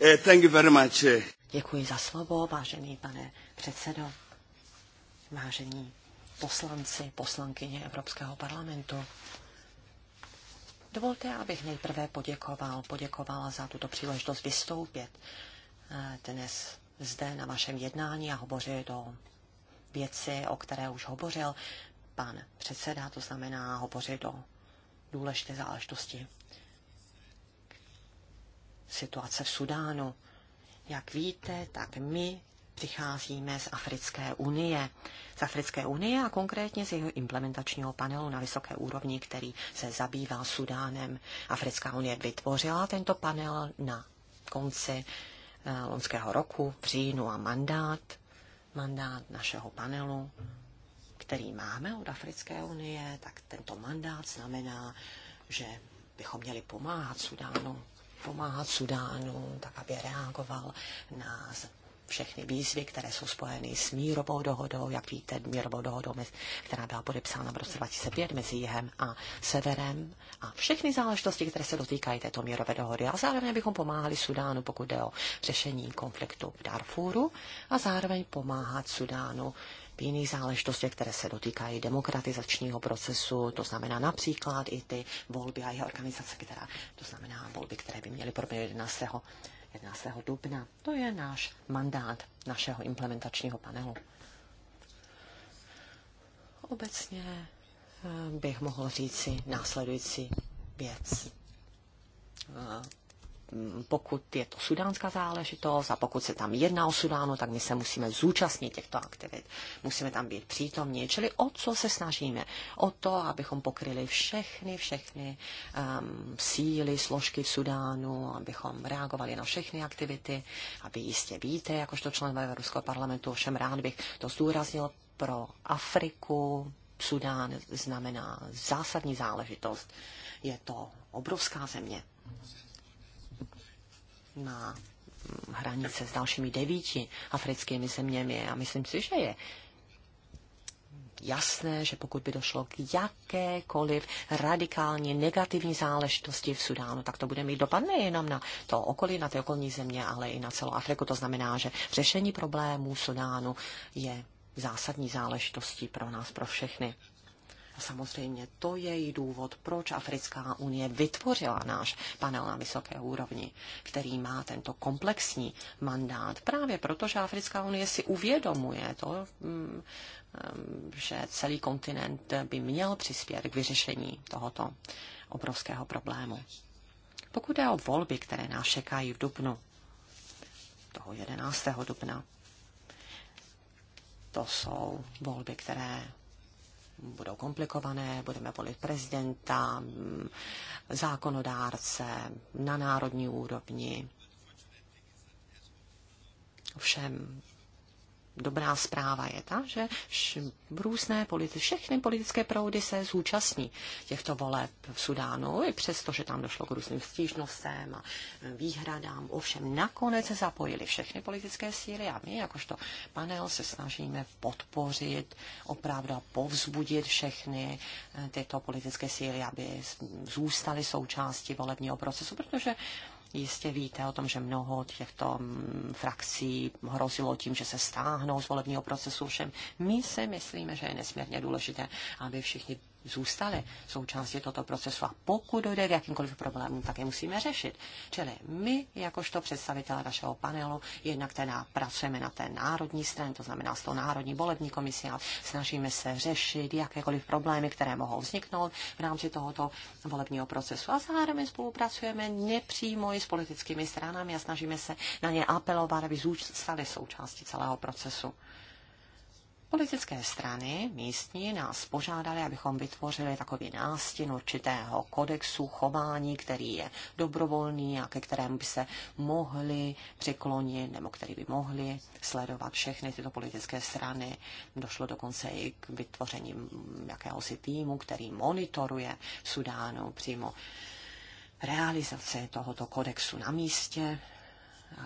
Eh, eh. Děkuji za slovo, vážený pane předsedo, vážení poslanci, poslankyně Evropského parlamentu. Dovolte, abych nejprve poděkoval, poděkovala za tuto příležitost vystoupit eh, dnes zde na vašem jednání a hovořit o věci, o které už hovořil pan předseda, to znamená hovořit o důležité záležitosti situace v Sudánu. Jak víte, tak my přicházíme z Africké unie. Z Africké unie a konkrétně z jeho implementačního panelu na vysoké úrovni, který se zabývá Sudánem. Africká unie vytvořila tento panel na konci eh, loňského roku v říjnu a mandát, mandát našeho panelu, který máme od Africké unie, tak tento mandát znamená, že bychom měli pomáhat Sudánu pomáhat Sudánu, tak aby reagoval na všechny výzvy, které jsou spojeny s mírovou dohodou, jak víte, mírovou dohodou, která byla podepsána v roce 2005 mezi jihem a severem a všechny záležitosti, které se dotýkají této mírové dohody. A zároveň bychom pomáhali Sudánu, pokud jde o řešení konfliktu v Darfuru a zároveň pomáhat Sudánu v jiných záležitostech, které se dotýkají demokratizačního procesu, to znamená například i ty volby a jeho organizace, která, to znamená volby, které by měly proběhnout 11. 11. dubna. To je náš mandát našeho implementačního panelu. Obecně eh, bych mohl říci následující věc eh, pokud je to sudánská záležitost a pokud se tam jedná o Sudánu, tak my se musíme zúčastnit těchto aktivit. Musíme tam být přítomní. Čili o co se snažíme? O to, abychom pokryli všechny, všechny um, síly, složky v Sudánu, abychom reagovali na všechny aktivity, aby jistě víte, jakožto člen Ruského parlamentu, ovšem rád bych to zdůraznil pro Afriku, Sudán znamená zásadní záležitost. Je to obrovská země na hranice s dalšími devíti africkými zeměmi a myslím si, že je jasné, že pokud by došlo k jakékoliv radikálně negativní záležitosti v Sudánu, tak to bude mít dopad nejenom na to okolí, na ty okolní země, ale i na celou Afriku. To znamená, že řešení problémů Sudánu je zásadní záležitostí pro nás, pro všechny. A no samozřejmě to je i důvod, proč Africká unie vytvořila náš panel na vysoké úrovni, který má tento komplexní mandát. Právě proto, že Africká unie si uvědomuje to, mm, mm, že celý kontinent by měl přispět k vyřešení tohoto obrovského problému. Pokud jde o volby, které nás čekají v Dubnu, toho 11. dubna, to jsou volby, které budou komplikované, budeme volit prezidenta, zákonodárce na národní úrovni. Všem dobrá zpráva je ta, že různé politi- všechny politické proudy se zúčastní těchto voleb v Sudánu, i přesto, že tam došlo k různým stížnostem a výhradám. Ovšem nakonec se zapojili všechny politické síly a my, jakožto panel, se snažíme podpořit opravdu povzbudit všechny eh, tyto politické síly, aby zůstaly součástí volebního procesu, protože Jistě víte o tom, že mnoho těchto mm, frakcí hrozilo tím, že se stáhnou z volebního procesu. Všem my si myslíme, že je nesmírně důležité, aby všichni zůstaly součástí tohoto procesu a pokud dojde k jakýmkoliv problémům, tak je musíme řešit. Čili my, jakožto představitelé našeho panelu, jednak teda pracujeme na té národní straně, to znamená s tou Národní volební komisí a snažíme se řešit jakékoliv problémy, které mohou vzniknout v rámci tohoto volebního procesu a zároveň spolupracujeme nepřímo i s politickými stranami a snažíme se na ně apelovat, aby zůstaly součástí celého procesu. Politické strany místní nás požádali, abychom vytvořili takový nástin určitého kodexu chování, který je dobrovolný a ke kterému by se mohli přiklonit nebo který by mohli sledovat všechny tyto politické strany. Došlo dokonce i k vytvoření jakéhosi týmu, který monitoruje Sudánu přímo realizace tohoto kodexu na místě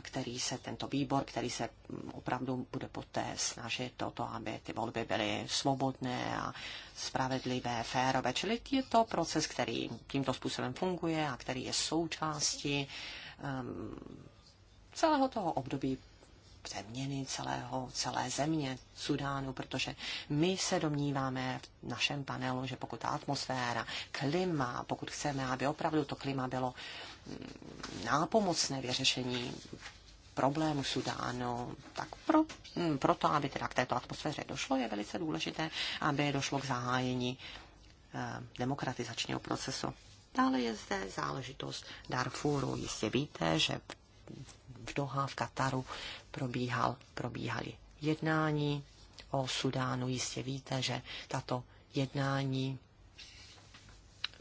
který se tento výbor, který se opravdu bude poté snažit o to, aby ty volby byly svobodné a spravedlivé, férové. Čili je to proces, který tímto způsobem funguje a který je součástí um, celého toho období přeměny celého, celé země Sudánu, protože my se domníváme v našem panelu, že pokud ta atmosféra, klima, pokud chceme, aby opravdu to klima bylo mm, nápomocné vyřešení problému Sudánu, tak pro, mm, proto, aby teda k této atmosféře došlo, je velice důležité, aby došlo k zahájení eh, demokratizačního procesu. Dále je zde záležitost Darfuru. Jistě víte, že v Doha, v Kataru probíhal, probíhaly jednání o Sudánu. Jistě víte, že tato jednání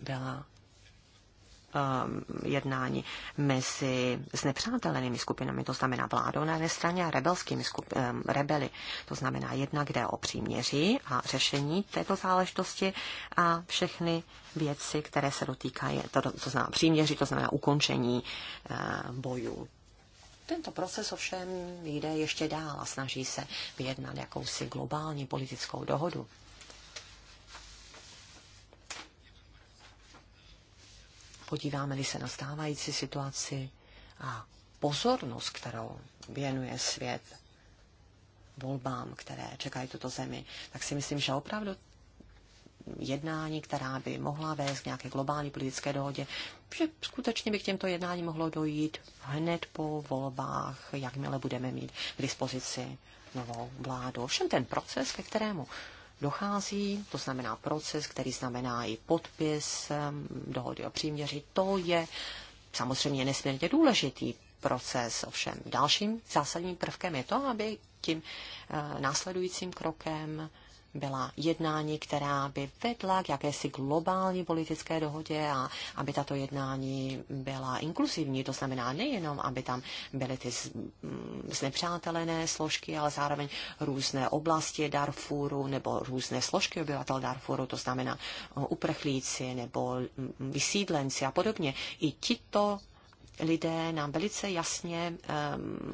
byla um, jednání mezi nepřátelenými skupinami, to znamená vládou na jedné straně a rebelskými skup, um, rebeli. To znamená jednak jde o příměří a řešení této záležitosti a všechny věci, které se dotýkají, to, to znamená příměří, to znamená ukončení uh, bojů. Tento proces ovšem jde ještě dál a snaží se vyjednat jakousi globální politickou dohodu. Podíváme-li se na stávající situaci a pozornost, kterou věnuje svět volbám, které čekají tuto zemi, tak si myslím, že opravdu jednání, která by mohla vést k nějaké globální politické dohodě, že skutečně by k těmto jednání mohlo dojít hned po volbách, jakmile budeme mít k dispozici novou vládu. Všem ten proces, ke kterému dochází, to znamená proces, který znamená i podpis dohody o příměři, to je samozřejmě nesmírně důležitý proces. Ovšem dalším zásadním prvkem je to, aby tím eh, následujícím krokem byla jednání, která by vedla k jakési globální politické dohodě a aby tato jednání byla inkluzivní. To znamená nejenom, aby tam byly ty mm, znepřátelené složky, ale zároveň různé oblasti Darfuru nebo různé složky obyvatel Darfuru, to znamená uh, uprchlíci nebo mm, vysídlenci a podobně. I tito lidé nám velice jasně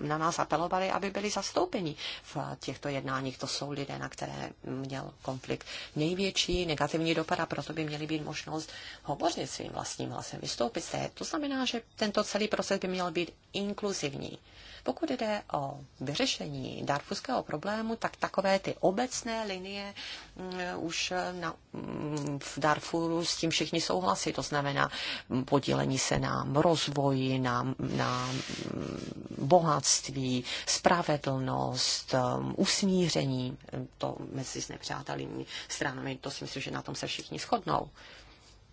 na nás apelovali, aby byli zastoupeni v těchto jednáních. To jsou lidé, na které měl konflikt největší negativní dopad a proto by měli být možnost hovořit svým vlastním hlasem, vystoupit se. To znamená, že tento celý proces by měl být inkluzivní. Pokud jde o vyřešení darfuského problému, tak takové ty obecné linie mm, už mm, na, mm, v Darfuru s tím všichni souhlasí. To znamená podílení se na rozvoji, na, na bohatství, spravedlnost, usmíření to mezi s nepřátelými stranami. To si myslím, že na tom se všichni shodnou.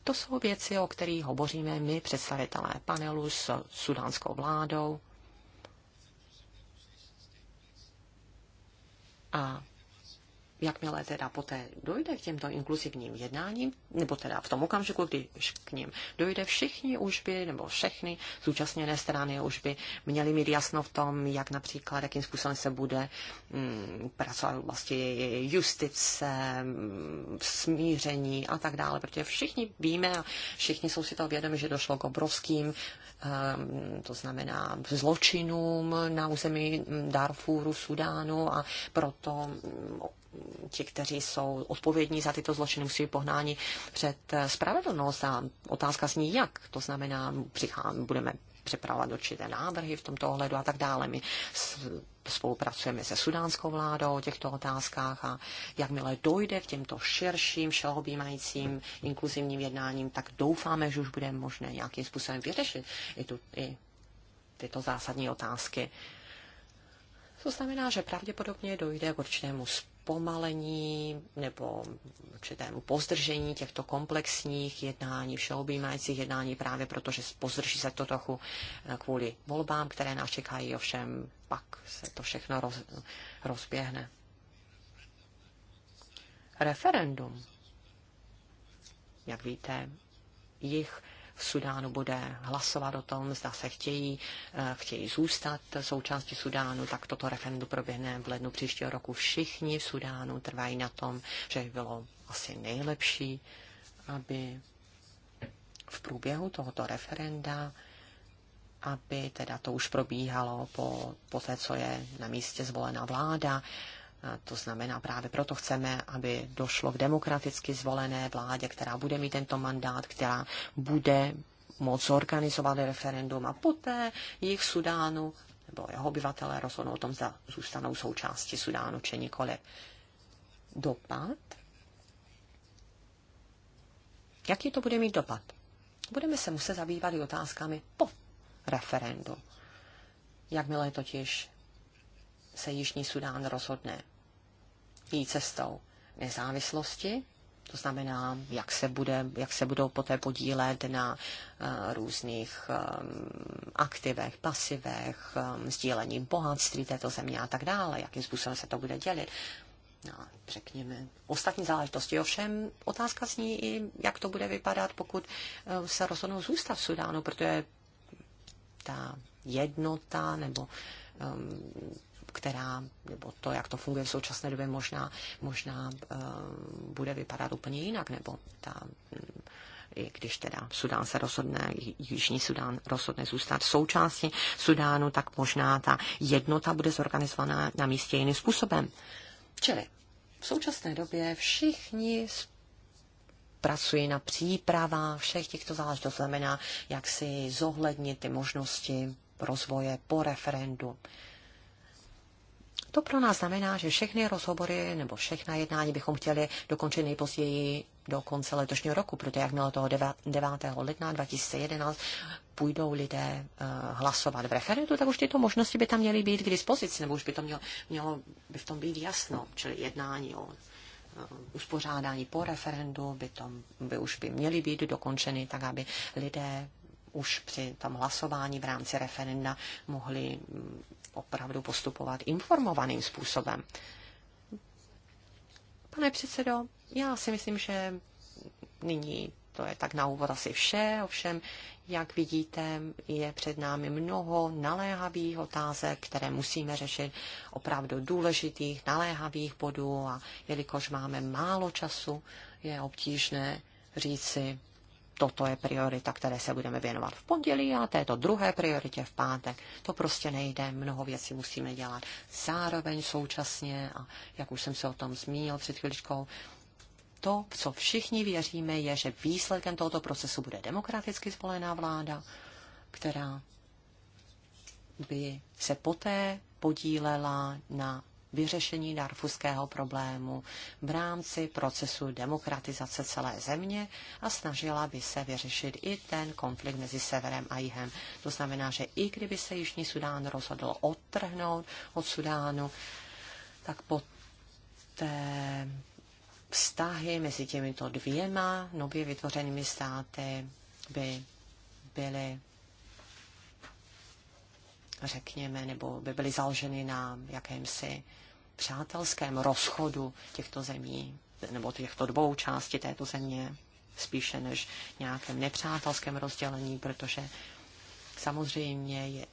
To jsou věci, o kterých hovoříme my, představitelé panelu s sudánskou vládou, a jakmile teda poté dojde k těmto inkluzivním jednáním, nebo teda v tom okamžiku, když k ním dojde, všichni už by, nebo všechny zúčastněné strany už by měly mít jasno v tom, jak například, jakým způsobem se bude mm, pracovat vlastně justice, mm, smíření a tak dále, protože všichni víme a všichni jsou si to vědomi, že došlo k obrovským ehm, to znamená zločinům na území mm, Darfuru, Sudánu a proto mm, ti, kteří jsou odpovědní za tyto zločiny, musí být pohnáni před eh, spravedlnost. A otázka zní jak. To znamená, přichám, budeme připravovat určité návrhy v tomto ohledu a tak dále. My spolupracujeme se sudánskou vládou o těchto otázkách a jakmile dojde k těmto širším, všeobjímajícím inkluzivním jednáním, tak doufáme, že už bude možné nějakým způsobem vyřešit i, tu, i tyto zásadní otázky. To znamená, že pravděpodobně dojde k určitému zpomalení nebo určitému pozdržení těchto komplexních jednání, všeobjímajících jednání právě proto, že pozdrží se to trochu eh, kvůli volbám, které nás čekají, ovšem pak se to všechno roz, rozběhne. Referendum. Jak víte, jich v Sudánu bude hlasovat o tom, zda se chtějí, eh, chtějí zůstat součástí Sudánu, tak toto referendum proběhne v lednu příštího roku. Všichni v Sudánu trvají na tom, že by bylo asi nejlepší, aby v průběhu tohoto referenda aby teda to už probíhalo po, po té, co je na místě zvolená vláda, to znamená, právě proto chceme, aby došlo k demokraticky zvolené vládě, která bude mít tento mandát, která bude moc zorganizovat referendum a poté jich Sudánu nebo jeho obyvatelé rozhodnou o tom, zda zůstanou součástí Sudánu či nikoli. Dopad? Jaký to bude mít dopad? Budeme se muset zabývat i otázkami po referendu. Jakmile totiž se Jižní Sudán rozhodne jí cestou nezávislosti, to znamená, jak se, bude, jak se budou poté podílet na uh, různých um, aktivech, pasivech, um, eh, sdílení bohatství této země a tak dále, jakým způsobem se to bude dělit. No, řekněme, ostatní záležitosti. Ovšem, otázka zní i, jak to bude vypadat, pokud uh, se rozhodnou zůstat v Sudánu, protože ta jednota nebo um, která, nebo to, jak to funguje v současné době, možná, možná eh, bude vypadat úplně jinak, nebo ta mm, i když teda Sudán se rozhodne, Jižní Sudán rozhodne zůstat součástí Sudánu, tak možná ta jednota bude zorganizovaná na místě jiným způsobem. Čili v současné době všichni pracují na přípravách všech těchto záležitostí, to znamená, jak si zohlednit ty možnosti rozvoje po referendu. To pro nás znamená, že všechny rozhovory nebo všechna jednání bychom chtěli dokončit nejpozději do konce letošního roku, protože jakmile toho 9. ledna 2011 půjdou lidé eh, hlasovat v referendu, tak už tyto možnosti by tam měly být k dispozici, nebo už by to mělo, mělo by v tom být jasno, čili jednání o eh, uspořádání po referendu by, tom, by už by měly být dokončeny, tak aby lidé už při tom hlasování v rámci referenda mohli mm, opravdu postupovat informovaným způsobem. Pane předsedo, já si myslím, že nyní to je tak na úvod asi vše, ovšem, jak vidíte, je před námi mnoho naléhavých otázek, které musíme řešit, opravdu důležitých, naléhavých bodů a jelikož máme málo času, je obtížné říci toto je priorita, které se budeme věnovat v pondělí a této druhé prioritě v pátek. To prostě nejde, mnoho věcí musíme dělat zároveň současně a jak už jsem se o tom zmínil před chvíličkou, to, co všichni věříme, je, že výsledkem tohoto procesu bude demokraticky zvolená vláda, která by se poté podílela na vyřešení darfuského problému v rámci procesu demokratizace celé země a snažila by se vyřešit i ten konflikt mezi severem a jihem. To znamená, že i kdyby se Jižní Sudán rozhodl odtrhnout od Sudánu, tak té vztahy mezi těmito dvěma nově vytvořenými státy by byly řekněme, nebo by byly založeny na jakémsi přátelském rozchodu těchto zemí nebo těchto dvou částí této země spíše než nějakém nepřátelském rozdělení, protože Samozřejmě je,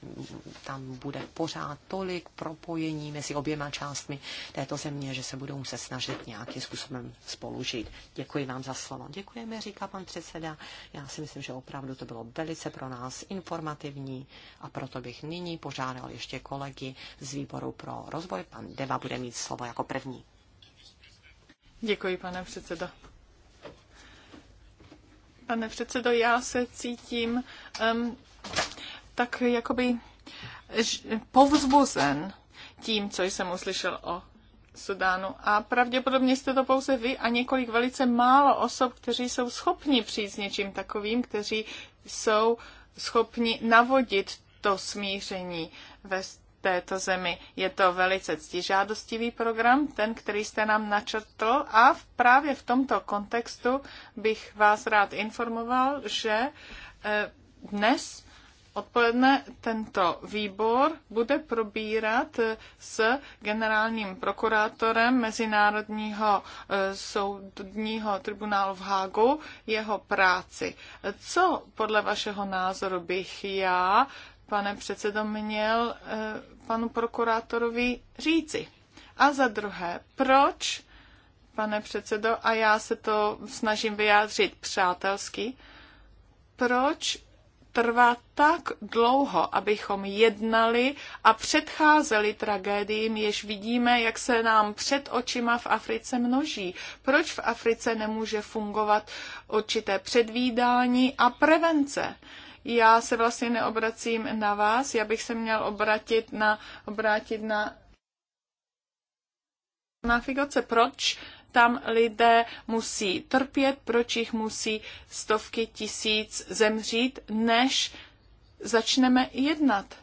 tam bude pořád tolik propojení mezi oběma částmi této země, že se budou muset snažit nějakým způsobem spolužit. Děkuji vám za slovo. Děkujeme, říká pan předseda. Já si myslím, že opravdu to bylo velice pro nás informativní a proto bych nyní požádal ještě kolegy z výboru pro rozvoj. Pan Deva bude mít slovo jako první. Děkuji, pane předsedo. Pane předsedo, já se cítím um, tak jakoby povzbuzen tím, co jsem uslyšel o Sudánu. A pravděpodobně jste to pouze vy a několik velice málo osob, kteří jsou schopni přijít s něčím takovým, kteří jsou schopni navodit to smíření ve této zemi. Je to velice ctižádostivý program, ten, který jste nám načrtl a v, právě v tomto kontextu bych vás rád informoval, že eh, dnes odpoledne tento výbor bude probírat s generálním prokurátorem Mezinárodního eh, soudního tribunálu v Hágu jeho práci. Co podle vašeho názoru bych já, pane předsedo, měl eh, panu prokurátorovi říci? A za druhé, proč, pane předsedo, a já se to snažím vyjádřit přátelsky, proč trvá tak dlouho, abychom jednali a předcházeli tragédiím, jež vidíme, jak se nám před očima v Africe množí. Proč v Africe nemůže fungovat určité předvídání a prevence? Já se vlastně neobracím na vás, já bych se měl obratit na, obrátit na na Figoce. Proč tam lidé musí trpět, proč jich musí stovky tisíc zemřít, než začneme jednat.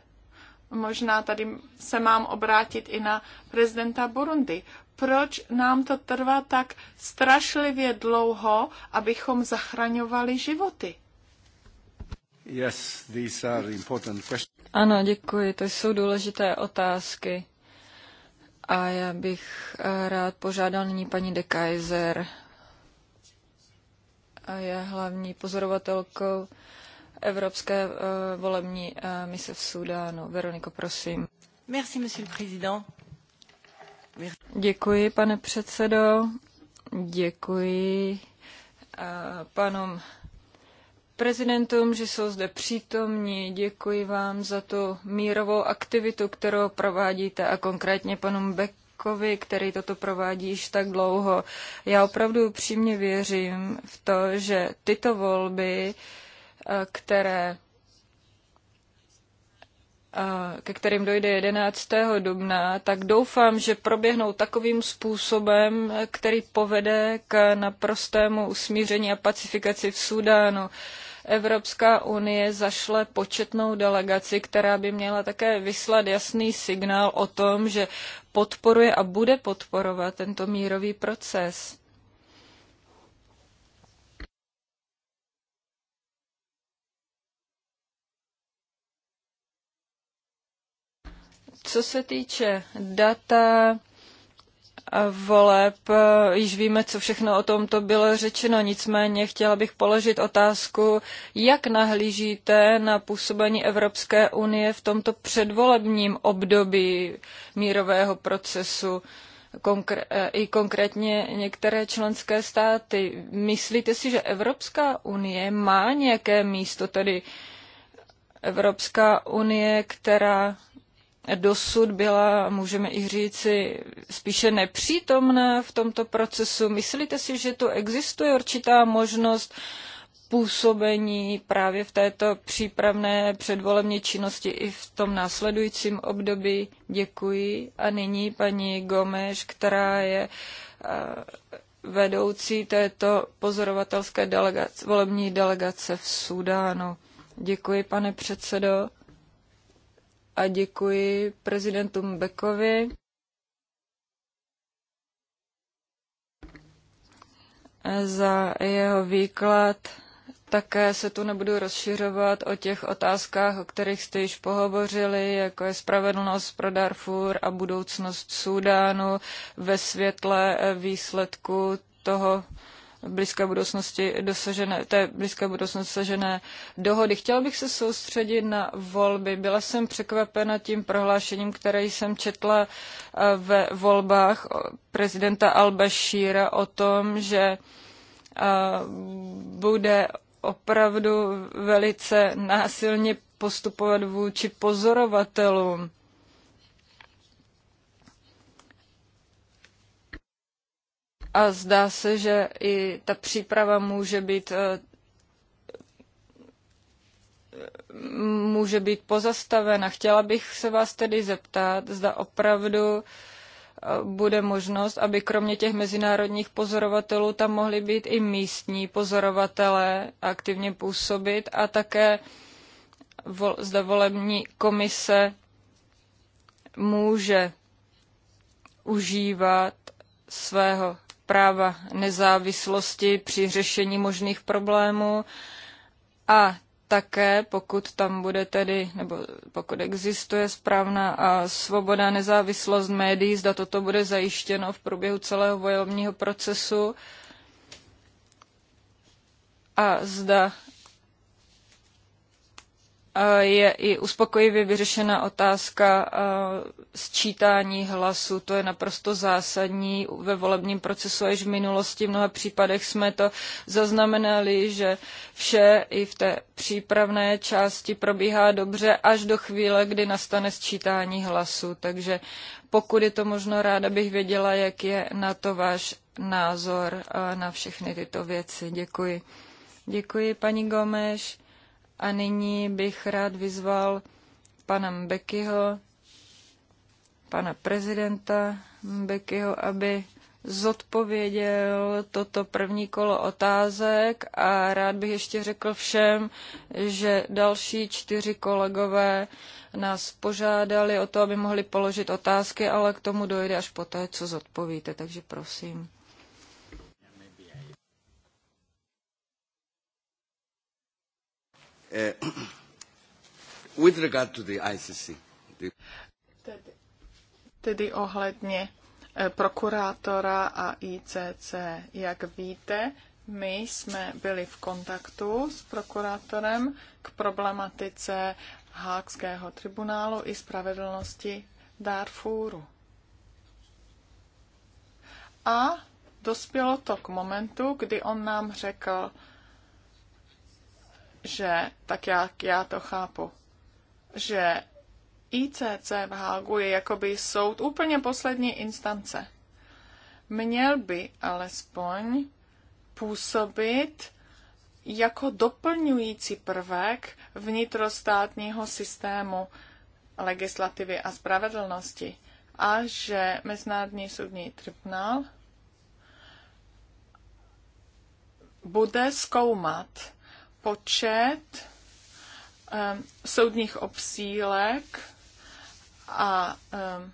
Možná tady se mám obrátit i na prezidenta Burundi. Proč nám to trvá tak strašlivě dlouho, abychom zachraňovali životy? Yes, these are important questions. Ano, děkuji. To jsou důležité otázky. A já bych eh, rád požádal nyní paní de Kaiser. A je hlavní pozorovatelkou Evropské eh, volební eh, mise v Sudánu. Veroniko, prosím. Merci, monsieur le président. Děkuji, pane předsedo. Děkuji panům prezidentům, že jsou zde přítomní. Děkuji vám za tu mírovou aktivitu, kterou provádíte a konkrétně panu Beck který toto provádí již tak dlouho. Já opravdu upřímně věřím v to, že tyto volby, eh, které eh, ke kterým dojde 11. dubna, tak doufám, že proběhnou takovým způsobem, eh, který povede k naprostému usmíření a pacifikaci v Sudánu. Evropská unie zašle početnou delegaci, která by měla také vyslat jasný signál o tom, že podporuje a bude podporovat tento mírový proces. Co se týče data, voleb. Již víme, co všechno o tomto bylo řečeno, nicméně chtěla bych položit otázku, jak nahlížíte na působení Evropské unie v tomto předvolebním období mírového procesu konkr- eh, i konkrétně některé členské státy. Myslíte si, že Evropská unie má nějaké místo, tedy Evropská unie, která dosud byla, můžeme i říci, spíše nepřítomná v tomto procesu. Myslíte si, že tu existuje určitá možnost působení právě v této přípravné předvolební činnosti i v tom následujícím období? Děkuji. A nyní paní Gomeš, která je eh, vedoucí této pozorovatelské delegace, volební delegace v Sudánu. Děkuji, pane předsedo a děkuji prezidentu Bekovi. za jeho výklad. Také se tu nebudu rozšiřovat o těch otázkách, o kterých jste již pohovořili, jako je spravedlnost pro Darfur a budoucnost Súdánu ve světle výsledku toho v blízké budoucnosti dosažené, té blízké budoucnosti dosažené dohody. Chtěla bych se soustředit na volby. Byla jsem překvapena tím prohlášením, které jsem četla eh, ve volbách prezidenta Al-Bashira o tom, že eh, bude opravdu velice násilně postupovat vůči pozorovatelům A zdá se, že i ta příprava může být eh, může být pozastavena. Chtěla bych se vás tedy zeptat, zda opravdu eh, bude možnost, aby kromě těch mezinárodních pozorovatelů tam mohli být i místní pozorovatelé aktivně působit a také vol, zda volební komise může užívat svého práva nezávislosti při řešení možných problémů a také, pokud tam bude tedy, nebo pokud existuje správná a svoboda, nezávislost médií, zda toto bude zajištěno v průběhu celého volebního procesu a zda je i uspokojivě vyřešena otázka sčítání hlasu. To je naprosto zásadní ve volebním procesu. Až v minulosti v mnoha případech jsme to zaznamenali, že vše i v té přípravné části probíhá dobře až do chvíle, kdy nastane sčítání hlasu. Takže pokud je to možno, ráda bych věděla, jak je na to váš názor na všechny tyto věci. Děkuji. Děkuji, paní Gomeš. A nyní bych rád vyzval pana Mbekyho, pana prezidenta Mbekyho, aby zodpověděl toto první kolo otázek a rád bych ještě řekl všem, že další čtyři kolegové nás požádali o to, aby mohli položit otázky, ale k tomu dojde až poté, co zodpovíte, takže prosím. Uh, with regard to the ICC. The... Tedy, tedy ohledně eh, prokurátora a ICC. Jak víte, my jsme byli v kontaktu s prokurátorem k problematice Hákského tribunálu i spravedlnosti Darfuru. A dospělo to k momentu, kdy on nám řekl, že, tak jak já to chápu, že ICC v Hágu je jakoby soud úplně poslední instance. Měl by alespoň působit jako doplňující prvek vnitrostátního systému legislativy a spravedlnosti a že Mezinárodní soudní tribunál bude zkoumat počet um, soudních obsílek a um,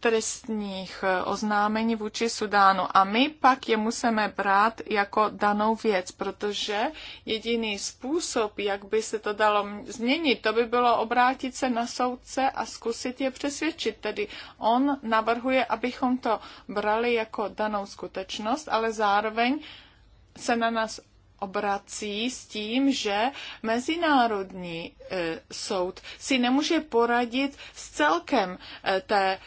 trestních eh, oznámení vůči Sudánu. A my pak je musíme brát jako danou věc, protože jediný způsob, jak by se to dalo změnit, to by bylo obrátit se na soudce a zkusit je přesvědčit. Tedy on navrhuje, abychom to brali jako danou skutečnost, ale zároveň se na nás obrací s tím, že Mezinárodní e, soud si nemůže poradit s celkem e, té,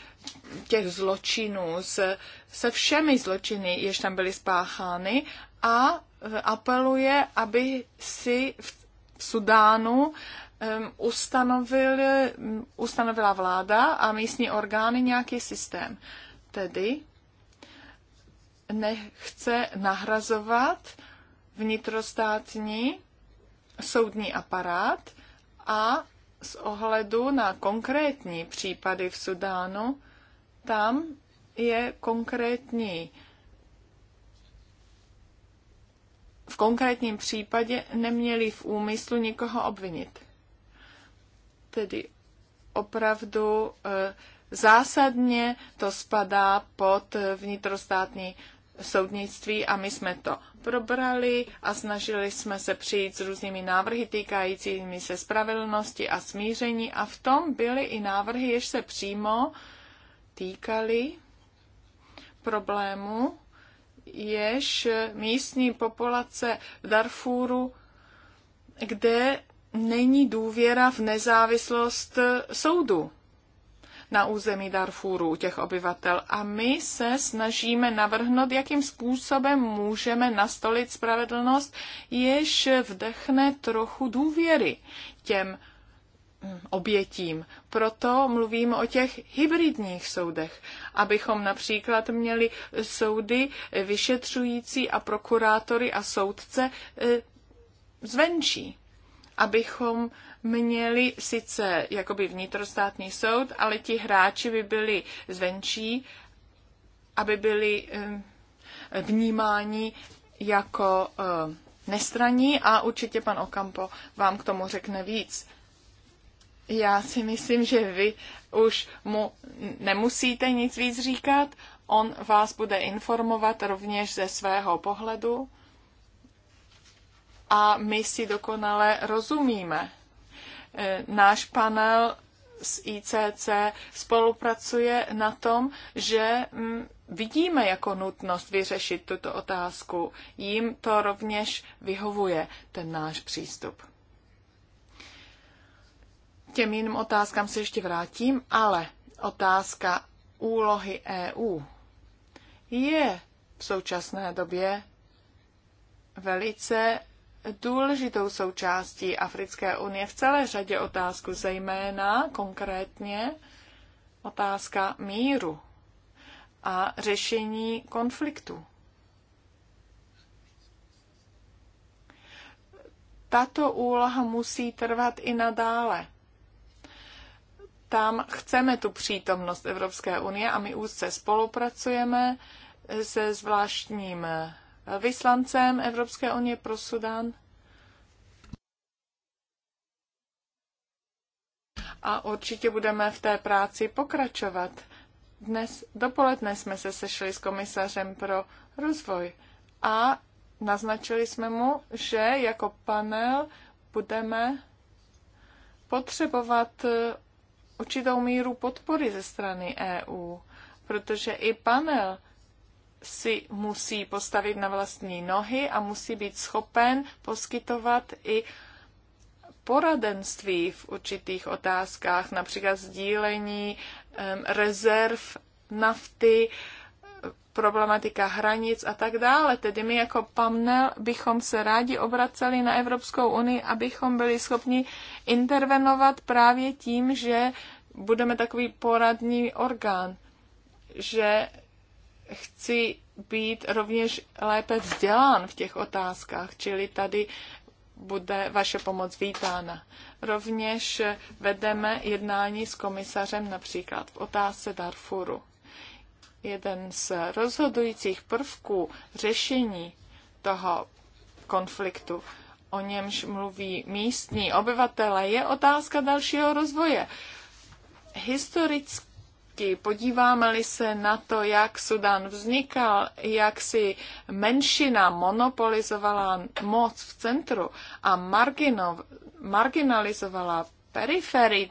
těch zločinů, se, se všemi zločiny, jež tam byly spáchány a e, apeluje, aby si v Sudánu ustanovil, ustanovila vláda a místní orgány nějaký systém. Tedy nechce nahrazovat vnitrostátní soudní aparát a z ohledu na konkrétní případy v Sudánu, tam je konkrétní v konkrétním případě neměli v úmyslu nikoho obvinit. Tedy opravdu e, zásadně to spadá pod vnitrostátní soudnictví a my jsme to probrali a snažili jsme se přijít s různými návrhy týkajícími se spravedlnosti a smíření a v tom byly i návrhy, jež se přímo týkaly problému, jež místní populace v Darfuru, kde není důvěra v nezávislost soudu na území Darfuru u těch obyvatel. A my se snažíme navrhnout, jakým způsobem můžeme nastolit spravedlnost, jež vdechne trochu důvěry těm hm, obětím. Proto mluvím o těch hybridních soudech, abychom například měli soudy vyšetřující a prokurátory a soudce eh, zvenčí abychom měli sice jakoby vnitrostátní soud, ale ti hráči by byli zvenčí, aby byli vnímáni jako eh, nestraní a určitě pan Okampo vám k tomu řekne víc. Já si myslím, že vy už mu nemusíte nic víc říkat, on vás bude informovat rovněž ze svého pohledu a my si dokonale rozumíme. E, náš panel z ICC spolupracuje na tom, že mm, vidíme jako nutnost vyřešit tuto otázku. Jím to rovněž vyhovuje, ten náš přístup. Těm jiným otázkám se ještě vrátím, ale otázka úlohy EU je v současné době velice důležitou součástí Africké unie v celé řadě otázku, zejména konkrétně otázka míru a řešení konfliktu. Tato úloha musí trvat i nadále. Tam chceme tu přítomnost Evropské unie a my úzce spolupracujeme se zvláštním vyslancem Evropské unie pro Sudán. A určitě budeme v té práci pokračovat. Dnes dopoledne jsme se sešli s komisařem pro rozvoj a naznačili jsme mu, že jako panel budeme potřebovat eh, určitou míru podpory ze strany EU, protože i panel si musí postavit na vlastní nohy a musí být schopen poskytovat i poradenství v určitých otázkách, například sdílení rezerv nafty, problematika hranic a tak dále. Tedy my jako PAMNEL bychom se rádi obraceli na Evropskou unii, abychom byli schopni intervenovat právě tím, že budeme takový poradní orgán, že chci být rovněž lépe vzdělán v těch otázkách, čili tady bude vaše pomoc vítána. Rovněž vedeme jednání s komisařem například v otázce Darfuru. Jeden z rozhodujících prvků řešení toho konfliktu, o němž mluví místní obyvatele, je otázka dalšího rozvoje. Historicky oblasti, podíváme-li se na to, jak Sudan vznikal, jak si menšina monopolizovala moc v centru a marginov, marginalizovala periferii,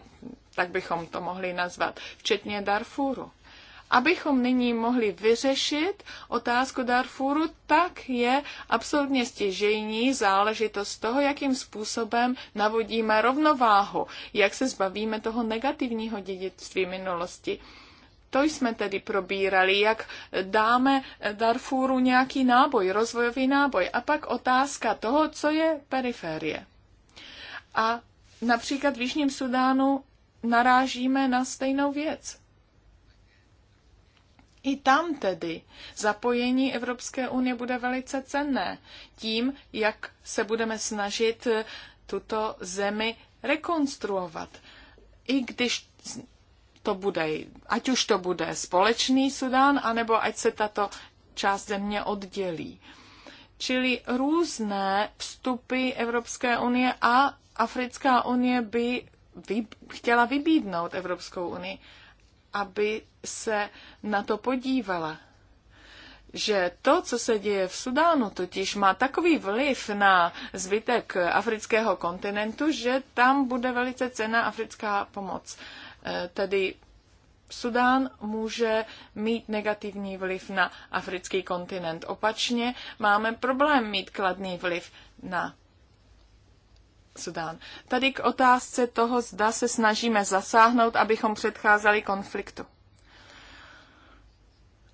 tak bychom to mohli nazvat, včetně Darfuru. Abychom nyní mohli vyřešit otázku Darfuru, tak je absolutně stěžejní záležitost toho, jakým způsobem navodíme rovnováhu, jak se zbavíme toho negativního dědictví minulosti. To jsme tedy probírali, jak dáme Darfuru nějaký náboj, rozvojový náboj. A pak otázka toho, co je periferie. A například v Jižním Sudánu narážíme na stejnou věc. I tam tedy zapojení Evropské unie bude velice cenné tím, jak se budeme snažit tuto zemi rekonstruovat. I když to bude, ať už to bude společný Sudán, anebo ať se tato část země oddělí. Čili různé vstupy Evropské unie a Africká unie by vy, chtěla vybídnout Evropskou unii aby se na to podívala. Že to, co se děje v Sudánu, totiž má takový vliv na zbytek afrického kontinentu, že tam bude velice cená africká pomoc. E, tedy Sudán může mít negativní vliv na africký kontinent. Opačně máme problém mít kladný vliv na Sudán. Tady k otázce toho, zda se snažíme zasáhnout, abychom předcházeli konfliktu.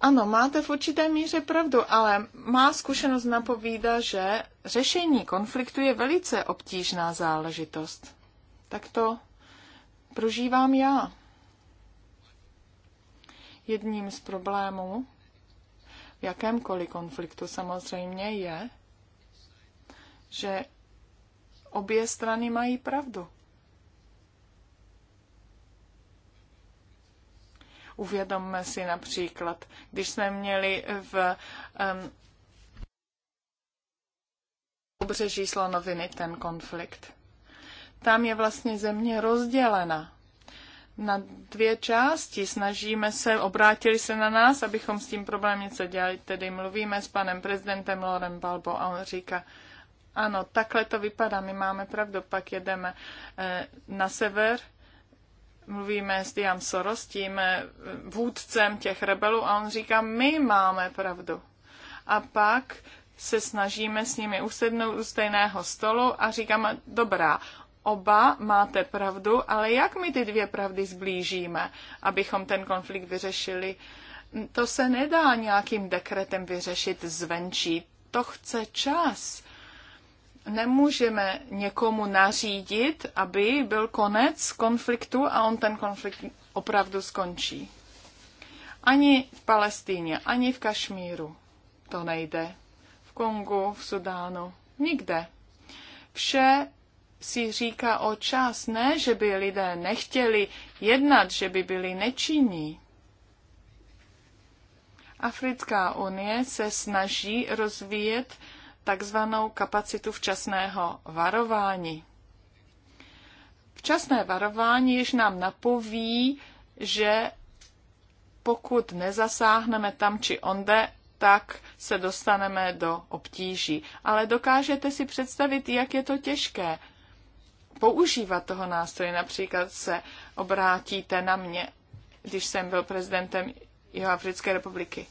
Ano, máte v určité míře pravdu, ale má zkušenost napovídá, že řešení konfliktu je velice obtížná záležitost. Tak to prožívám já. Jedním z problémů, v jakémkoliv konfliktu samozřejmě, je, že Obě strany mají pravdu. Uvědomme si například, když jsme měli v um, pobřeží Slonoviny ten konflikt. Tam je vlastně země rozdělena na dvě části. Snažíme se, obrátili se na nás, abychom s tím problémem něco dělali. Tedy mluvíme s panem prezidentem Lorem Balbo a on říká, ano, takhle to vypadá, my máme pravdu, pak jedeme eh, na sever, mluvíme s Diam Soros, tím eh, vůdcem těch rebelů a on říká, my máme pravdu. A pak se snažíme s nimi usednout u stejného stolu a říkáme, dobrá, oba máte pravdu, ale jak my ty dvě pravdy zblížíme, abychom ten konflikt vyřešili? To se nedá nějakým dekretem vyřešit zvenčí. To chce čas nemůžeme někomu nařídit, aby byl konec konfliktu a on ten konflikt opravdu skončí. Ani v Palestíně, ani v Kašmíru to nejde. V Kongu, v Sudánu, nikde. Vše si říká o čas, ne, že by lidé nechtěli jednat, že by byli nečinní. Africká unie se snaží rozvíjet takzvanou kapacitu včasného varování. Včasné varování již nám napoví, že pokud nezasáhneme tam či onde, tak se dostaneme do obtíží. Ale dokážete si představit, jak je to těžké používat toho nástroje. Například se obrátíte na mě, když jsem byl prezidentem Jihoafrické republiky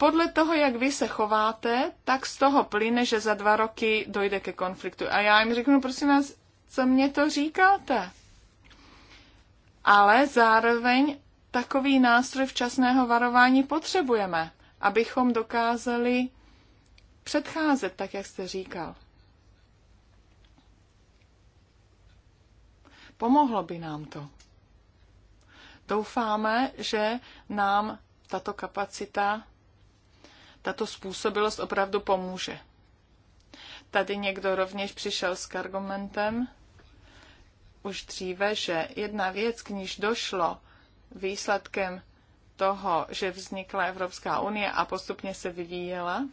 podle toho, jak vy se chováte, tak z toho plyne, že za dva roky dojde ke konfliktu. A já jim řeknu, prosím vás, co mě to říkáte? Ale zároveň takový nástroj včasného varování potřebujeme, abychom dokázali předcházet, tak jak jste říkal. Pomohlo by nám to. Doufáme, že nám tato kapacita tato způsobilost opravdu pomůže. Tady někdo rovněž přišel s argumentem už dříve, že jedna věc, k níž došlo výsledkem toho, že vznikla Evropská unie a postupně se vyvíjela,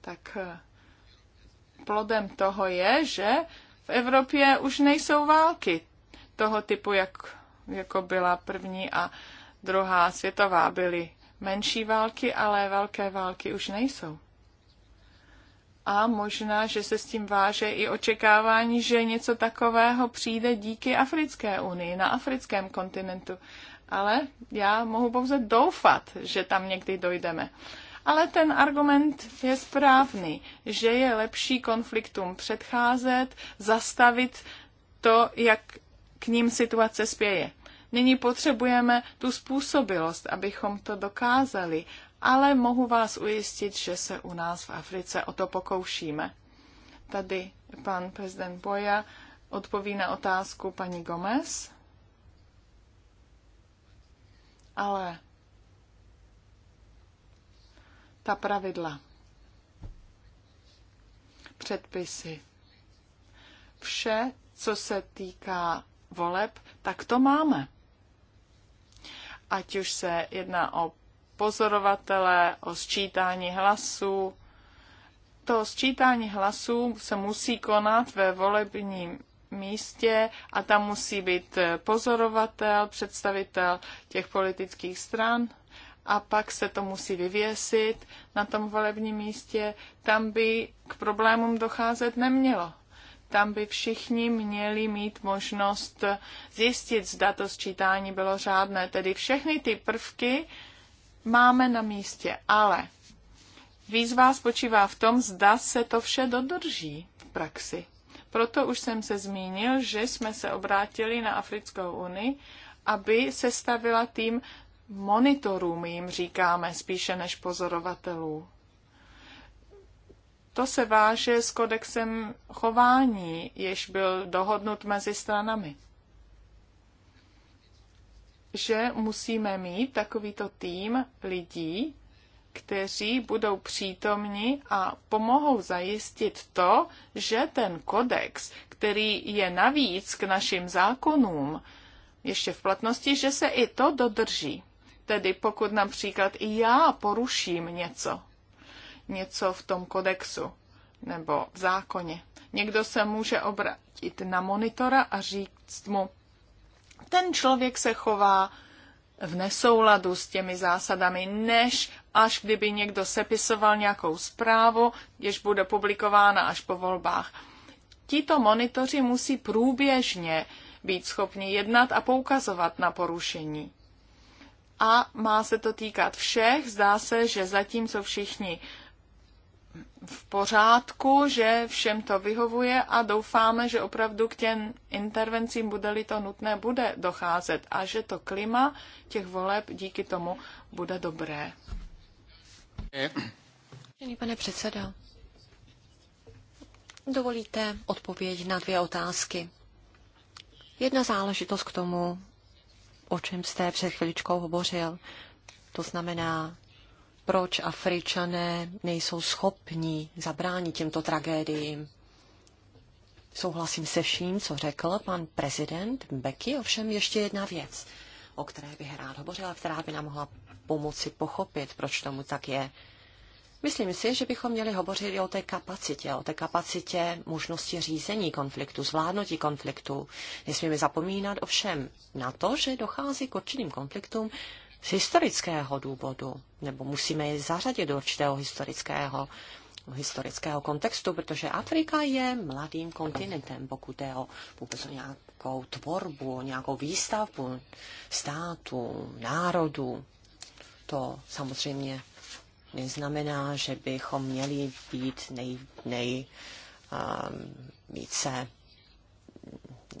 tak eh, plodem toho je, že v Evropě už nejsou války toho typu, jak, jako byla první a druhá světová, byly menší války, ale velké války už nejsou. A možná, že se s tím váže i očekávání, že něco takového přijde díky Africké unii na africkém kontinentu. Ale já mohu pouze doufat, že tam někdy dojdeme. Ale ten argument je správný, že je lepší konfliktům předcházet, zastavit to, jak k ním situace spěje. Nyní potřebujeme tu způsobilost, abychom to dokázali, ale mohu vás ujistit, že se u nás v Africe o to pokoušíme. Tady pan prezident Boja odpoví na otázku paní Gomez. Ale ta pravidla, předpisy, vše, co se týká voleb, tak to máme ať už se jedná o pozorovatele, o sčítání hlasů. To sčítání hlasů se musí konat ve volebním místě a tam musí být pozorovatel, představitel těch politických stran a pak se to musí vyvěsit na tom volebním místě. Tam by k problémům docházet nemělo tam by všichni měli mít možnost zjistit, zda to sčítání bylo řádné. Tedy všechny ty prvky máme na místě, ale výzva spočívá v tom, zda se to vše dodrží v praxi. Proto už jsem se zmínil, že jsme se obrátili na Africkou unii, aby se stavila tým monitorům, jim říkáme, spíše než pozorovatelů to se váže s kodexem chování, jež byl dohodnut mezi stranami. Že musíme mít takovýto tým lidí, kteří budou přítomni a pomohou zajistit to, že ten kodex, který je navíc k našim zákonům, ještě v platnosti, že se i to dodrží. Tedy pokud například i já poruším něco, něco v tom kodexu nebo v zákoně. Někdo se může obrátit na monitora a říct mu, ten člověk se chová v nesouladu s těmi zásadami, než až kdyby někdo sepisoval nějakou zprávu, jež bude publikována až po volbách. Tito monitoři musí průběžně být schopni jednat a poukazovat na porušení. A má se to týkat všech, zdá se, že zatímco všichni v pořádku, že všem to vyhovuje a doufáme, že opravdu k těm intervencím bude-li to nutné, bude docházet a že to klima těch voleb díky tomu bude dobré. pane předsedo, dovolíte odpověď na dvě otázky. Jedna záležitost k tomu, o čem jste před chviličkou hovořil, to znamená proč Afričané nejsou schopni zabránit těmto tragédiím. Souhlasím se vším, co řekl pan prezident Becky, ovšem ještě jedna věc, o které bych rád hovořila, která by nám mohla pomoci pochopit, proč tomu tak je. Myslím si, že bychom měli hovořit i o té kapacitě, o té kapacitě možnosti řízení konfliktu, zvládnutí konfliktu. Nesmíme zapomínat ovšem na to, že dochází k určitým konfliktům, z historického důvodu, nebo musíme je zařadit do určitého historického, historického kontextu, protože Afrika je mladým kontinentem, pokud je o vůbec o nějakou tvorbu, o nějakou výstavbu státu, národu. To samozřejmě neznamená, že bychom měli být nej, nej um, více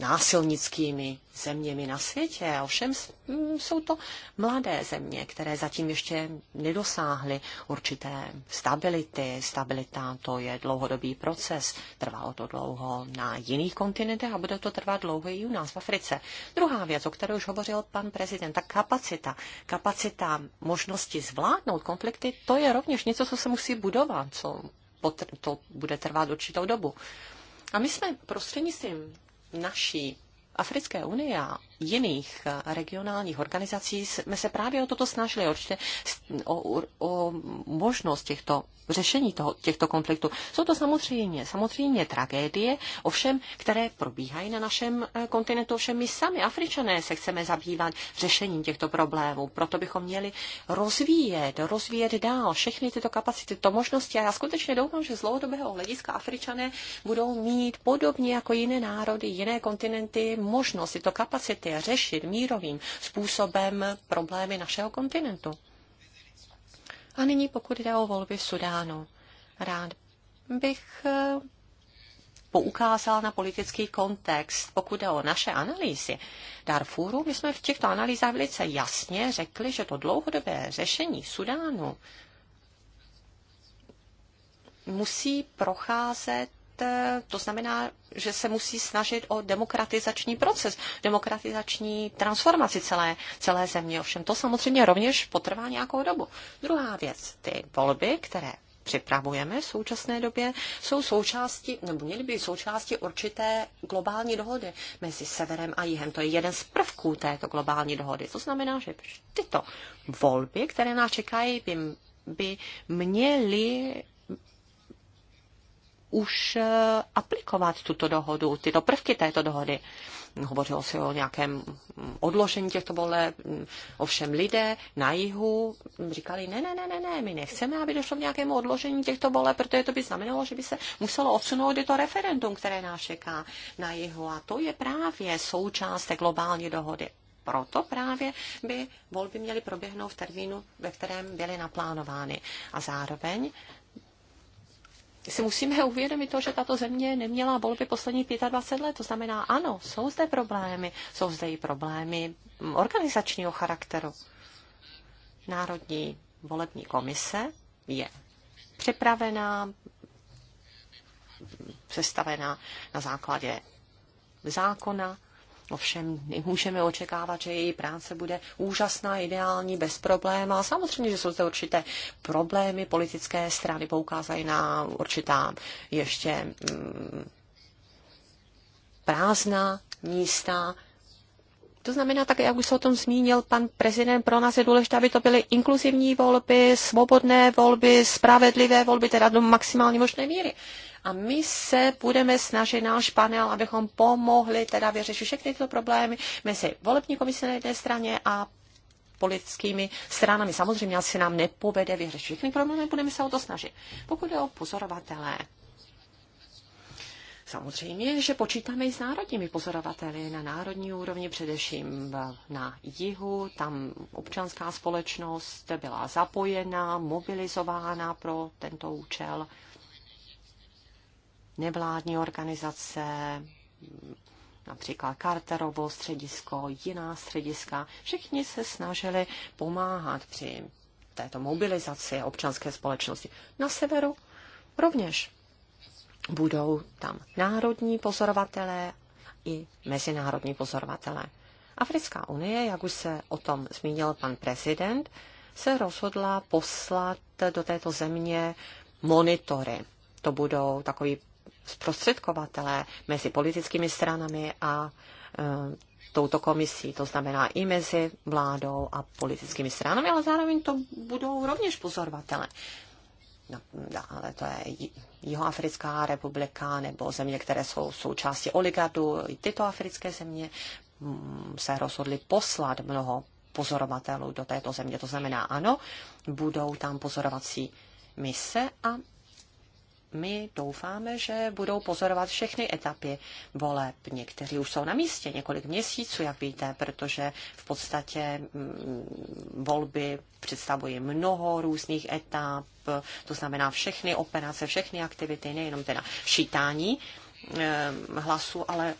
násilnickými zeměmi na světě. Ovšem mm, jsou to mladé země, které zatím ještě nedosáhly určité stability. Stabilita to je dlouhodobý proces. Trvalo to dlouho na jiných kontinentech a bude to trvat dlouho i u nás v Africe. Druhá věc, o které už hovořil pan prezident, ta kapacita. Kapacita možnosti zvládnout konflikty, to je rovněž něco, co se musí budovat, co to bude trvat určitou dobu. A my jsme prostřednictvím naší Africké unie a jiných regionálních organizací jsme se právě o toto snažili, určitě o, o možnost těchto řešení toho, těchto konfliktů. Jsou to samozřejmě, samozřejmě tragédie, ovšem, které probíhají na našem eh, kontinentu, ovšem my sami, Afričané, se chceme zabývat řešením těchto problémů. Proto bychom měli rozvíjet, rozvíjet dál všechny tyto kapacity, tyto možnosti. A já skutečně doufám, že z dlouhodobého hlediska Afričané budou mít podobně jako jiné národy, jiné kontinenty možnost tyto kapacity konflikty a řešit mírovým způsobem problémy našeho kontinentu. A nyní pokud jde o volby v Sudánu. Rád bych eh, poukázal na politický kontext. Pokud jde o naše analýzy Darfuru, my jsme v těchto analýzách velice jasně řekli, že to dlouhodobé řešení Sudánu musí procházet Eh, to znamená, že se musí snažit o demokratizační proces, demokratizační transformaci celé, celé země. Ovšem to samozřejmě rovněž potrvá nějakou dobu. Druhá věc, ty volby, které připravujeme v současné době, jsou součástí, nebo měly být součástí určité globální dohody mezi severem a jihem. To je jeden z prvků této globální dohody. To znamená, že tyto volby, které nás čekají, by, by měly už eh, aplikovat tuto dohodu, tyto prvky této dohody. Hovořilo se o nějakém odložení těchto vole, ovšem lidé na jihu říkali, ne, ne, ne, ne, ne, my nechceme, aby došlo k nějakému odložení těchto vole, protože to by znamenalo, že by se muselo odsunout i to referendum, které nás čeká na jihu. A to je právě součást té globální dohody. Proto právě by volby měly proběhnout v termínu, ve kterém byly naplánovány. A zároveň si musíme uvědomit to, že tato země neměla volby poslední 25 let. To znamená, ano, jsou zde problémy, jsou zde i problémy organizačního charakteru. Národní volební komise je připravená, sestavená na základě zákona Ovšem nemůžeme očekávat, že její práce bude úžasná, ideální, bez problémů. A samozřejmě, že jsou zde určité problémy. Politické strany poukázají na určitá ještě mm, prázdná místa, to znamená, tak jak už se o tom zmínil pan prezident, pro nás je důležité, aby to byly inkluzivní volby, svobodné volby, spravedlivé volby, teda do maximální možné míry. A my se budeme snažit náš panel, abychom pomohli teda vyřešit všechny tyto problémy mezi volební komisí na jedné straně a politickými stranami. Samozřejmě asi nám nepovede vyřešit všechny problémy, budeme se o to snažit. Pokud je o pozorovatele, Samozřejmě, že počítáme i s národními pozorovateli na národní úrovni, především na jihu. Tam občanská společnost byla zapojena, mobilizována pro tento účel nevládní organizace, například Carterovo středisko, jiná střediska. Všichni se snažili pomáhat při této mobilizaci občanské společnosti. Na severu rovněž budou tam národní pozorovatelé i mezinárodní pozorovatelé. Africká unie, jak už se o tom zmínil pan prezident, se rozhodla poslat do této země monitory. To budou takový zprostředkovatelé mezi politickými stranami a e, touto komisí, to znamená i mezi vládou a politickými stranami, ale zároveň to budou rovněž pozorovatele. No, no, ale to je Jihoafrická republika nebo země, které jsou součástí oligardu. I tyto africké země mm, se rozhodly poslat mnoho pozorovatelů do této země. To znamená, ano, budou tam pozorovací mise a my doufáme, že budou pozorovat všechny etapy voleb. Někteří už jsou na místě několik měsíců, jak víte, protože v podstatě mm, volby představují mnoho různých etap, to znamená všechny operace, všechny aktivity, nejenom teda šítání ehm, hlasu, ale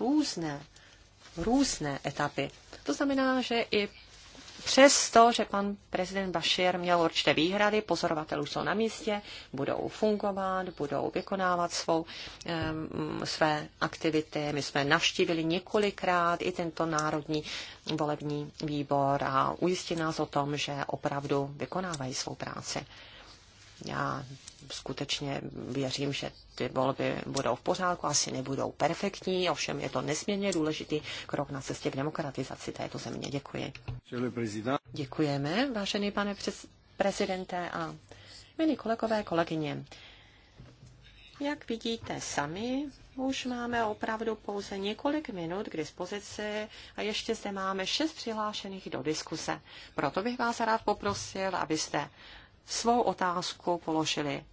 různé, různé etapy. To znamená, že i Přesto, že pan prezident Bashir měl určité výhrady, pozorovatelů jsou na místě, budou fungovat, budou vykonávat svou, um, své aktivity. My jsme navštívili několikrát i tento národní volební výbor a ujistili nás o tom, že opravdu vykonávají svou práci. Já skutečně věřím, že ty volby budou v pořádku, asi nebudou perfektní, ovšem je to nesmírně důležitý krok na cestě k demokratizaci této země. Děkuji. Děkujeme, vážený pane prezidente a milí kolegové, kolegyně. Jak vidíte sami, už máme opravdu pouze několik minut k dispozici a ještě zde máme šest přihlášených do diskuse. Proto bych vás rád poprosil, abyste svou otázku položili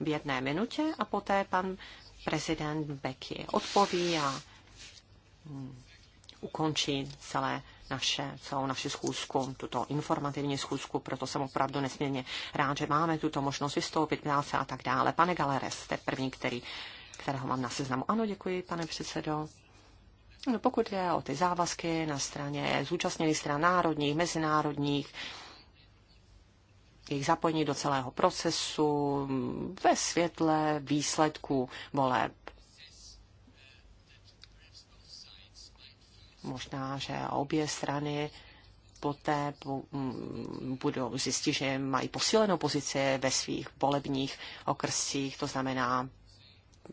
v jedné minutě a poté pan prezident Becky odpoví a hmm, ukončí celé naše, celou naši schůzku, tuto informativní schůzku, proto jsem opravdu nesmírně rád, že máme tuto možnost vystoupit, ptát se a tak dále. Pane Galeres, jste první, který, kterého mám na seznamu. Ano, děkuji, pane předsedo. No, pokud je o ty závazky na straně zúčastněných stran národních, mezinárodních, jejich zapojení do celého procesu ve světle výsledků voleb. Možná, že obě strany poté budou zjistit, že mají posílenou pozici ve svých volebních okrscích, to znamená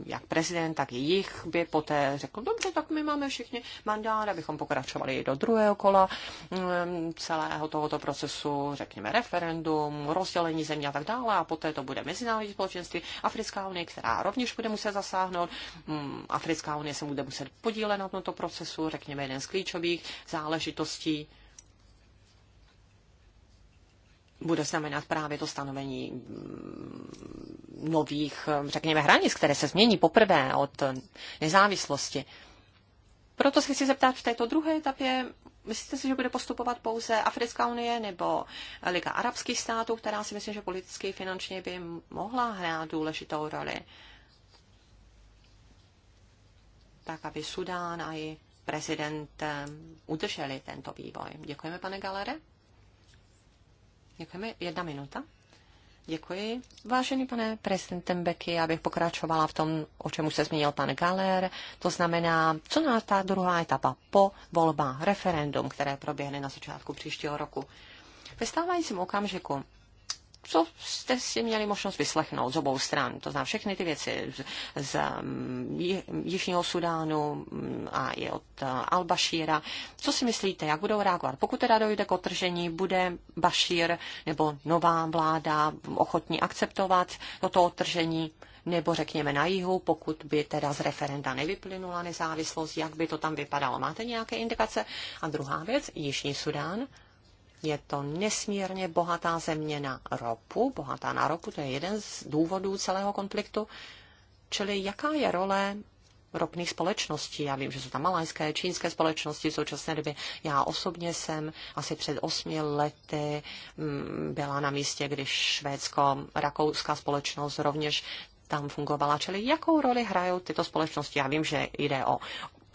jak prezident, tak i jich by poté řekl, dobře, tak my máme všichni mandát, abychom pokračovali do druhého kola mm, celého tohoto procesu, řekněme referendum, rozdělení země a tak dále a poté to bude mezinárodní společenství, Africká unie, která rovněž bude muset zasáhnout, mm, Africká unie se bude muset podílet na tomto procesu, řekněme jeden z klíčových záležitostí bude znamenat právě to stanovení mm, nových, mm, řekněme, hranic, které se změní poprvé od nezávislosti. Proto se chci zeptat v této druhé etapě, myslíte si, že bude postupovat pouze Africká unie nebo Liga arabských států, která si myslím, že politicky finančně by mohla hrát důležitou roli? Tak, aby Sudán a i prezident eh, udrželi tento vývoj. Děkujeme, pane Galere. Děkujeme. Jedna minuta. Děkuji. Vážený pane prezidentem Beky, já bych pokračovala v tom, o čem už se zmínil pan Galer. To znamená, co nás ta druhá etapa po volbách, referendum, které proběhne na začátku příštího roku. Ve stávajícím okamžiku co jste si měli možnost vyslechnout z obou stran. To znamená všechny ty věci z, z mm, Jižního Sudánu mm, a i od eh, al bashira Co si myslíte, jak budou reagovat? Pokud teda dojde k otržení, bude Bashir nebo nová vláda ochotní akceptovat toto otržení? nebo řekněme na jihu, pokud by teda z referenda nevyplynula nezávislost, jak by to tam vypadalo. Máte nějaké indikace? A druhá věc, Jižní Sudán, je to nesmírně bohatá země na ropu, bohatá na ropu, to je jeden z důvodů celého konfliktu. Čili jaká je role ropných společností. Já vím, že jsou tam malajské, čínské společnosti v současné době. Já osobně jsem asi před osmi lety mm, byla na místě, když švédsko-rakouská společnost rovněž tam fungovala. Čili jakou roli hrajou tyto společnosti? Já vím, že jde o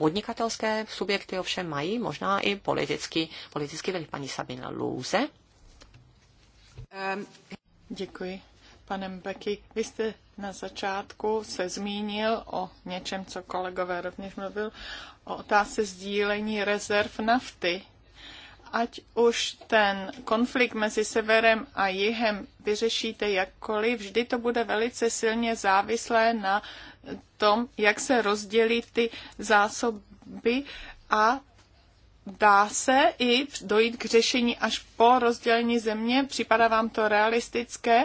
podnikatelské subjekty ovšem mají možná i politický, politický vliv. Paní Sabina Lůze. Ehm. děkuji. Pane Beky, vy jste na začátku se zmínil o něčem, co kolegové rovněž mluvil, o otázce sdílení rezerv nafty. Ať už ten konflikt mezi severem a jihem vyřešíte jakkoliv, vždy to bude velice silně závislé na tom, jak se rozdělí ty zásoby a dá se i dojít k řešení až po rozdělení země. Připadá vám to realistické?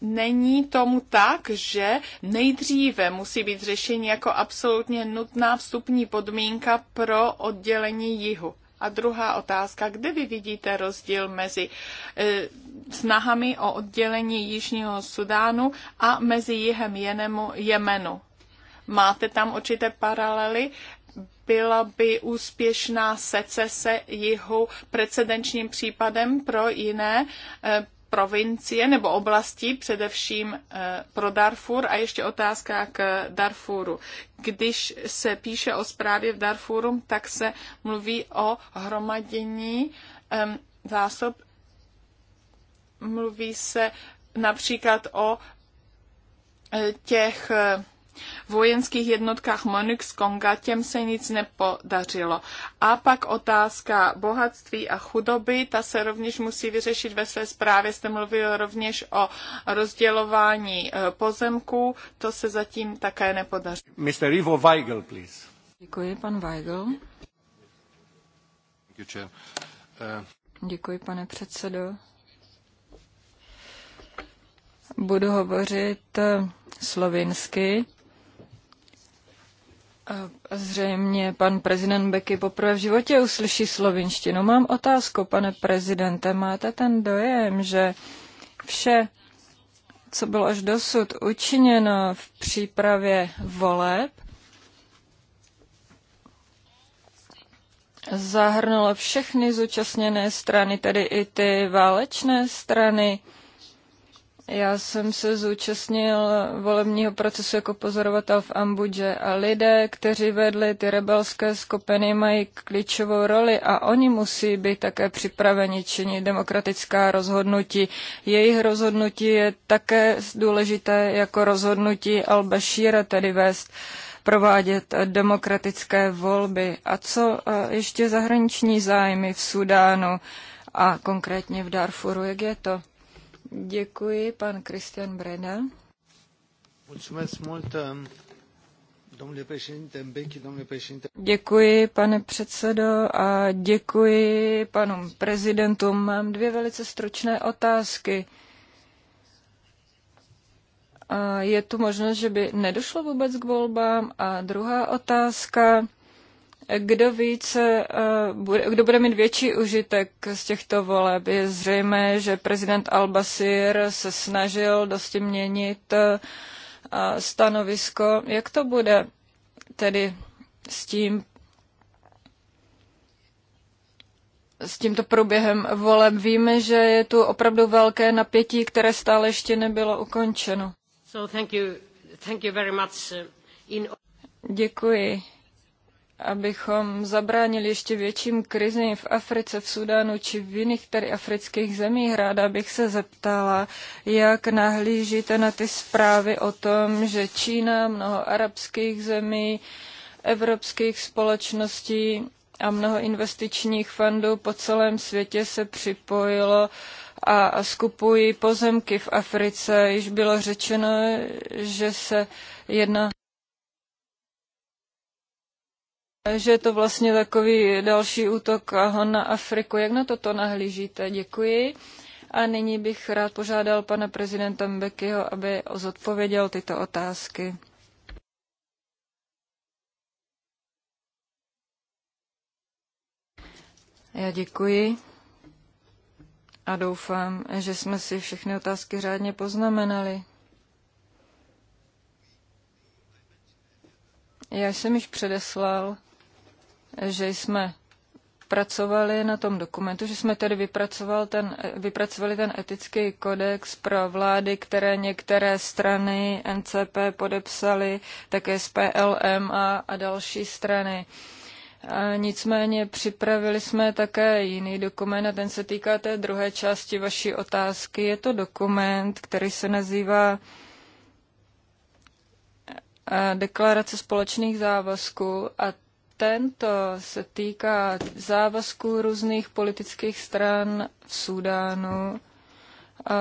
Není tomu tak, že nejdříve musí být řešení jako absolutně nutná vstupní podmínka pro oddělení jihu. A druhá otázka, kde vy vidíte rozdíl mezi e, snahami o oddělení Jižního Sudánu a mezi jihem Jenemu, Jemenu? Máte tam určité paralely? Byla by úspěšná secese jihu precedenčním případem pro jiné e, provincie nebo oblasti, především eh, pro Darfur. A ještě otázka k Darfuru. Když se píše o zprávě v Darfuru, tak se mluví o hromadění zásob. Mluví se například o eh, těch eh, v vojenských jednotkách Monux Konga, těm se nic nepodařilo. A pak otázka bohatství a chudoby, ta se rovněž musí vyřešit ve své zprávě. Jste mluvil rovněž o rozdělování e, pozemků, to se zatím také nepodařilo. Mr. Ivo Weigel, please. Děkuji, pan Weigel. E, děkuji, pane předsedo. Budu hovořit e, slovinsky. Zřejmě pan prezident Beky poprvé v životě uslyší slovinštinu. Mám otázku, pane prezidente. Máte ten dojem, že vše, co bylo až dosud učiněno v přípravě voleb, zahrnulo všechny zúčastněné strany, tedy i ty válečné strany, já jsem se zúčastnil volebního procesu jako pozorovatel v Ambudže a lidé, kteří vedli ty rebelské skupiny, mají klíčovou roli a oni musí být také připraveni činit demokratická rozhodnutí. Jejich rozhodnutí je také důležité jako rozhodnutí Al-Bashira, tedy vést provádět demokratické volby. A co e, ještě zahraniční zájmy v Sudánu a konkrétně v Darfuru, jak je to? Děkuji, pan Christian Breda. Mulțumesc mult, um, domnule președinte Mbeki, domnule președinte. Děkuji, pane předsedo, a děkuji panům prezidentům. Mám dvě velice stručné otázky. Je tu možnost, že by nedošlo vůbec k volbám? A druhá otázka kdo víc, eh, kdo bude mít větší užitek z těchto voleb. Je zřejmé, že prezident Al-Basir se snažil dosti měnit eh, stanovisko. Jak to bude tedy s tím s tímto průběhem voleb. Víme, že je tu opravdu velké napětí, které stále ještě nebylo ukončeno. So thank you. Thank you very much. Eh, in... Děkuji abychom zabránili ještě větším krizím v Africe, v Sudánu či v jiných tady afrických zemích. Ráda bych se zeptala, jak nahlížíte na ty zprávy o tom, že Čína, mnoho arabských zemí, evropských společností a mnoho investičních fondů po celém světě se připojilo a skupují pozemky v Africe. Již bylo řečeno, že se jedná že je to vlastně takový další útok na Afriku. Jak na toto nahlížíte? Děkuji. A nyní bych rád požádal pana prezidenta Mbekyho, aby zodpověděl tyto otázky. Já děkuji a doufám, že jsme si všechny otázky řádně poznamenali. Já jsem již předeslal, že jsme pracovali na tom dokumentu, že jsme tedy vypracoval ten, vypracovali ten etický kodex pro vlády, které některé strany NCP podepsaly, také z PLM a, a další strany. A nicméně připravili jsme také jiný dokument a ten se týká té druhé části vaší otázky. Je to dokument, který se nazývá eh, Deklarace společných závazků a tento se týká závazků různých politických stran v Súdánu eh,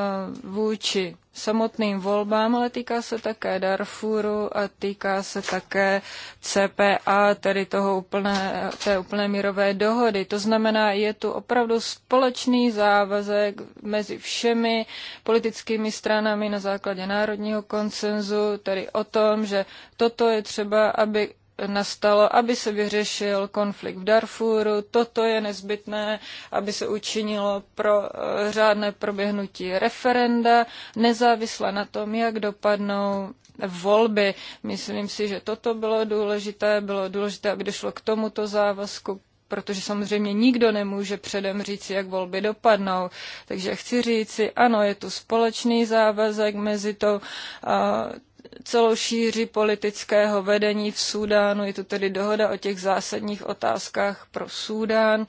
vůči samotným volbám, ale týká se také Darfuru a týká se také CPA, tedy toho úplné, té úplné mírové dohody. To znamená, je tu opravdu společný závazek mezi všemi politickými stranami na základě národního koncenzu, tedy o tom, že toto je třeba, aby nastalo, aby se vyřešil konflikt v Darfuru. Toto je nezbytné, aby se učinilo pro eh, řádné proběhnutí referenda, nezávisle na tom, jak dopadnou volby. Myslím si, že toto bylo důležité, bylo důležité, aby došlo k tomuto závazku, protože samozřejmě nikdo nemůže předem říct, jak volby dopadnou. Takže chci říci, ano, je tu společný závazek mezi tou eh, celou šíři politického vedení v Súdánu. Je to tedy dohoda o těch zásadních otázkách pro Súdán.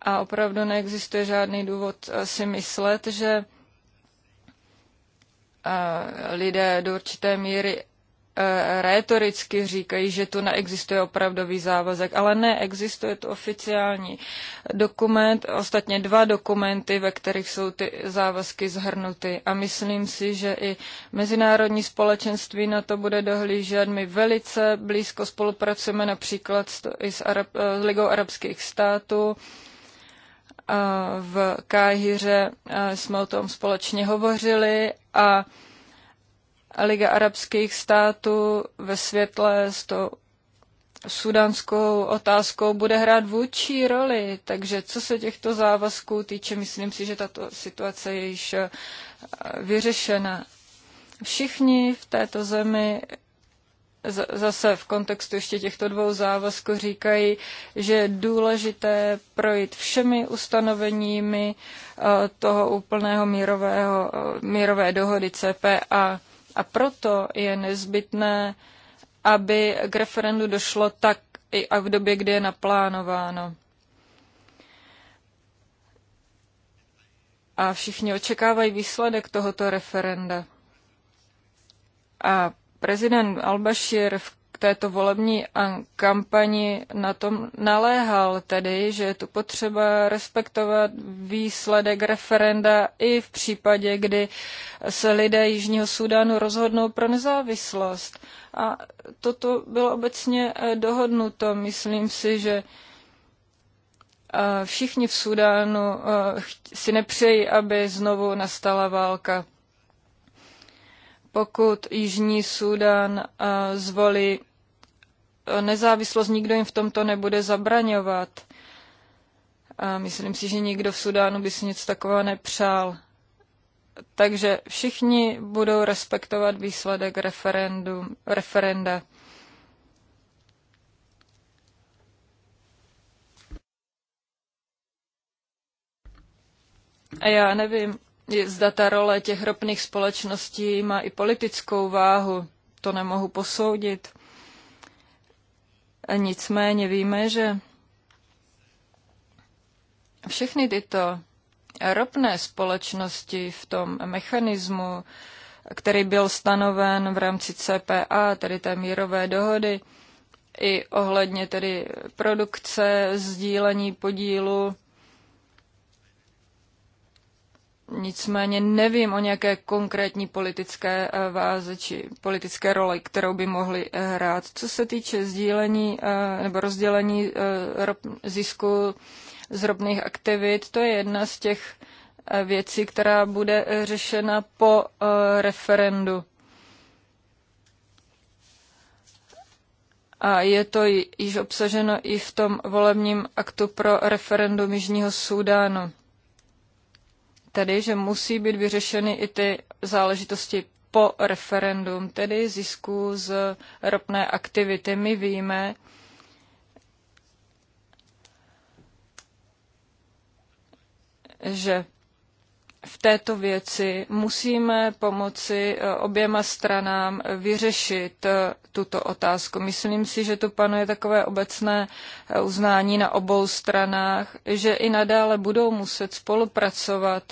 A opravdu neexistuje žádný důvod eh, si myslet, že eh, lidé do určité míry Eh, rétoricky říkají, že tu neexistuje opravdový závazek, ale ne, existuje to oficiální dokument, ostatně dva dokumenty, ve kterých jsou ty závazky zhrnuty. A myslím si, že i mezinárodní společenství na to bude dohlížet. My velice blízko spolupracujeme například i s, Arab, eh, s Ligou arabských států v Káhyře eh, jsme o tom společně hovořili a Liga arabských států ve světle s tou sudanskou otázkou bude hrát vůči roli. Takže co se těchto závazků týče, myslím si, že tato situace je již eh, vyřešena. Všichni v této zemi zase v kontextu ještě těchto dvou závazků říkají, že je důležité projít všemi ustanoveními eh, toho úplného mírového, eh, mírové dohody CPA. A proto je nezbytné, aby k referendu došlo tak i a v době, kdy je naplánováno. A všichni očekávají výsledek tohoto referenda. A prezident Al-Bashir v této volební kampani na tom naléhal, tedy, že je tu potřeba respektovat výsledek referenda i v případě, kdy se lidé Jižního Sudánu rozhodnou pro nezávislost. A toto bylo obecně eh, dohodnuto. Myslím si, že eh, všichni v Sudánu eh, si nepřejí, aby znovu nastala válka pokud Jižní Súdán zvolí nezávislost, nikdo jim v tomto nebude zabraňovat. A myslím si, že nikdo v Sudánu by si nic takového nepřál. Takže všichni budou respektovat výsledek referendum, referenda. A já nevím, zda ta role těch ropných společností má i politickou váhu. To nemohu posoudit. Nicméně víme, že všechny tyto ropné společnosti v tom mechanismu, který byl stanoven v rámci CPA, tedy té mírové dohody, i ohledně tedy produkce, sdílení podílu Nicméně nevím o nějaké konkrétní politické eh, váze či politické roli, kterou by mohli eh, hrát. Co se týče sdílení eh, nebo rozdělení zisku z ropných aktivit, to je jedna z těch věcí, která bude řešena po referendu. A je to již obsaženo i v tom volebním aktu pro referendum Jižního Súdánu tedy, že musí být vyřešeny i ty záležitosti po referendum, tedy zisku z ropné aktivity. My víme, že v této věci musíme pomoci eh, oběma stranám vyřešit eh, tuto otázku. Myslím si, že tu panuje takové obecné eh, uznání na obou stranách, že i nadále budou muset spolupracovat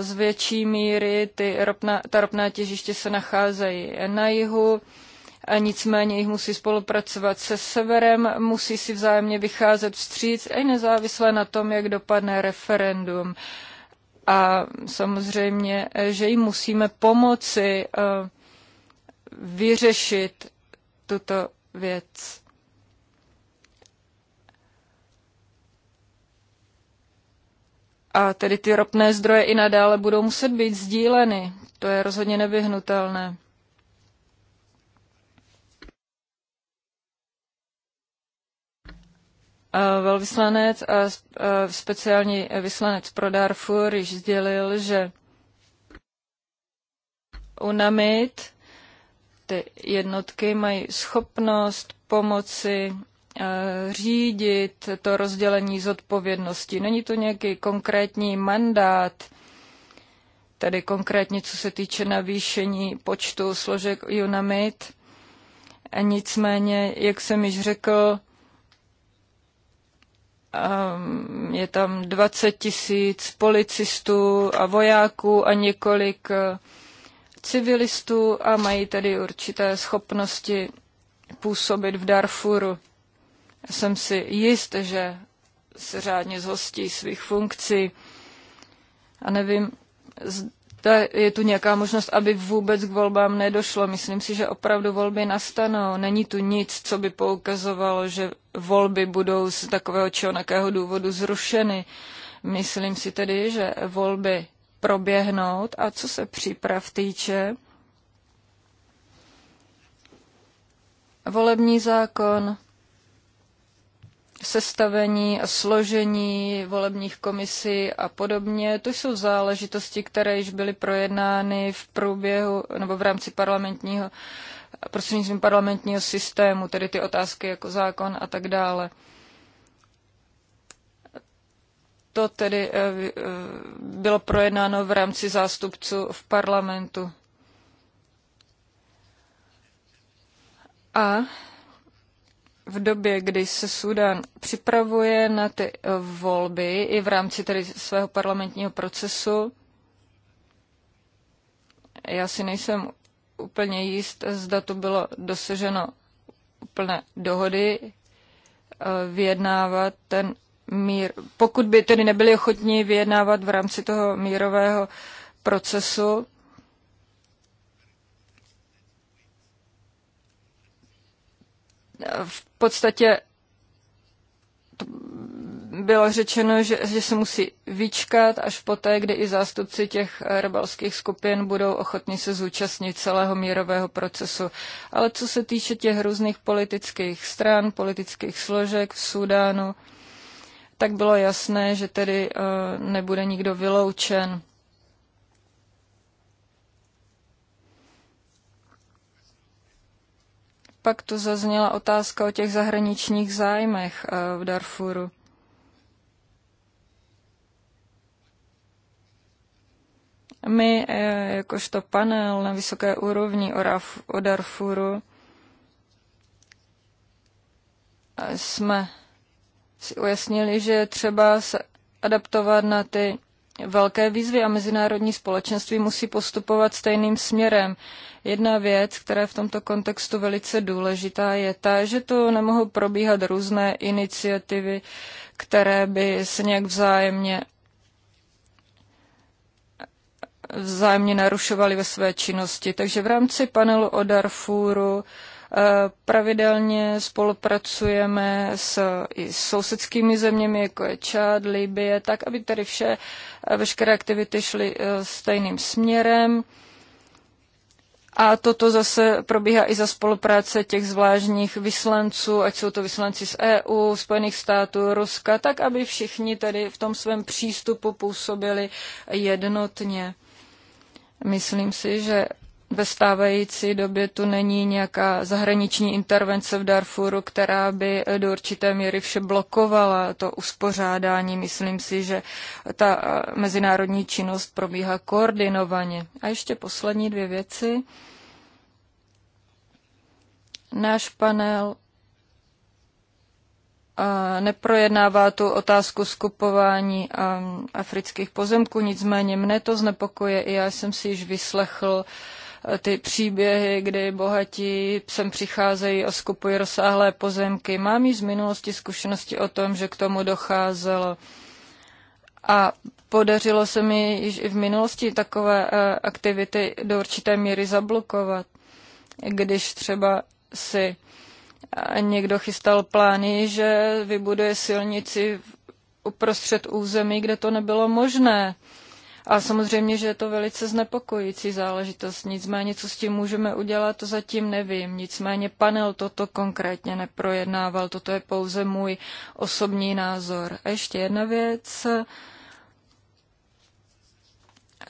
z větší míry ty ropna, ta ropná těžiště se nacházejí na jihu, nicméně jich musí spolupracovat se severem, musí si vzájemně vycházet vstříc i nezávisle na tom, jak dopadne referendum. A samozřejmě, že jim musíme pomoci eh, vyřešit tuto věc. A tedy ty ropné zdroje i nadále budou muset být sdíleny. To je rozhodně nevyhnutelné. Velvyslanec a speciální vyslanec pro Darfur již sdělil, že UNAMID, ty jednotky, mají schopnost pomoci e, řídit to rozdělení zodpovědnosti. Není to nějaký konkrétní mandát, tedy konkrétně co se týče navýšení počtu složek UNAMID. Nicméně, jak jsem již řekl, Ehm, je tam 20 tisíc policistů a vojáků a několik eh, civilistů a mají tedy určité schopnosti působit v Darfuru. Jsem si jist, že se řádně zhostí svých funkcí a nevím, to je, je tu nějaká možnost, aby vůbec k volbám nedošlo. Myslím si, že opravdu volby nastanou. Není tu nic, co by poukazovalo, že volby budou z takového či onakého důvodu zrušeny. Myslím si tedy, že volby proběhnout a co se příprav týče, volební zákon sestavení a složení volebních komisí a podobně. To jsou záležitosti, které již byly projednány v průběhu nebo v rámci parlamentního prostřednictvím parlamentního systému, tedy ty otázky jako zákon a tak dále. To tedy eh, eh, bylo projednáno v rámci zástupců v parlamentu. A v době, kdy se Sudan připravuje na ty eh, volby i v rámci tedy svého parlamentního procesu, já si nejsem úplně jist, zda to bylo dosaženo úplné dohody eh, vyjednávat ten mír. Pokud by tedy nebyli ochotní vyjednávat v rámci toho mírového procesu, v podstatě bylo řečeno, že, že se musí vyčkat až poté, kdy i zástupci těch rebelských skupin budou ochotni se zúčastnit celého mírového procesu. Ale co se týče těch různých politických stran, politických složek v Súdánu, tak bylo jasné, že tedy eh, nebude nikdo vyloučen. Pak tu zazněla otázka o těch zahraničních zájmech eh, v Darfuru. My, eh, jakožto panel na vysoké úrovni o Darfuru, eh, jsme si ujasnili, že třeba se adaptovat na ty velké výzvy a mezinárodní společenství musí postupovat stejným směrem. Jedna věc, která je v tomto kontextu velice důležitá, je ta, že tu nemohou probíhat různé iniciativy, které by se nějak vzájemně vzájemně narušovaly ve své činnosti. Takže v rámci panelu o Darfuru Pravidelně spolupracujeme s, i s sousedskými zeměmi, jako je Čad, Libie, tak, aby tady vše, veškeré aktivity šly e, stejným směrem. A toto zase probíhá i za spolupráce těch zvláštních vyslanců, ať jsou to vyslanci z EU, Spojených států, Ruska, tak aby všichni tady v tom svém přístupu působili jednotně. Myslím si, že ve stávající době tu není nějaká zahraniční intervence v Darfuru, která by do určité míry vše blokovala to uspořádání. Myslím si, že ta mezinárodní činnost probíhá koordinovaně. A ještě poslední dvě věci. Náš panel neprojednává tu otázku skupování afrických pozemků, nicméně mne to znepokoje i já jsem si již vyslechl uh, ty příběhy, kdy bohatí sem přicházejí a skupují rozsáhlé pozemky. Mám již z minulosti zkušenosti o tom, že k tomu docházelo. A podařilo se mi již i v minulosti takové eh, aktivity do určité míry zablokovat. Když třeba si eh, někdo chystal plány, že vybuduje silnici uprostřed území, kde to nebylo možné. A samozřejmě, že je to velice znepokojící záležitost. Nicméně, co s tím můžeme udělat, to zatím nevím. Nicméně panel toto konkrétně neprojednával. Toto je pouze můj osobní názor. A ještě jedna věc.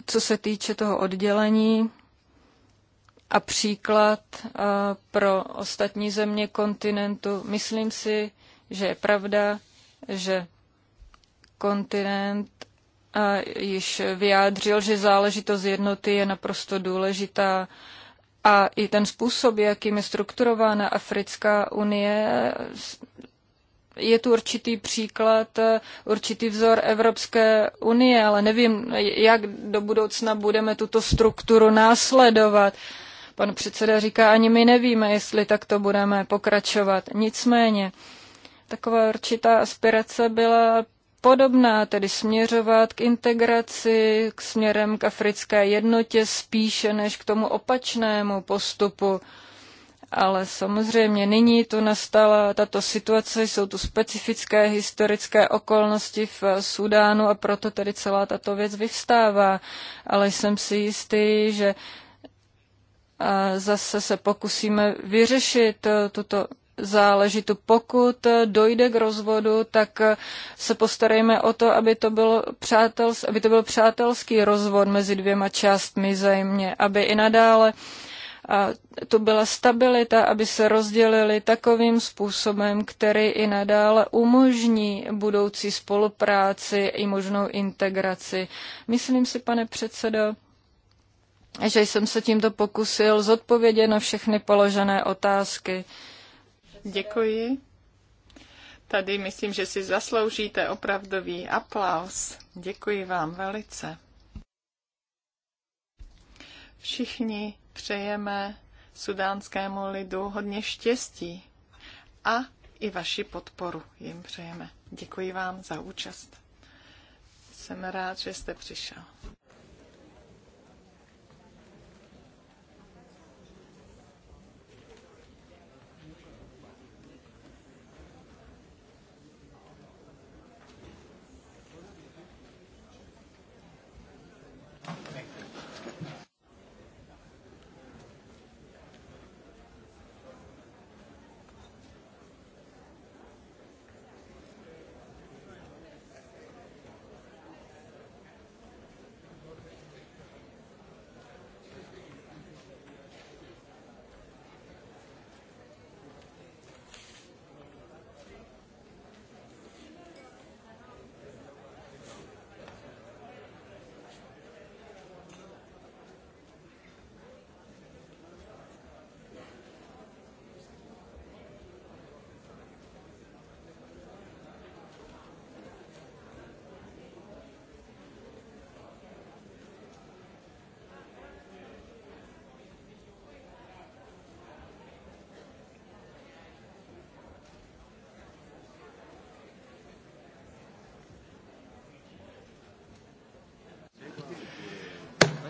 Co se týče toho oddělení, a příklad pro ostatní země kontinentu. Myslím si, že je pravda, že kontinent již vyjádřil, že záležitost jednoty je naprosto důležitá. A i ten způsob, jakým je strukturována Africká unie, je tu určitý příklad, určitý vzor Evropské unie, ale nevím, jak do budoucna budeme tuto strukturu následovat. Pan předseda říká, ani my nevíme, jestli takto budeme pokračovat. Nicméně, taková určitá aspirace byla podobná, tedy směřovat k integraci, k směrem k africké jednotě spíše než k tomu opačnému postupu. Ale samozřejmě nyní tu nastala tato situace, jsou tu specifické historické okolnosti v Sudánu a proto tedy celá tato věc vyvstává. Ale jsem si jistý, že zase se pokusíme vyřešit e, tuto záležitu. Pokud dojde k rozvodu, tak se postarejme o to, aby to, bylo přátels, aby to byl přátelský rozvod mezi dvěma částmi zajímně, aby i nadále a to byla stabilita, aby se rozdělili takovým způsobem, který i nadále umožní budoucí spolupráci i možnou integraci. Myslím si, pane předsedo, že jsem se tímto pokusil zodpovědět na všechny položené otázky. Děkuji. Tady myslím, že si zasloužíte opravdový aplaus. Děkuji vám velice. Všichni přejeme sudánskému lidu hodně štěstí a i vaši podporu jim přejeme. Děkuji vám za účast. Jsem rád, že jste přišel.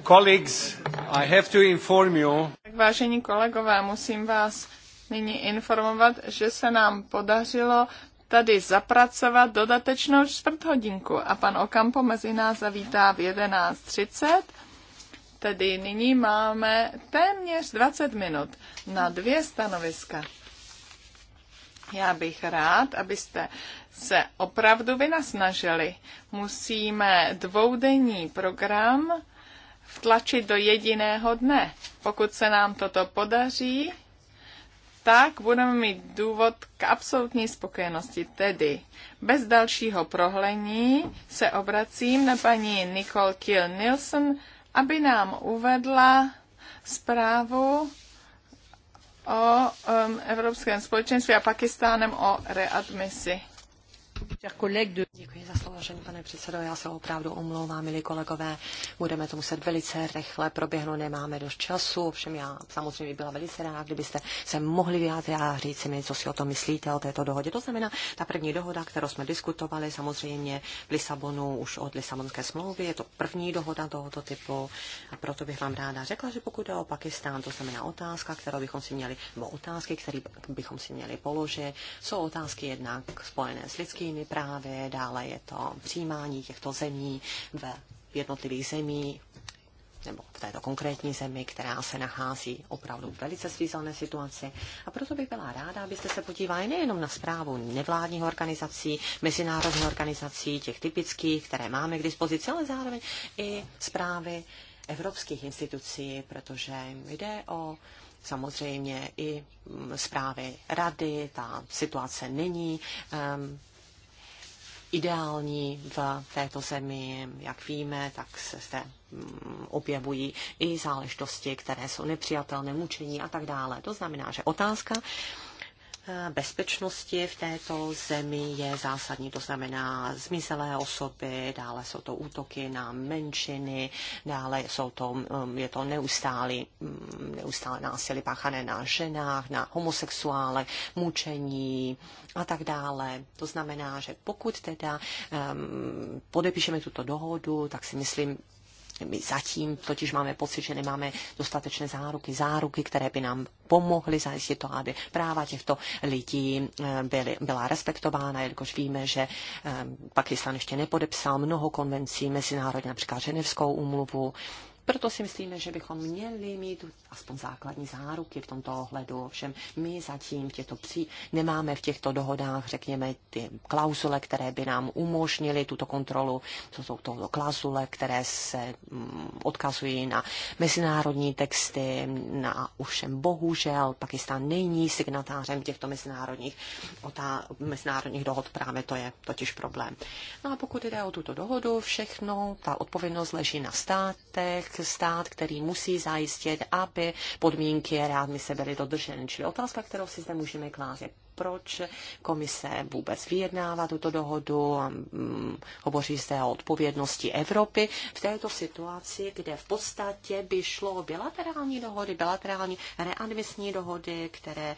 Colleagues, I have to inform you. vážení kolegové, musím vás nyní informovat, že se nám podařilo tady zapracovat dodatečnou čtvrthodinku a pan Okampo mezi nás zavítá v 11.30. Tedy nyní máme téměř 20 minut na dvě stanoviska. Já bych rád, abyste se opravdu vynasnažili. Musíme dvoudenní program vtlačit do jediného dne. Pokud se nám toto podaří, tak budeme mít důvod k absolutní spokojenosti. Tedy bez dalšího prohlení se obracím na paní Nicole Kiel Nielsen, aby nám uvedla zprávu o um, Evropském společenství a Pakistánem o readmisi. Děkuji za slovo, pane předsedo. Já se opravdu omlouvám, milí kolegové. Budeme to muset velice rychle proběhnout, nemáme dost času. Ovšem já samozřejmě byla velice ráda, kdybyste se mohli vyjádřit a říct si mi, co si o tom myslíte, o této dohodě. To znamená, ta první dohoda, kterou jsme diskutovali, samozřejmě v Lisabonu už od Lisabonské smlouvy, je to první dohoda tohoto typu. A proto bych vám ráda řekla, že pokud jde o Pakistán, to znamená otázka, kterou bychom si měli, nebo otázky, které bychom si měli položit, jsou otázky jednak spojené s lidskými právě, dále je to přijímání těchto zemí ve jednotlivých zemí, nebo v této konkrétní zemi, která se nachází opravdu v velice svízelné situaci. A proto bych byla ráda, abyste se podívali nejenom na zprávu nevládních organizací, mezinárodních organizací, těch typických, které máme k dispozici, ale zároveň i zprávy evropských institucí, protože jde o samozřejmě i mm, zprávy rady, ta situace není um, ideální v této zemi. Jak víme, tak se zde mm, objevují i záležitosti, které jsou nepřijatelné, mučení a tak dále. To znamená, že otázka bezpečnosti v této zemi je zásadní, to znamená zmizelé osoby, dále jsou to útoky na menšiny, dále jsou to, mm, je to neustálý, mm, neustálé násilí páchané na ženách, na homosexuále, mučení a tak dále. To znamená, že pokud teda um, podepíšeme tuto dohodu, tak si myslím, my zatím totiž máme pocit, že nemáme dostatečné záruky, záruky, které by nám pomohly zajistit to, aby práva těchto lidí eh, byly, byla respektována, jelikož víme, že eh, Pakistan ještě nepodepsal mnoho konvencí mezinárodně, například Ženevskou úmluvu, proto si myslíme, že bychom měli mít aspoň základní záruky v tomto ohledu. Ovšem my zatím v těchto pří, nemáme v těchto dohodách, řekněme, ty klausule, které by nám umožnily tuto kontrolu. To jsou to klausule, které se mm, odkazují na mezinárodní texty. Na, ovšem bohužel Pakistan není signatářem těchto mezinárodních, otá, mezinárodních dohod. Právě to je totiž problém. No a pokud jde o tuto dohodu, všechno, ta odpovědnost leží na státech, stát, který musí zajistit, aby podmínky readmise byly dodrženy. Čili otázka, kterou si zde můžeme klást, proč komise vůbec vyjednává tuto dohodu, mm, hovoří se o odpovědnosti Evropy v této situaci, kde v podstatě by šlo o bilaterální dohody, bilaterální readmisní dohody, které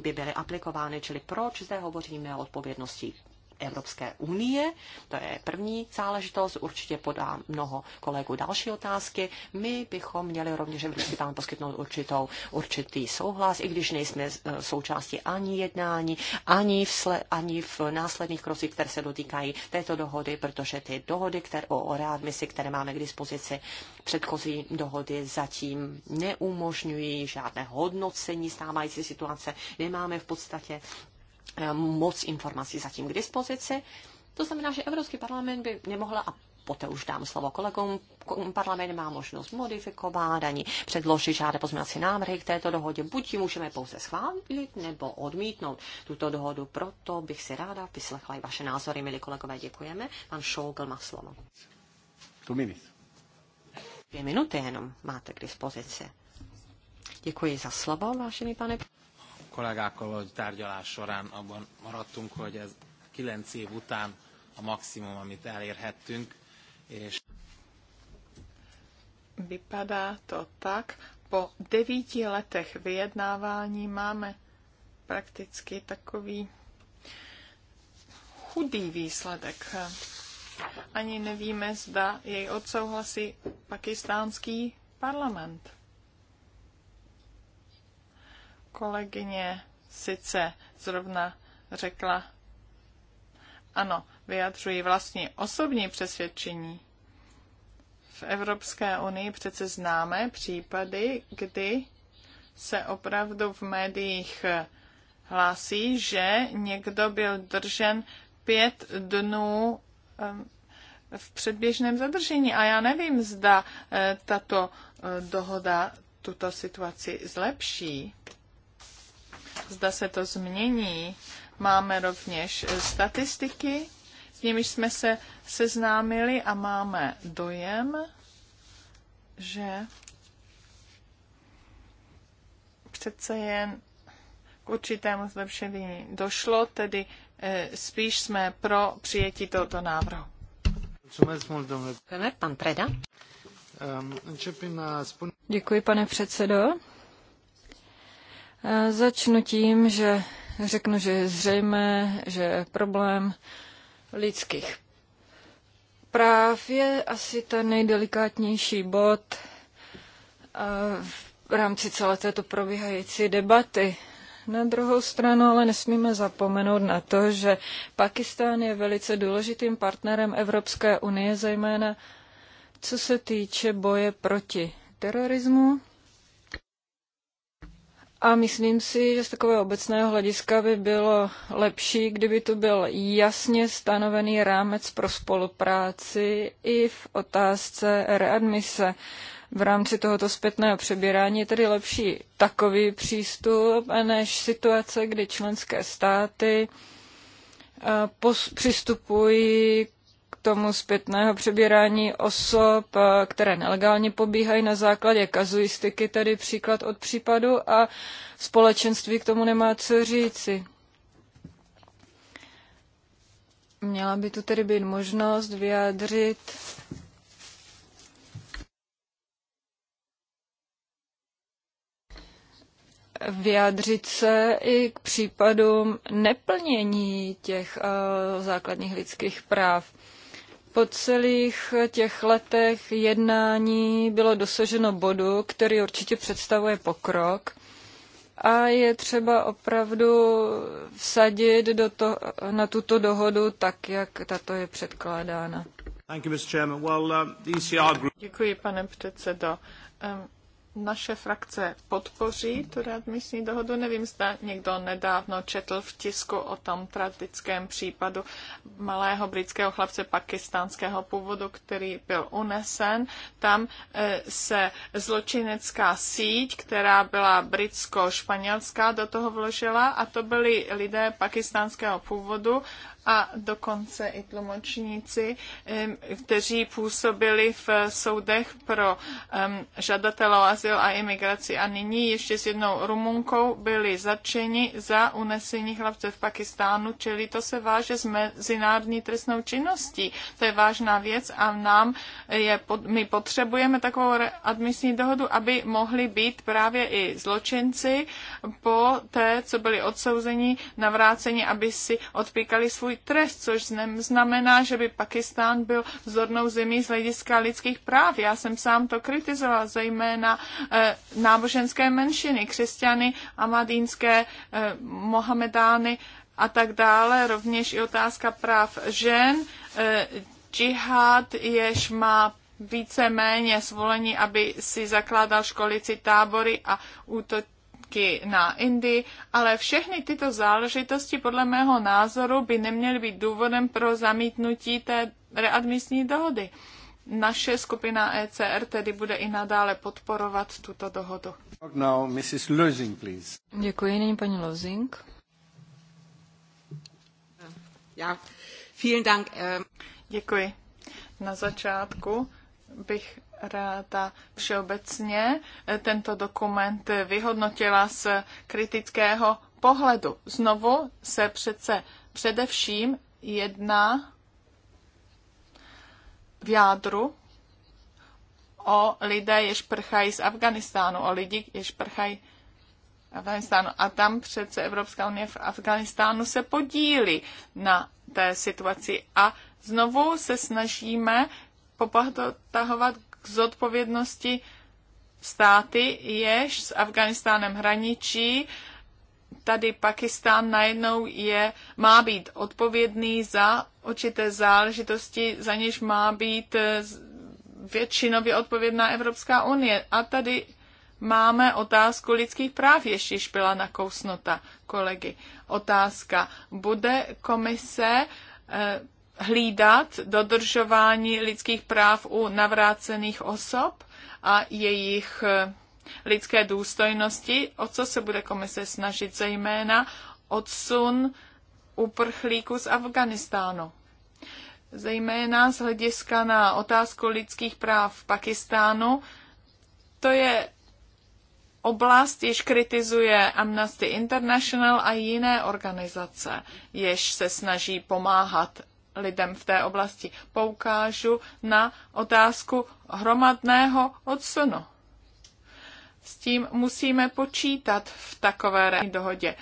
by byly aplikovány, čili proč zde hovoříme o odpovědnosti Evropské unie. To je první záležitost. Určitě podá mnoho kolegů další otázky. My bychom měli rovněž v tam poskytnout určitou, určitý souhlas, i když nejsme eh, součástí ani jednání, ani v, sle, ani v následných krocích, které se dotýkají této dohody, protože ty dohody které, o readmisi, které máme k dispozici, předchozí dohody zatím neumožňují žádné hodnocení stávající situace. Nemáme v podstatě Eh, moc informací zatím k dispozici. To znamená, že Evropský parlament by nemohla a poté už dám slovo kolegům. Parlament má možnost modifikovat ani předložit žádné pozměnací návrhy k této dohodě. Buď ji můžeme pouze schválit nebo odmítnout tuto dohodu. Proto bych si ráda vyslechla i vaše názory, milí kolegové. Děkujeme. Pan Šougl má slovo. Tu minut. Dvě minuty jenom máte k dispozici. Děkuji za slovo, vážený pane kollégákkal való tárgyalás során abban maradtunk, hogy ez kilenc év után a maximum, amit elérhettünk. És Vypadá to tak, po devíti letech vyjednávání máme prakticky takový chudý výsledek. Ani nevíme, zda jej odsouhlasí pakistánský parlament. Kolegyně sice zrovna řekla, ano, vyjadřuji vlastní osobní přesvědčení. V Evropské unii přece známe případy, kdy se opravdu v médiích hlásí, že někdo byl držen pět dnů v předběžném zadržení. A já nevím, zda eh, tato eh, dohoda tuto situaci zlepší zda se to změní. Máme rovněž statistiky, s nimiž jsme se seznámili a máme dojem, že přece jen k určitému zlepšení došlo, tedy eh, spíš jsme pro přijetí tohoto návrhu. Pan Preda. Ehm, eh, Děkuji, pane předsedo. Začnu tím, že řeknu, že je zřejmé, že problém lidských práv je asi ten nejdelikátnější bod v rámci celé této probíhající debaty. Na druhou stranu ale nesmíme zapomenout na to, že Pakistán je velice důležitým partnerem Evropské unie, zejména co se týče boje proti terorismu a myslím si, že z takového obecného hlediska by bylo lepší, kdyby tu byl jasně stanovený rámec pro spolupráci i v otázce readmise. V rámci tohoto zpětného přebírání je tedy lepší takový přístup, než situace, kdy členské státy eh, přistupují k tomu zpětného přebírání osob, eh, které nelegálně pobíhají na základě kazuistiky, tedy příklad od případu a společenství k tomu nemá co říci. Měla by tu tedy být možnost vyjádřit vyjádřit se i k případům neplnění těch uh, základních lidských práv po celých těch letech jednání bylo dosaženo bodu, který určitě představuje pokrok. A je třeba opravdu vsadit do to, na tuto dohodu tak, jak tato je předkládána. Uh, e Děkuji, pane předsedo. Um, naše frakce podpoří tu readmisní dohodu. Nevím, zda někdo nedávno četl v tisku o tom tragickém případu malého britského chlapce pakistánského původu, který byl unesen. Tam e, se zločinecká síť, která byla britsko-španělská, do toho vložila a to byli lidé pakistánského původu, a dokonce i tlumočníci, kteří působili v soudech pro žadatele o azyl a imigraci a nyní ještě s jednou Rumunkou byli zatčeni za unesení hlavce v Pakistánu, čili to se váže s mezinárodní trestnou činností. To je vážná věc a nám je, my potřebujeme takovou admisní dohodu, aby mohli být právě i zločinci po té, co byli odsouzeni, navráceni, aby si odpíkali svůj trest, což znamená, že by Pakistán byl vzornou zemí z hlediska lidských práv. Já jsem sám to kritizoval, zejména eh, náboženské menšiny, křesťany, amadínské, eh, mohamedány a tak dále. Rovněž i otázka práv žen. Eh, džihad, jež má více méně svolení, aby si zakládal školici tábory a útočil nálepky na Indii, ale všechny tyto záležitosti podle mého názoru by neměly být důvodem pro zamítnutí té readmisní dohody. Naše skupina ECR tedy bude i nadále podporovat tuto dohodu. Now, Mrs. Lösing, please. Děkuji, nyní paní Lozing. Já. vielen Dank. Eh. Děkuji. Na začátku bych ráda všeobecně eh, tento dokument eh, vyhodnotila z kritického pohledu. Znovu se přece především jedná v jádru o lidé, jež prchají z Afganistánu, o lidi, jež prchají Afganistánu. A tam přece Evropská unie v Afganistánu se podílí na té situaci. A znovu se snažíme popotahovat zodpovědnosti státy, jež s Afganistánem hraničí. Tady Pakistán najednou je, má být odpovědný za určité záležitosti, za něž má být eh, většinově odpovědná Evropská unie. A tady máme otázku lidských práv, ještě byla nakousnota kolegy. Otázka, bude komise eh, hlídat dodržování lidských práv u navrácených osob a jejich eh, lidské důstojnosti, o co se bude komise snažit zejména odsun uprchlíků z Afganistánu. Zejména z hlediska na otázku lidských práv v Pakistánu, to je oblast, jež kritizuje Amnesty International a jiné organizace, jež se snaží pomáhat lidem v té oblasti. Poukážu na otázku hromadného odsunu. S tím musíme počítat v takové dohodě.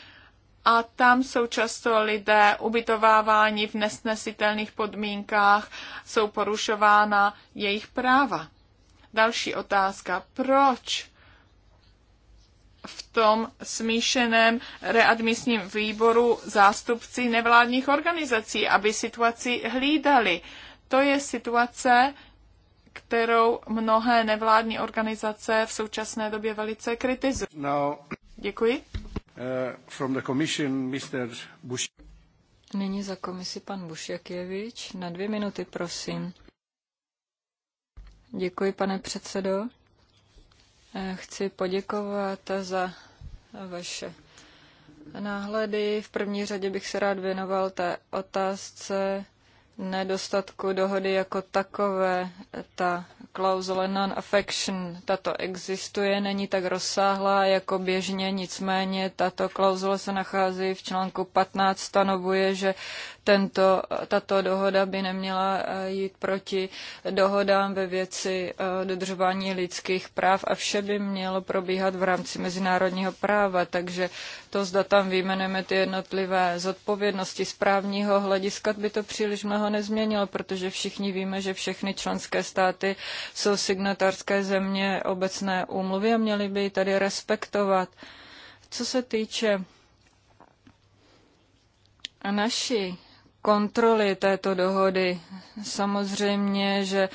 A tam jsou často lidé ubytováváni v nesnesitelných podmínkách, jsou porušována jejich práva. Další otázka. Proč v tom smíšeném readmisním výboru zástupci nevládních organizací, aby situaci hlídali. To je situace, kterou mnohé nevládní organizace v současné době velice kritizují. Now, Děkuji. Uh, from the commission, Mr. Bush. Nyní za komisi pan Bušjakjevič. Na dvě minuty, prosím. Děkuji, pane předsedo. Chci poděkovat za vaše náhledy. V první řadě bych se rád věnoval té otázce nedostatku dohody jako takové. Ta klauzule non-affection, tato existuje, není tak rozsáhlá jako běžně, nicméně tato klauzule se nachází v článku 15, stanovuje, že tento, tato dohoda by neměla eh, jít proti dohodám ve věci eh, dodržování lidských práv a vše by mělo probíhat v rámci mezinárodního práva, takže to zda tam vyjmenujeme ty jednotlivé zodpovědnosti z právního hlediska by to příliš mnoho nezměnilo, protože všichni víme, že všechny členské státy jsou signatářské země obecné úmluvy a měly by ji tady respektovat. Co se týče naší kontroly této dohody. Samozřejmě, že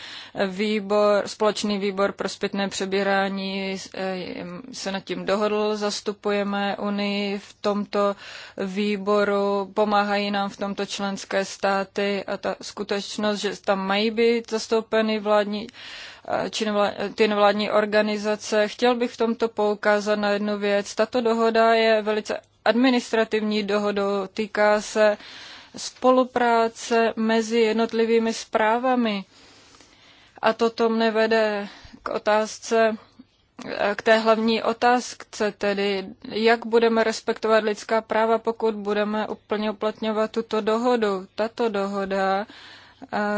výbor, společný výbor pro zpětné přebírání eh, se nad tím dohodl, zastupujeme Unii v tomto výboru, pomáhají nám v tomto členské státy a ta skutečnost, že tam mají být zastoupeny vládní eh, či nevlá, ty nevládní organizace. Chtěl bych v tomto poukázat na jednu věc. Tato dohoda je velice administrativní dohodou, týká se uh, spolupráce mezi jednotlivými zprávami. A toto mne vede k otázce, eh, k té hlavní otázce, tedy jak budeme respektovat lidská práva, pokud budeme úplně uplatňovat tuto dohodu. Tato dohoda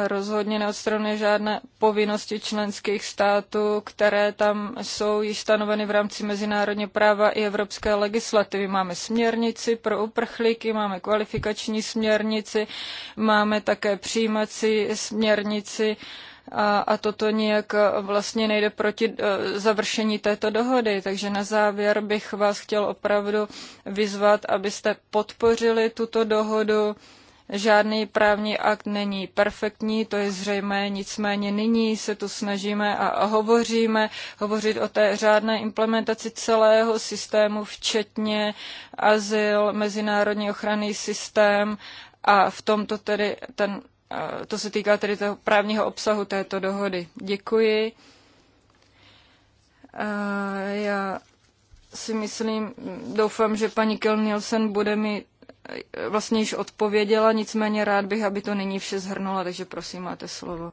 rozhodně neodstranuje žádné povinnosti členských států, které tam jsou již stanoveny v rámci mezinárodní práva i evropské legislativy. Máme směrnici pro uprchlíky, máme kvalifikační směrnici, máme také přijímací směrnici a, a toto nijak vlastně nejde proti e, završení této dohody. Takže na závěr bych vás chtěl opravdu vyzvat, abyste podpořili tuto dohodu Žádný právní akt není perfektní, to je zřejmé, nicméně nyní se tu snažíme a hovoříme, hovořit o té řádné implementaci celého systému, včetně azyl, mezinárodní ochranný systém a v tomto tedy ten, to se týká tedy toho právního obsahu této dohody. Děkuji. Já si myslím, doufám, že paní Kill Nielsen bude mít vlastně již odpověděla, nicméně rád bych, aby to nyní vše zhrnula, takže prosím, máte slovo.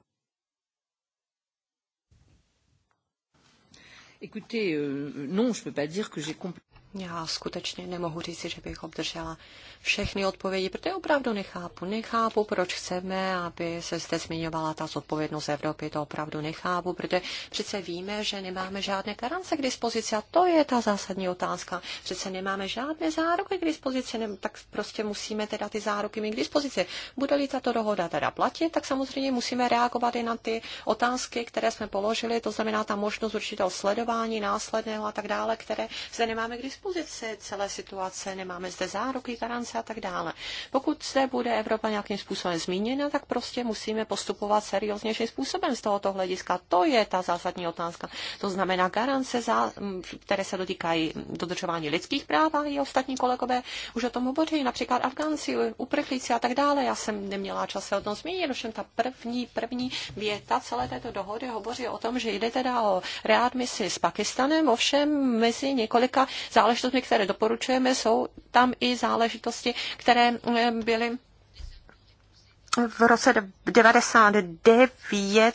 Écoutez, euh, non, je ne peux pas dire que j'ai compris. Já skutečně nemohu říct, že bych obdržela všechny odpovědi, protože opravdu nechápu. Nechápu, proč chceme, aby se zde zmiňovala ta zodpovědnost Evropy. To opravdu nechápu, protože přece víme, že nemáme žádné garance k dispozici a to je ta zásadní otázka. Přece nemáme žádné záruky k dispozici, ne, tak prostě musíme teda ty záruky mít k dispozici. Bude-li tato dohoda teda platit, tak samozřejmě musíme reagovat i na ty otázky, které jsme položili, to znamená ta možnost určitého sledování následného a tak dále, které zde nemáme k dispozici dispozici celé situace, nemáme zde záruky, garance a tak dále. Pokud zde bude Evropa nějakým způsobem zmíněna, tak prostě musíme postupovat serióznějším způsobem z tohoto hlediska. To je ta zásadní otázka. To znamená garance, za, mm, které se dotýkají dodržování lidských práv a i ostatní kolegové už o tom hovoří, například Afgánci, uprchlíci a tak dále. Já jsem neměla čas se o tom zmínit, ovšem ta první, první věta celé této dohody hovoří o tom, že jde teda o readmisi s Pakistanem, ovšem mezi několika záležitostmi záležitostmi, které doporučujeme, jsou tam i záležitosti, které eh, byly v roce 99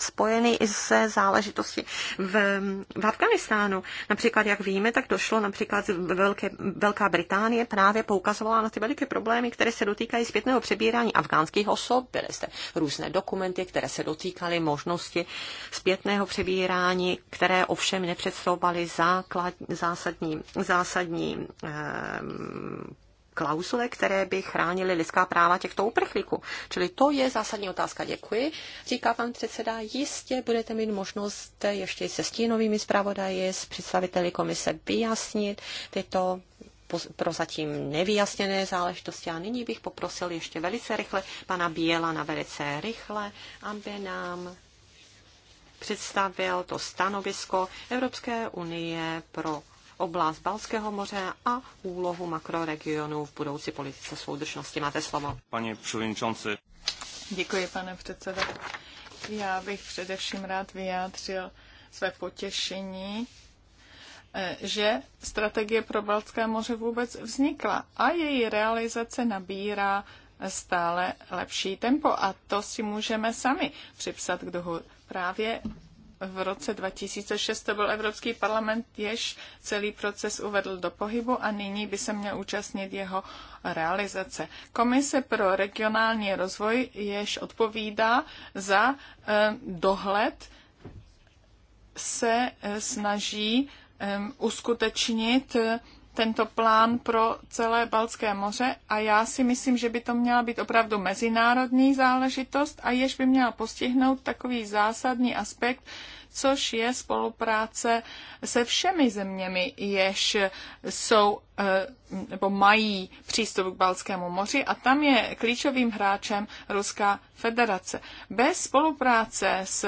spojený i se záležitosti v, v Afganistánu. Například, jak víme, tak došlo například Velké, Velká Británie právě poukazovala na ty veliké problémy, které se dotýkají zpětného přebírání afgánských osob. Byly zde různé dokumenty, které se dotýkaly možnosti zpětného přebírání, které ovšem nepředstavovaly zásadní, zásadní eh, klauzule, které by chránily lidská práva těchto uprchlíků. Čili to je zásadní otázka. Děkuji. Říká pan předseda, jistě budete mít možnost ještě se stínovými zpravodaji, s představiteli komise vyjasnit tyto prozatím nevyjasněné záležitosti. A nyní bych poprosil ještě velice rychle pana Běla na velice rychle, aby nám představil to stanovisko Evropské unie pro oblast Balského moře a úlohu makroregionů v budoucí politice soudržnosti. Máte slovo. Pane Přilinčonci. Děkuji, pane předsedo. Já bych především rád vyjádřil své potěšení, eh, že strategie pro Balské moře vůbec vznikla a její realizace nabírá stále lepší tempo a to si můžeme sami připsat k dohu. Právě v roce 2006 to byl Evropský parlament, jež celý proces uvedl do pohybu a nyní by se měl účastnit jeho realizace. Komise pro regionální rozvoj, jež odpovídá za eh, dohled, se eh, snaží eh, uskutečnit tento plán pro celé Balské moře a já si myslím, že by to měla být opravdu mezinárodní záležitost a jež by měla postihnout takový zásadní aspekt, což je spolupráce se všemi zeměmi, jež jsou eh, nebo mají přístup k Balskému moři a tam je klíčovým hráčem Ruská federace. Bez spolupráce s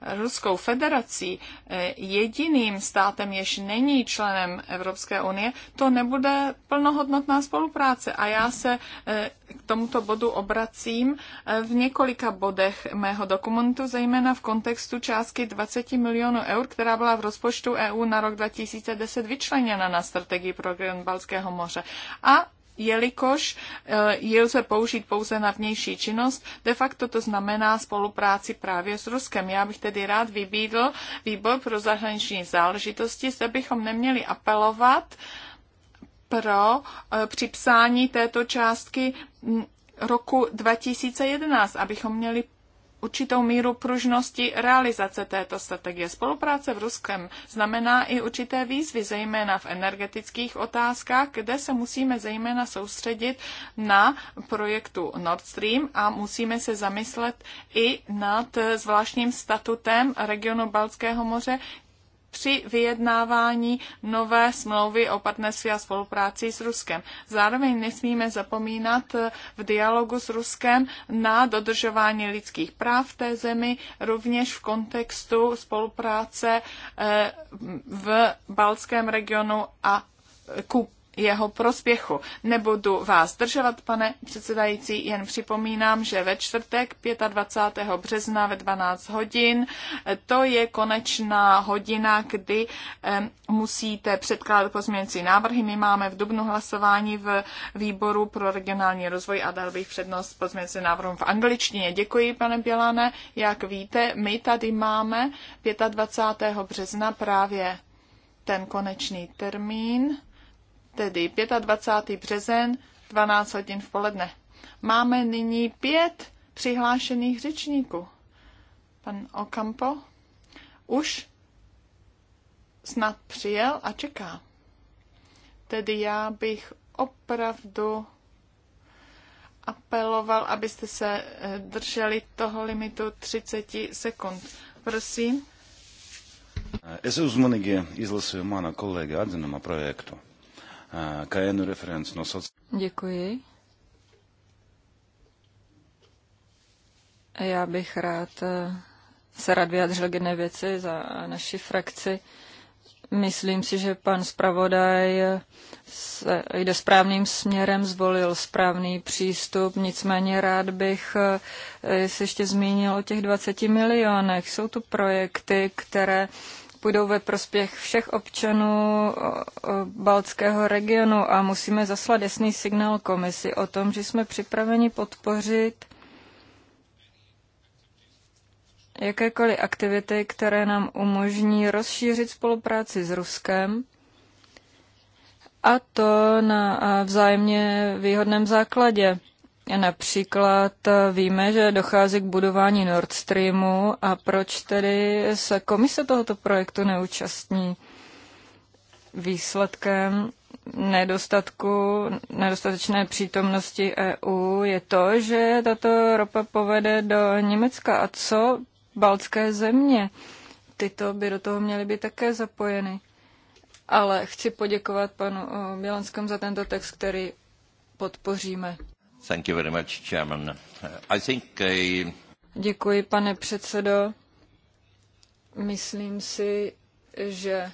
Ruskou federací eh, jediným státem, jež není členem Evropské unie, to nebude plnohodnotná spolupráce. A já se eh, k tomuto bodu obracím eh, v několika bodech mého dokumentu, zejména v kontextu částky 20 milionů eur, která byla v rozpočtu EU na rok 2010 vyčleněna na strategii pro Balského moře. A jelikož eh, ji lze použít pouze na vnější činnost, de facto to znamená spolupráci právě s Ruskem. Já bych tedy rád vybídl výbor pro zahraniční záležitosti, zde bychom neměli apelovat pro eh, připsání této částky mm, roku 2011, abychom měli určitou míru pružnosti realizace této strategie. Spolupráce v Ruskem znamená i určité výzvy, zejména v energetických otázkách, kde se musíme zejména soustředit na projektu Nord Stream a musíme se zamyslet i nad zvláštním statutem regionu Balckého moře, při vyjednávání nové smlouvy o partnerství a spolupráci s Ruskem. Zároveň nesmíme zapomínat v dialogu s Ruskem na dodržování lidských práv v té zemi, rovněž v kontextu spolupráce eh, v baltském regionu a Kup jeho prospěchu. Nebudu vás držovat, pane předsedající, jen připomínám, že ve čtvrtek 25. března ve 12 hodin to je konečná hodina, kdy musíte předkládat pozměňující návrhy. My máme v dubnu hlasování v výboru pro regionální rozvoj a dal bych přednost pozměňující návrhům v angličtině. Děkuji, pane Bělane. Jak víte, my tady máme 25. března právě ten konečný termín tedy 25. březen, 12 hodin v poledne. Máme nyní pět přihlášených řečníků. Pan Okampo už snad přijel a čeká. Tedy já bych opravdu apeloval, abyste se eh, drželi toho limitu 30 sekund. Prosím. Es eh, uzmanīgi izlasīju mana kolēģa atzinuma projektu. Cayenne eh, Reference. No, Děkuji. Já bych rád eh, se rád vyjádřil k jedné věci za naši frakci. Myslím si, že pan zpravodaj eh, se jde správným směrem, zvolil správný přístup, nicméně rád bych se ještě zmínil o těch 20 milionech. Jsou tu projekty, které půjdou ve prospěch všech občanů Baltského regionu a musíme zaslat jasný signál komisi o tom, že jsme připraveni podpořit jakékoliv aktivity, které nám umožní rozšířit spolupráci s Ruskem a to na vzájemně výhodném základě. Například eh, víme, že dochází k budování Nord Streamu a proč tedy se komise tohoto projektu neúčastní? Výsledkem nedostatku, nedostatečné přítomnosti EU je to, že tato ropa povede do Německa. A co baltské země? Tyto by do toho měly být také zapojeny. Ale chci poděkovat panu eh, Bělanskému za tento text, který podpoříme. Thank you very much, Chairman. I think a... Děkuji, pane předsedo. Myslím si, že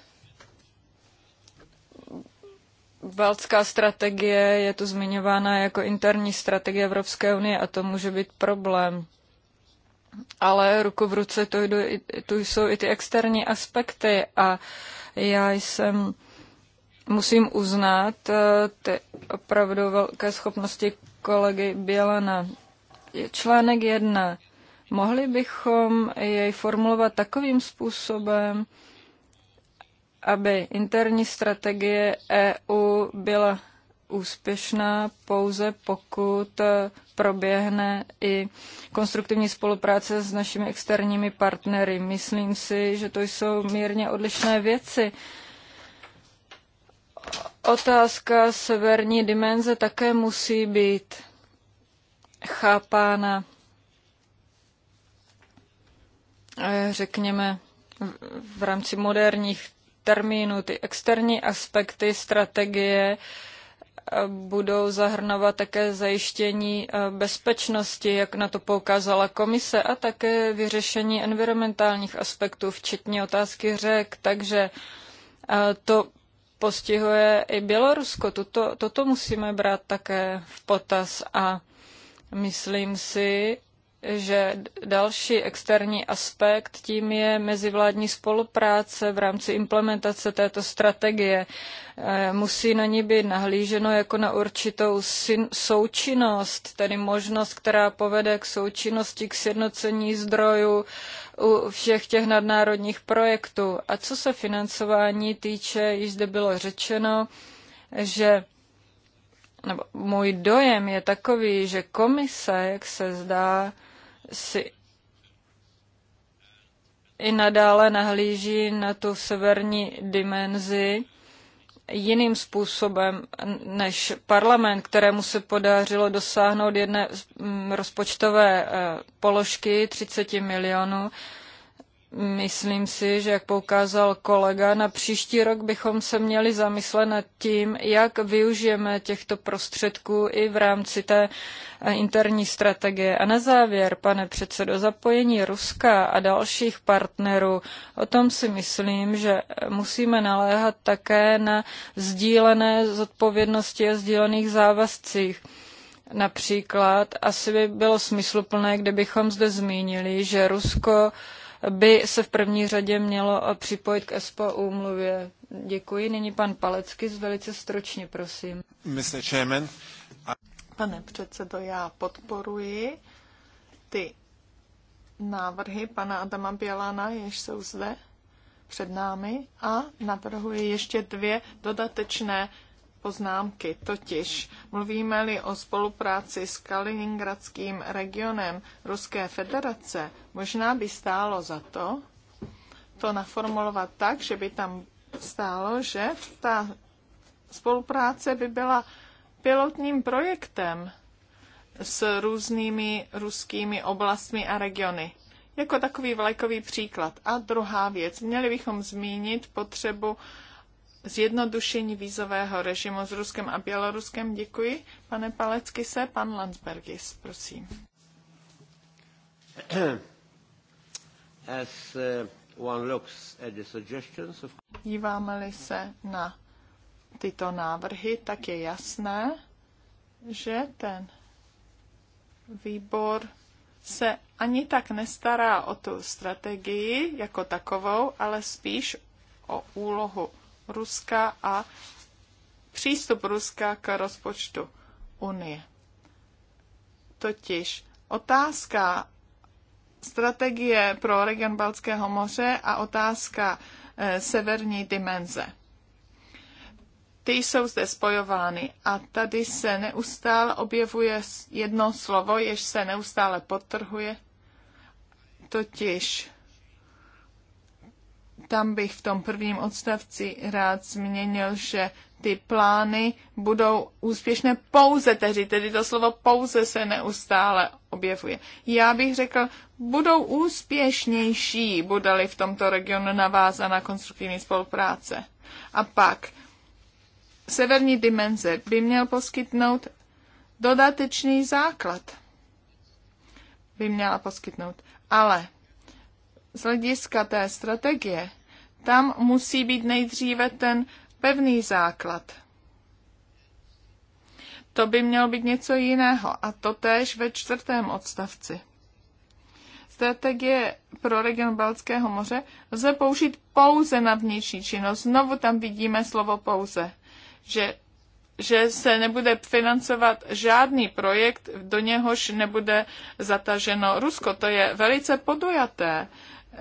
Baltská strategie je tu zmiňována jako interní strategie Evropské unie a to může být problém. Ale ruku v ruce tu, jdu, tu jsou i ty externí aspekty a já jsem musím uznat eh, ty opravdu velké schopnosti kolegy Bělana. Je článek jedna. Mohli bychom jej formulovat takovým způsobem, aby interní strategie EU byla úspěšná pouze pokud eh, proběhne i konstruktivní spolupráce s našimi externími partnery. Myslím si, že to jsou mírně odlišné věci. Uh, otázka severní dimenze také musí být chápána, eh, řekněme, v rámci moderních termínů. Ty externí aspekty strategie eh, budou zahrnovat také zajištění eh, bezpečnosti, jak na to poukázala komise, a také vyřešení environmentálních aspektů, včetně otázky řek. Takže to postihuje i Bělorusko. Toto, toto musíme brát také v potaz a myslím si, že další externí aspekt tím je mezivládní spolupráce v rámci implementace této strategie. Eh, musí na ní být nahlíženo jako na určitou součinnost, tedy možnost, která povede k součinnosti, k sjednocení zdrojů u všech těch nadnárodních projektů. A co se financování týče, již zde bylo řečeno, že nebo můj dojem je takový, že komise, jak se zdá, si i nadále nahlíží na tu severní dimenzi jiným způsobem než parlament, kterému se podařilo dosáhnout jedné mm, rozpočtové eh, položky 30 milionů, Myslím si, že jak poukázal kolega, na příští rok bychom se měli zamyslet nad tím, jak využijeme těchto prostředků i v rámci té eh, interní strategie. A na závěr, pane předsedo, zapojení Ruska a dalších partnerů, o tom si myslím, že eh, musíme naléhat také na sdílené zodpovědnosti a sdílených závazcích. Například asi by bylo smysluplné, kdybychom zde zmínili, že Rusko by se v první řadě mělo eh, připojit k ESPO úmluvě. Děkuji. Nyní pan Palecky, velice stročně, prosím. Mr. Chairman. Pane předsedo, já podporuji ty návrhy pana Adama Bělana, jež jsou zde před námi a navrhuji ještě dvě dodatečné poznámky. Totiž mluvíme-li o spolupráci s Kaliningradským regionem Ruské federace, možná by stálo za to to naformulovat tak, že by tam stálo, že ta spolupráce by byla pilotním projektem s různými ruskými oblastmi a regiony. Jako takový vlajkový příklad. A druhá věc, měli bychom zmínit potřebu zjednodušení vízového režimu s Ruskem a Běloruskem. Děkuji. Pane Palecky se, pan Landsbergis, prosím. As uh, one looks at the suggestions of... Díváme-li se na tyto návrhy, tak je jasné, že ten výbor se ani tak nestará o tu strategii jako takovou, ale spíš o úlohu Ruska a přístup Ruska k rozpočtu Unie. Totiž otázka strategie pro region Balckého moře a otázka eh, severní dimenze. Ty jsou zde spojovány a tady se neustále objevuje jedno slovo, jež se neustále potrhuje, totiž tam bych v tom prvním odstavci rád změnil, že ty plány budou úspěšné pouze tehdy, tedy to slovo pouze se neustále objevuje. Já bych řekl, budou úspěšnější, budali li v tomto regionu navázána konstruktivní spolupráce. A pak severní dimenze by měl poskytnout dodatečný základ. By měla poskytnout. Ale z hlediska té strategie, tam musí být nejdříve ten pevný základ. To by mělo být něco jiného a to též ve čtvrtém odstavci. Strategie pro region Balckého moře lze použít pouze na vnější činnost. Znovu tam vidíme slovo pouze, že že se nebude financovat žádný projekt, do něhož nebude zataženo Rusko. To je velice podujaté,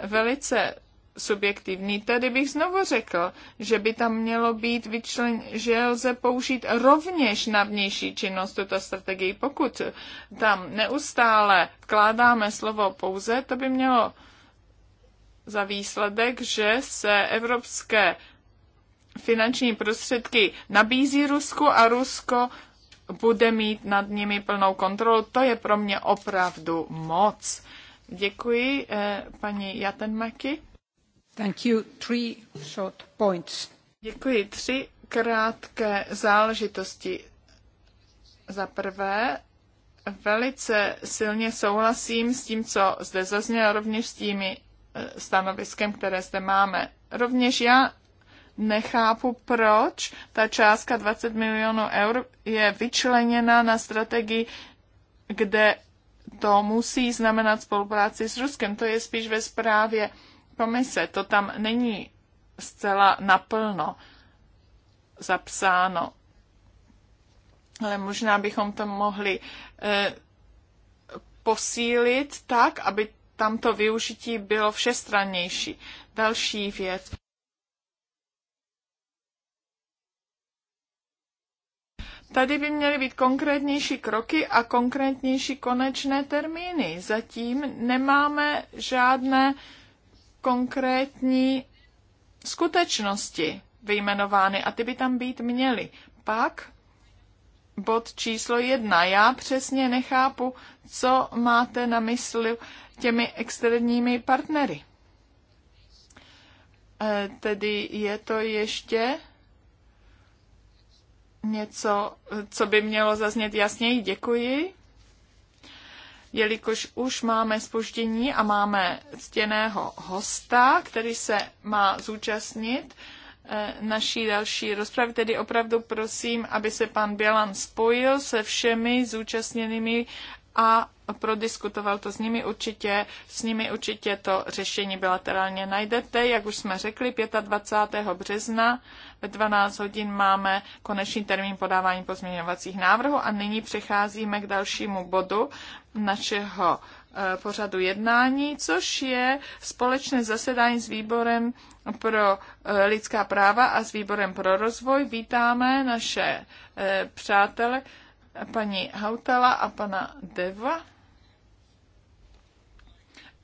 velice subjektivní. Tady bych znovu řekl, že by tam mělo být vyčlen, že lze použít rovněž na vnější činnost tuto strategii. Pokud tam neustále vkládáme slovo pouze, to by mělo za výsledek, že se evropské finanční prostředky nabízí Rusku a Rusko bude mít nad nimi plnou kontrolu. To je pro mě opravdu moc. Děkuji, eh, paní Jatenmaki. Thank you. Three short points. Děkuji. Tři krátké záležitosti. Za prvé, velice silně souhlasím s tím, co zde zaznělo, rovněž s tím eh, stanoviskem, které zde máme. Rovněž já nechápu, proč ta částka 20 milionů eur je vyčleněna na strategii, kde to musí znamenat spolupráci s Ruskem. To je spíš ve zprávě komise. To tam není zcela naplno zapsáno. Ale možná bychom to mohli eh, posílit tak, aby tamto využití bylo všestrannější. Další věc. Tady by měly být konkrétnější kroky a konkrétnější konečné termíny. Zatím nemáme žádné konkrétní skutečnosti vyjmenovány a ty by tam být měly. Pak bod číslo jedna. Já přesně nechápu, co máte na mysli těmi externími partnery. E, tedy je to ještě něco, co by mělo zaznět jasněji. Děkuji. Jelikož už máme spoždění a máme ctěného hosta, který se má zúčastnit eh, naší další rozpravy, tedy opravdu prosím, aby se pan Bělan spojil se všemi zúčastněnými a prodiskutoval to s nimi určitě, s nimi určitě to řešení bilaterálně najdete. Jak už jsme řekli, 25. března ve 12 hodin máme konečný termín podávání pozměňovacích návrhů a nyní přecházíme k dalšímu bodu našeho eh, pořadu jednání, což je společné zasedání s výborem pro eh, lidská práva a s výborem pro rozvoj. Vítáme naše eh, přátele paní Hautala a pana Deva.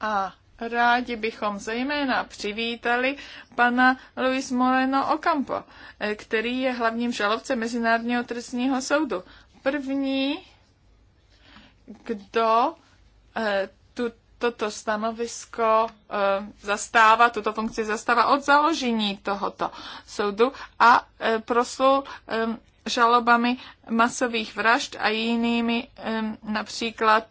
A rádi bychom zejména přivítali pana Luis Moreno Ocampo, který je hlavním žalobcem Mezinárodního trestního soudu. První, kdo eh, tu, toto stanovisko eh, zastává, tuto funkci zastává od založení tohoto soudu a eh, proslul žalobami masových vražd a jinými například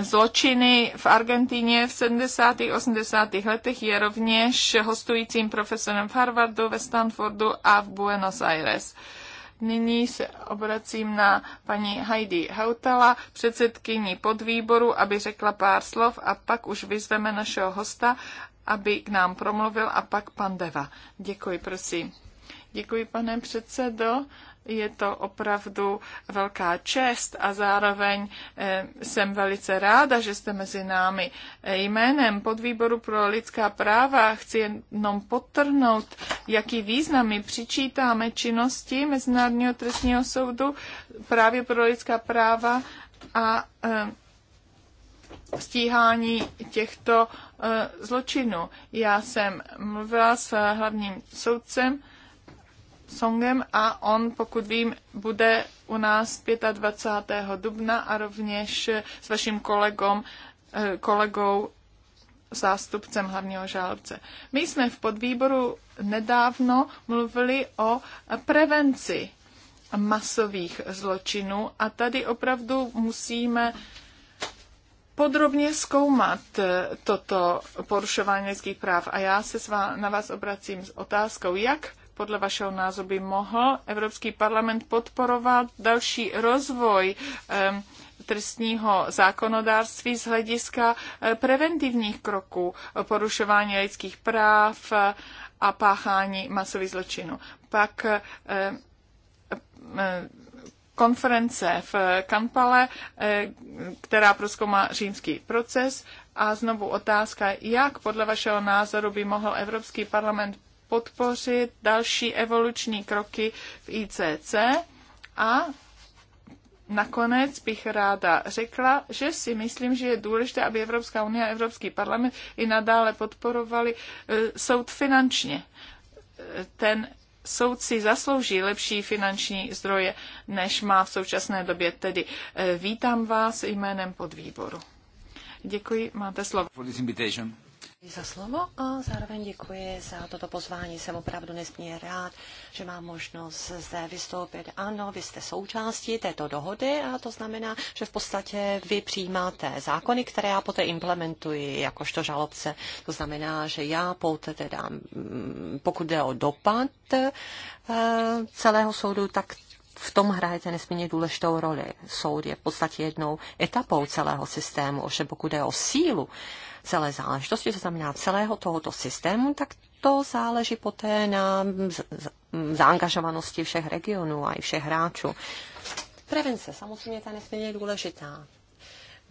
zločiny v Argentině v 70. a 80. letech je rovněž hostujícím profesorem v Harvardu, ve Stanfordu a v Buenos Aires. Nyní se obracím na paní Heidi Hautala, předsedkyní podvýboru, aby řekla pár slov a pak už vyzveme našeho hosta, aby k nám promluvil a pak pan Deva. Děkuji, prosím. Děkuji, pane předsedo. Je to opravdu velká čest a zároveň eh, jsem velice ráda, že jste mezi námi. Eh, jménem podvýboru pro lidská práva chci jenom potrhnout, jaký význam my přičítáme činnosti Mezinárodního trestního soudu právě pro lidská práva a eh, stíhání těchto zločinů. Já jsem mluvila s hlavním soudcem Songem a on, pokud vím, bude u nás 25. dubna a rovněž s vaším kolegom, eh, kolegou zástupcem hlavního žálobce. My jsme v podvýboru nedávno mluvili o prevenci masových zločinů a tady opravdu musíme podrobně zkoumat eh, toto porušování lidských práv. A já se na vás obracím s otázkou, jak podle vašeho názoru by mohl Evropský parlament podporovat další rozvoj trestního zákonodárství z hlediska eh, preventivních kroků porušování lidských práv eh, a páchání masových zločinů. Pak eh, konference v Kampale, která proskoumá římský proces, a znovu otázka, jak podle vašeho názoru by mohl Evropský parlament podpořit další evoluční kroky v ICC a Nakonec bych ráda řekla, že si myslím, že je důležité, aby Evropská unie a Evropský parlament i nadále podporovali e, soud finančně. E, ten soud si zaslouží lepší finanční zdroje, než má v současné době. Tedy e, vítám vás jménem podvýboru. Děkuji, máte slovo za slovo a zároveň děkuji za toto pozvání. Jsem opravdu nesmírně rád, že mám možnost zde vystoupit. Ano, vy jste součástí této dohody a to znamená, že v podstatě vy přijímáte zákony, které já poté implementuji jakožto žalobce. To znamená, že já poté teda, mm, pokud jde o dopad eh, celého soudu, tak v tom hrajete nesmírně důležitou roli. Soud je v podstatě jednou etapou celého systému, ovšem pokud jde o sílu, celé záležitosti, to znamená celého tohoto systému, tak to záleží poté na zaangažovanosti všech regionů a i všech hráčů. Prevence, samozřejmě ta nesmírně důležitá.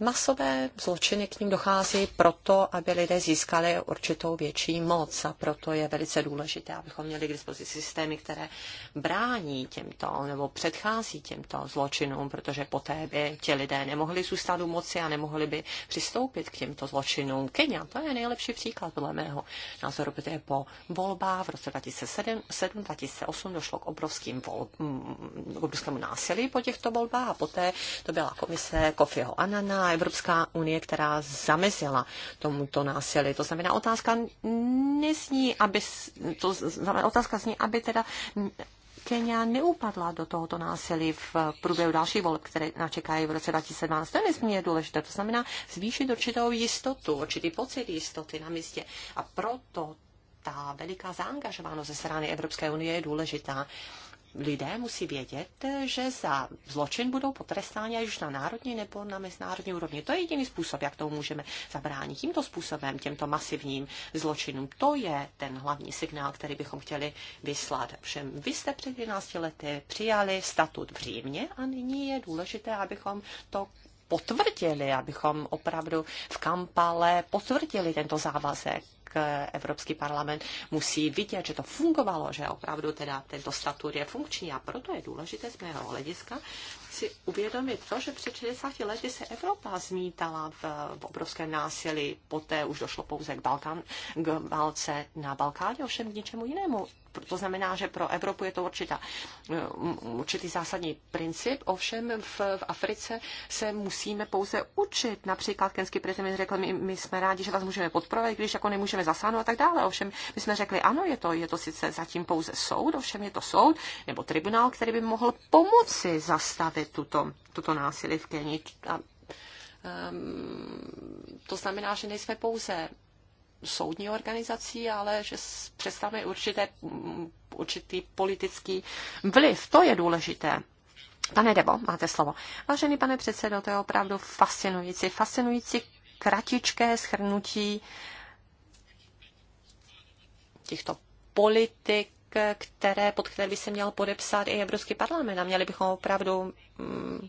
Masové zločiny k ním dochází proto, aby lidé získali určitou větší moc a proto je velice důležité, abychom měli k dispozici systémy, které brání těmto nebo předchází těmto zločinům, protože poté by ti lidé nemohli zůstat u moci a nemohli by přistoupit k těmto zločinům. Kenya, to je nejlepší příklad podle mého názoru, protože po volbách v roce 2007-2008 došlo k, obrovským vol, mm, k obrovskému násilí po těchto volbách a poté to byla komise Kofiho Anana, Evropská unie, která zamezila tomuto násilí. To znamená, otázka nezní, aby, to znamená, otázka zní, aby teda Kenia neupadla do tohoto násilí v průběhu dalších voleb, které nás čekají v roce 2012. To je nesmírně důležité. To znamená zvýšit určitou jistotu, určitý pocit jistoty na místě. A proto ta veliká zaangažovanost ze strany Evropské unie je důležitá lidé musí vědět, že za zločin budou potrestáni až na národní nebo na mezinárodní úrovni. To je jediný způsob, jak tomu můžeme zabránit. Tímto způsobem, těmto masivním zločinům, to je ten hlavní signál, který bychom chtěli vyslat. Všem vy jste před 11 lety přijali statut v Římě a nyní je důležité, abychom to potvrdili, abychom opravdu v Kampale potvrdili tento závazek. Eh, Evropský parlament musí vidět, že to fungovalo, že opravdu teda tento statut je funkční a proto je důležité z mého hlediska si uvědomit to, že před 60 lety se Evropa zmítala v, v obrovském násilí, poté už došlo pouze k, Balkán, k válce na Balkáně, ovšem k ničemu jinému. To znamená, že pro Evropu je to určitá, eh, určitý zásadní princip, ovšem v, v Africe se musíme pouze učit. Například kenský prezident řekl, my, my jsme rádi, že vás můžeme podporovat, když jako nemůžeme zasáhnout a tak dále. Ovšem my jsme řekli, ano, je to, je to sice zatím pouze soud, ovšem je to soud nebo tribunál, který by mohl pomoci zastavit tuto, tuto násilí v Kenii. A, um, to znamená, že nejsme pouze soudní organizací, ale že představuje určité, mm, určitý politický vliv. To je důležité. Pane Debo, máte slovo. Vážený pane předsedo, to je opravdu fascinující, fascinující kratičké schrnutí těchto politik, které, pod které by se měl podepsat i Evropský parlament. A měli bychom opravdu mm,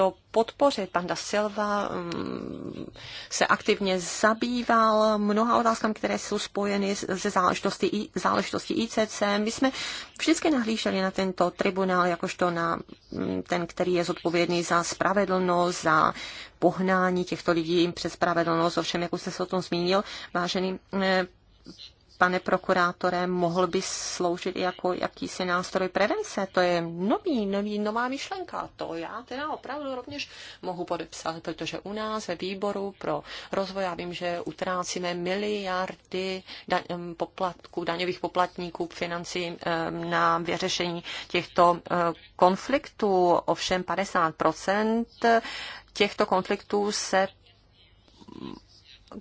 to podpořit. Pan da Silva mm, se aktivně zabýval mnoha otázkami, které jsou spojeny se záležitostí, záležitostí ICC. My jsme vždycky nahlíželi na tento tribunál jakožto na mm, ten, který je zodpovědný za spravedlnost, za pohnání těchto lidí přes spravedlnost. Ovšem, jak už jste se o tom zmínil, vážený eh, pane prokurátore, mohl by sloužit jako jakýsi nástroj prevence. To je nový, nový, nová myšlenka. To já teda opravdu rovněž mohu podepsat, protože u nás ve výboru pro rozvoj, já vím, že utrácíme miliardy da- poplatků, daňových poplatníků financí na vyřešení těchto eh, konfliktů. Ovšem 50% těchto konfliktů se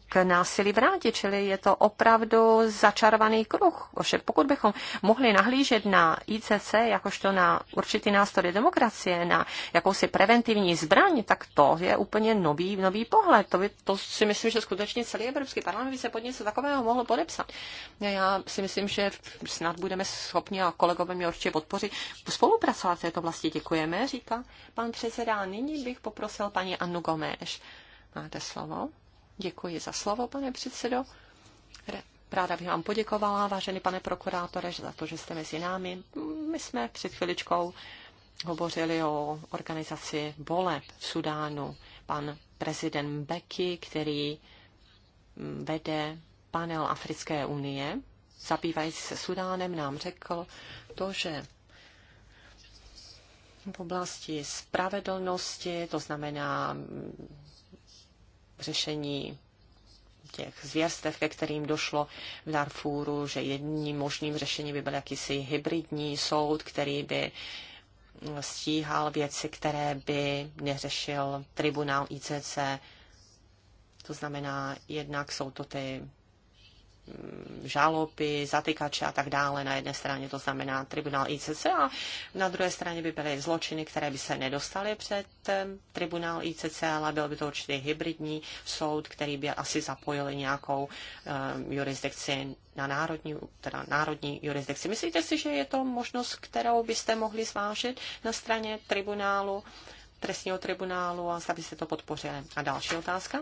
k násilí vrátit, čili je to opravdu začarovaný kruh. Ovšem, pokud bychom mohli nahlížet na ICC jakožto na určitý nástroj demokracie, na jakousi preventivní zbraň, tak to je úplně nový, nový pohled. To, by, to si myslím, že skutečně celý Evropský parlament by se pod něco takového mohl podepsat. Já si myslím, že snad budeme schopni a kolegové mě určitě podpořit spolupracovat v této vlasti. Děkujeme, říká pan předseda. A nyní bych poprosil paní Annu Gomeš. Máte slovo. Děkuji za slovo, pane předsedo. Ráda bych vám poděkovala, vážený pane prokurátore, za to, že jste mezi námi. My jsme před chviličkou hovořili o organizaci voleb v Sudánu. Pan prezident Beky, který mm, vede panel Africké unie, zabývající se Sudánem, nám řekl to, že v oblasti spravedlnosti, to znamená mm, řešení těch zvěrstev, ke kterým došlo v Darfuru, že jedním možným řešením by byl jakýsi hybridní soud, který by stíhal věci, které by neřešil tribunál ICC. To znamená, jednak jsou to ty žaloby, zatykače a tak dále. Na jedné straně to znamená tribunál ICC a na druhé straně by byly zločiny, které by se nedostaly před ehm, tribunál ICC, ale byl by to určitě hybridní soud, který by asi zapojil nějakou um, jurisdikci na národní, teda národní jurisdikci. Myslíte si, že je to možnost, kterou byste mohli zvážit na straně tribunálu, trestního tribunálu a zda byste to podpořili? A další otázka?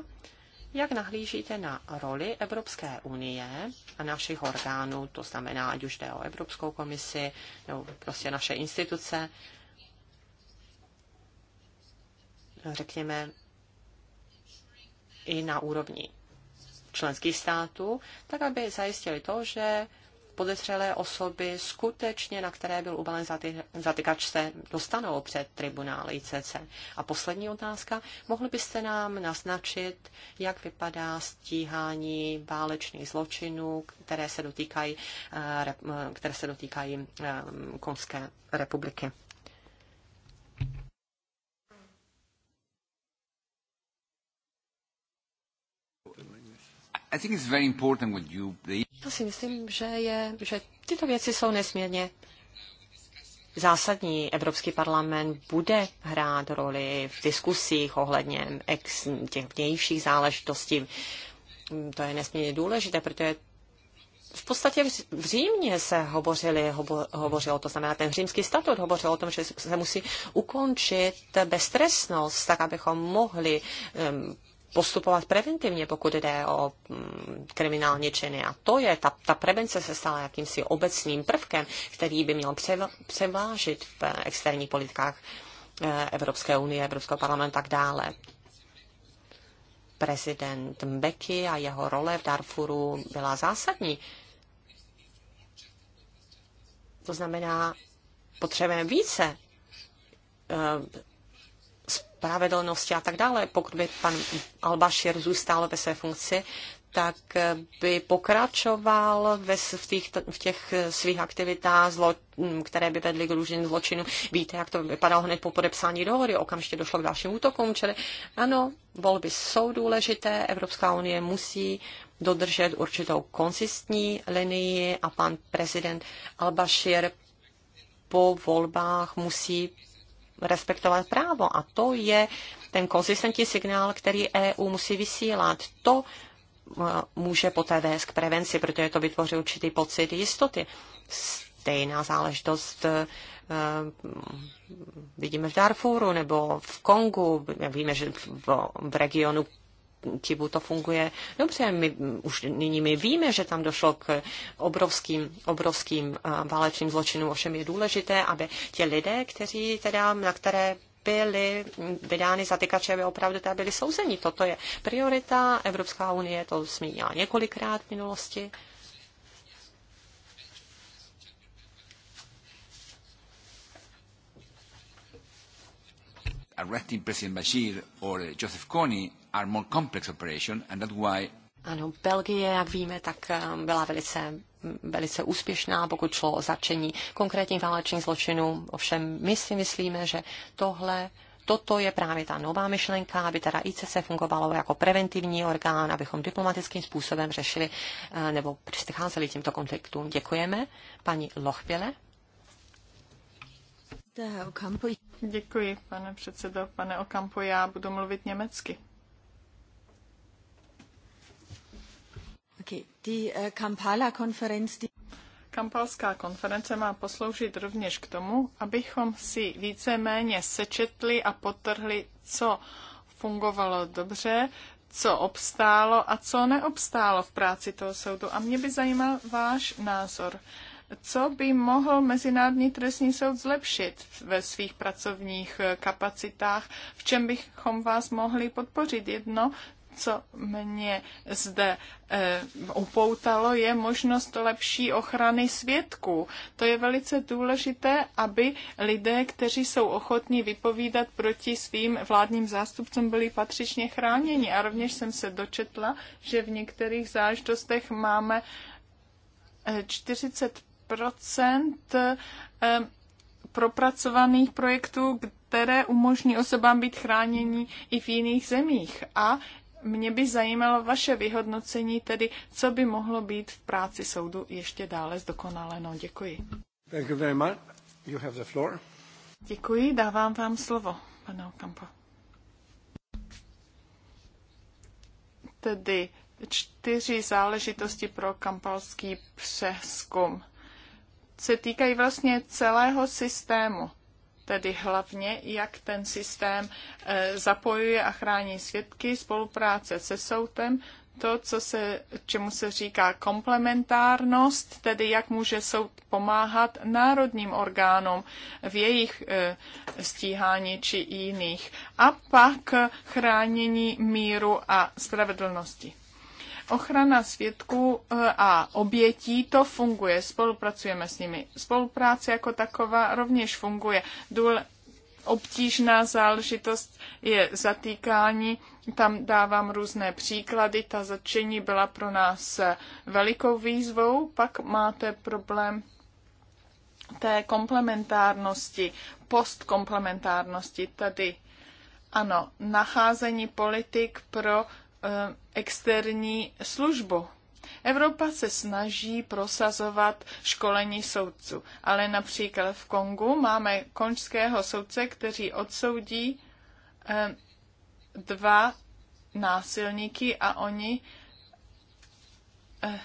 Jak nahlížíte na roli Evropské unie a našich orgánů, to znamená, ať už jde o Evropskou komisi nebo prostě naše instituce, řekněme, i na úrovni členských států, tak aby zajistili to, že podezřelé osoby skutečně, na které byl uvalen zaty, zatykač, se dostanou před tribunál ICC. A poslední otázka. Mohli byste nám naznačit, jak vypadá stíhání válečných zločinů, které se dotýkají, eh, eh, které se dotýkají eh, Konské republiky? To si myslím, že, je, že tyto věci jsou nesmírně zásadní. Evropský parlament bude hrát roli v diskusích ohledně ex, těch vnějších záležitostí. To je nesmírně důležité, protože v podstatě v Římě se hovořili, hobo, hovořilo, to znamená ten římský statut hovořil o tom, že se musí ukončit beztresnost, tak abychom mohli um, postupovat preventivně, pokud jde o mm, kriminální činy. A to je, ta, ta prevence se stala jakýmsi obecným prvkem, který by měl převážit v externích politikách eh, Evropské unie, Evropského parlamentu a tak dále. Prezident Mbeki a jeho role v Darfuru byla zásadní. To znamená, potřebujeme více eh, spravedlnosti a tak dále. Pokud by pan Albašir zůstal ve své funkci, tak by pokračoval ve, v, těch, v těch svých aktivitách, zlo, které by vedly k různým zločinům. Víte, jak to vypadalo hned po podepsání dohody, okamžitě došlo k dalším útokům, čili ano, volby jsou důležité, Evropská unie musí dodržet určitou konzistní linii a pan prezident Albašir po volbách musí respektovat právo. A to je ten konzistentní signál, který EU musí vysílat. To uh, může poté vést k prevenci, protože to vytvoří určitý pocit jistoty. Stejná záležitost uh, vidíme v Darfuru nebo v Kongu, víme, že v, v regionu Tibu to funguje dobře. My už nyní my víme, že tam došlo k obrovským, obrovským válečným zločinům. Ovšem je důležité, aby ti lidé, kteří teda, na které byly vydány zatykače, aby opravdu teda byli souzeni. Toto je priorita. Evropská unie to zmínila několikrát v minulosti. Arresting President Bashir or Joseph Kony are more complex operation and why ano, Belgie, jak víme, tak eh, byla velice, velice úspěšná, pokud šlo o začení konkrétních válečných zločinů. Ovšem my si myslíme, že tohle Toto je právě ta nová myšlenka, aby teda ICC fungovalo jako preventivní orgán, abychom diplomatickým způsobem řešili eh, nebo přicházeli tímto konfliktům. Děkujeme. Paní Lochběle. Děkuji, pane předsedo. Pane Okampo, já budu mluvit německy. Danke. Äh, kampala die Kampalská konference má posloužit rovněž k tomu, abychom si více-méně sečetli a potrhli, co fungovalo dobře, co obstálo a co neobstálo v práci toho soudu. A mě by zajímal váš názor. Co by mohl Mezinárodní trestní soud zlepšit ve svých pracovních kapacitách? V čem bychom vás mohli podpořit? Jedno co mě zde e, upoutalo, je možnost lepší ochrany svědků. To je velice důležité, aby lidé, kteří jsou ochotní vypovídat proti svým vládním zástupcům, byli patřičně chráněni. A rovněž jsem se dočetla, že v některých záždostech máme 40 eh, eh, propracovaných projektů, které umožní osobám být chráněni i v jiných zemích. A mě by zajímalo vaše vyhodnocení, tedy co by mohlo být v práci soudu ještě dále zdokonaleno. Děkuji. Thank you very much. You have the floor. Děkuji, dávám vám slovo, pane Okampo. Tedy čtyři záležitosti pro kampalský přeskum se týkají vlastně celého systému tedy hlavně, jak ten systém eh, zapojuje a chrání svědky, spolupráce se soudem, to, co se, čemu se říká komplementárnost, tedy jak může soud pomáhat národním orgánům v jejich eh, stíhání či jiných. A pak chránění míru a spravedlnosti. Ochrana svědků eh, a obětí, to funguje, spolupracujeme s nimi. Spolupráce jako taková rovněž funguje. Důl obtížná záležitost je zatýkání. Tam dávám různé příklady. Ta začení byla pro nás eh, velikou výzvou. Pak máte problém té komplementárnosti, postkomplementárnosti. Tady ano, nacházení politik pro Eh, externí službu. Evropa se snaží prosazovat školení soudců, ale například v Kongu máme končského soudce, kteří odsoudí eh, dva násilníky a oni eh,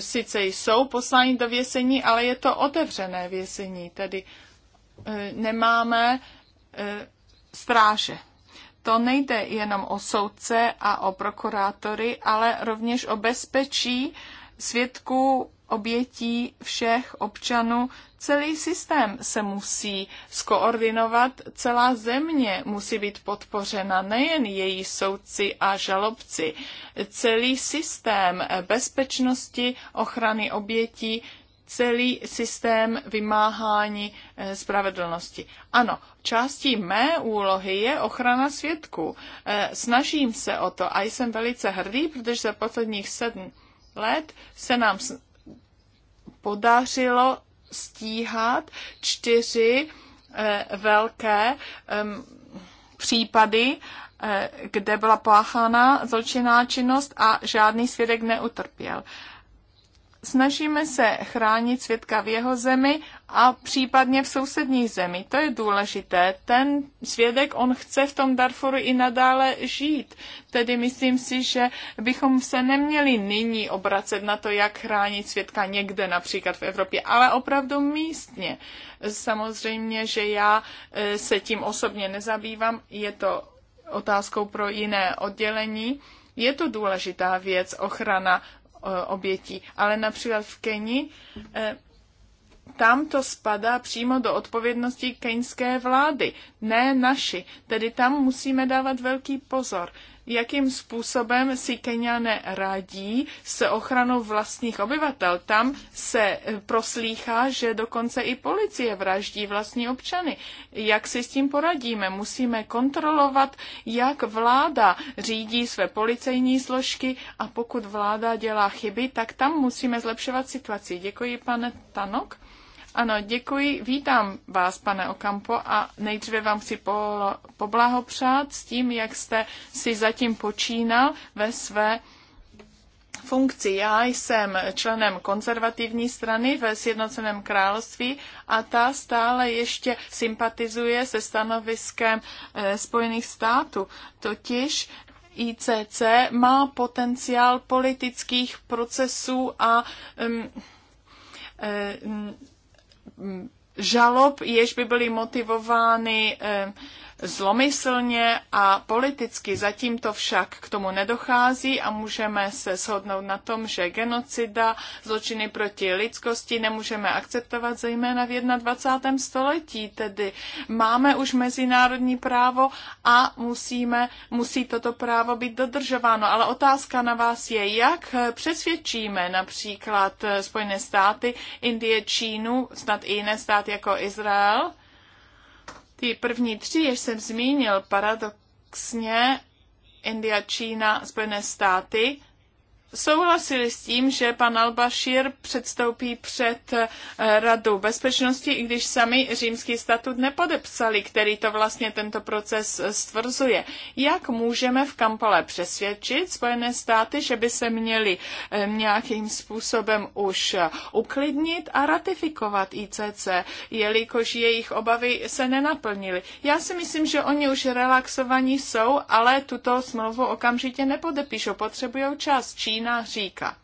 sice jsou posláni do vězení, ale je to otevřené vězení, tedy nemáme stráže to nejde jenom o soudce a o prokurátory, ale rovněž o bezpečí svědků, obětí všech občanů. Celý systém se musí skoordinovat, celá země musí být podpořena, nejen její soudci a žalobci. Celý systém bezpečnosti, ochrany obětí celý systém vymáhání eh, spravedlnosti. Ano, částí mé úlohy je ochrana svědků. Eh, snažím se o to a jsem velice hrdý, protože za posledních sedm let se nám podařilo stíhat čtyři eh, velké případy, kde byla páchána zločinná činnost a žádný svědek neutrpěl snažíme se chránit svědka v jeho zemi a případně v sousedních zemi. To je důležité. Ten svědek, on chce v tom Darfuru i nadále žít. Tedy myslím si, že bychom se neměli nyní obracet na to, jak chránit svědka někde, například v Evropě, ale opravdu místně. Samozřejmě, že já eh, se tím osobně nezabývám, je to otázkou pro jiné oddělení. Je to důležitá věc, ochrana Eh, obětí. Ale například v Keni eh, tam to spadá přímo do odpovědnosti keňské vlády, ne naši. Tedy tam musíme dávat velký pozor jakým způsobem si Keniané radí se ochranou vlastních obyvatel. Tam se eh, proslýchá, že dokonce i policie vraždí vlastní občany. Jak si s tím poradíme? Musíme kontrolovat, jak vláda řídí své policejní složky a pokud vláda dělá chyby, tak tam musíme zlepšovat situaci. Děkuji, pane Tanok. Ano, děkuji. Vítám vás, pane Okampo, a nejdříve vám chci po, poblahopřát s tím, jak jste si zatím počínal ve své funkci. Já jsem členem konzervativní strany ve Sjednoceném království a ta stále ještě sympatizuje se stanoviskem eh, Spojených států, totiž ICC má potenciál politických procesů a um, um, žalob, jež by byly motivovány eh, zlomyslně a politicky. Zatím to však k tomu nedochází a můžeme se shodnout na tom, že genocida, zločiny proti lidskosti nemůžeme akceptovat zejména v 21. století. Tedy máme už mezinárodní právo a musíme, musí toto právo být dodržováno. Ale otázka na vás je, jak přesvědčíme například Spojené státy, Indie, Čínu, snad i jiné státy jako Izrael, ty první tři, jež jsem zmínil, paradoxně India, Čína, Spojené státy, souhlasili s tím, že pan al-Bashir předstoupí před eh, Radu bezpečnosti, i když sami římský statut nepodepsali, který to vlastně tento proces eh, stvrzuje. Jak můžeme v Kampale přesvědčit Spojené státy, že by se měli eh, nějakým způsobem už uklidnit a ratifikovat ICC, jelikož jejich obavy se nenaplnily? Já si myslím, že oni už relaxovaní jsou, ale tuto smlouvu okamžitě nepodepíšou. Potřebují čas. Čín Čína říká.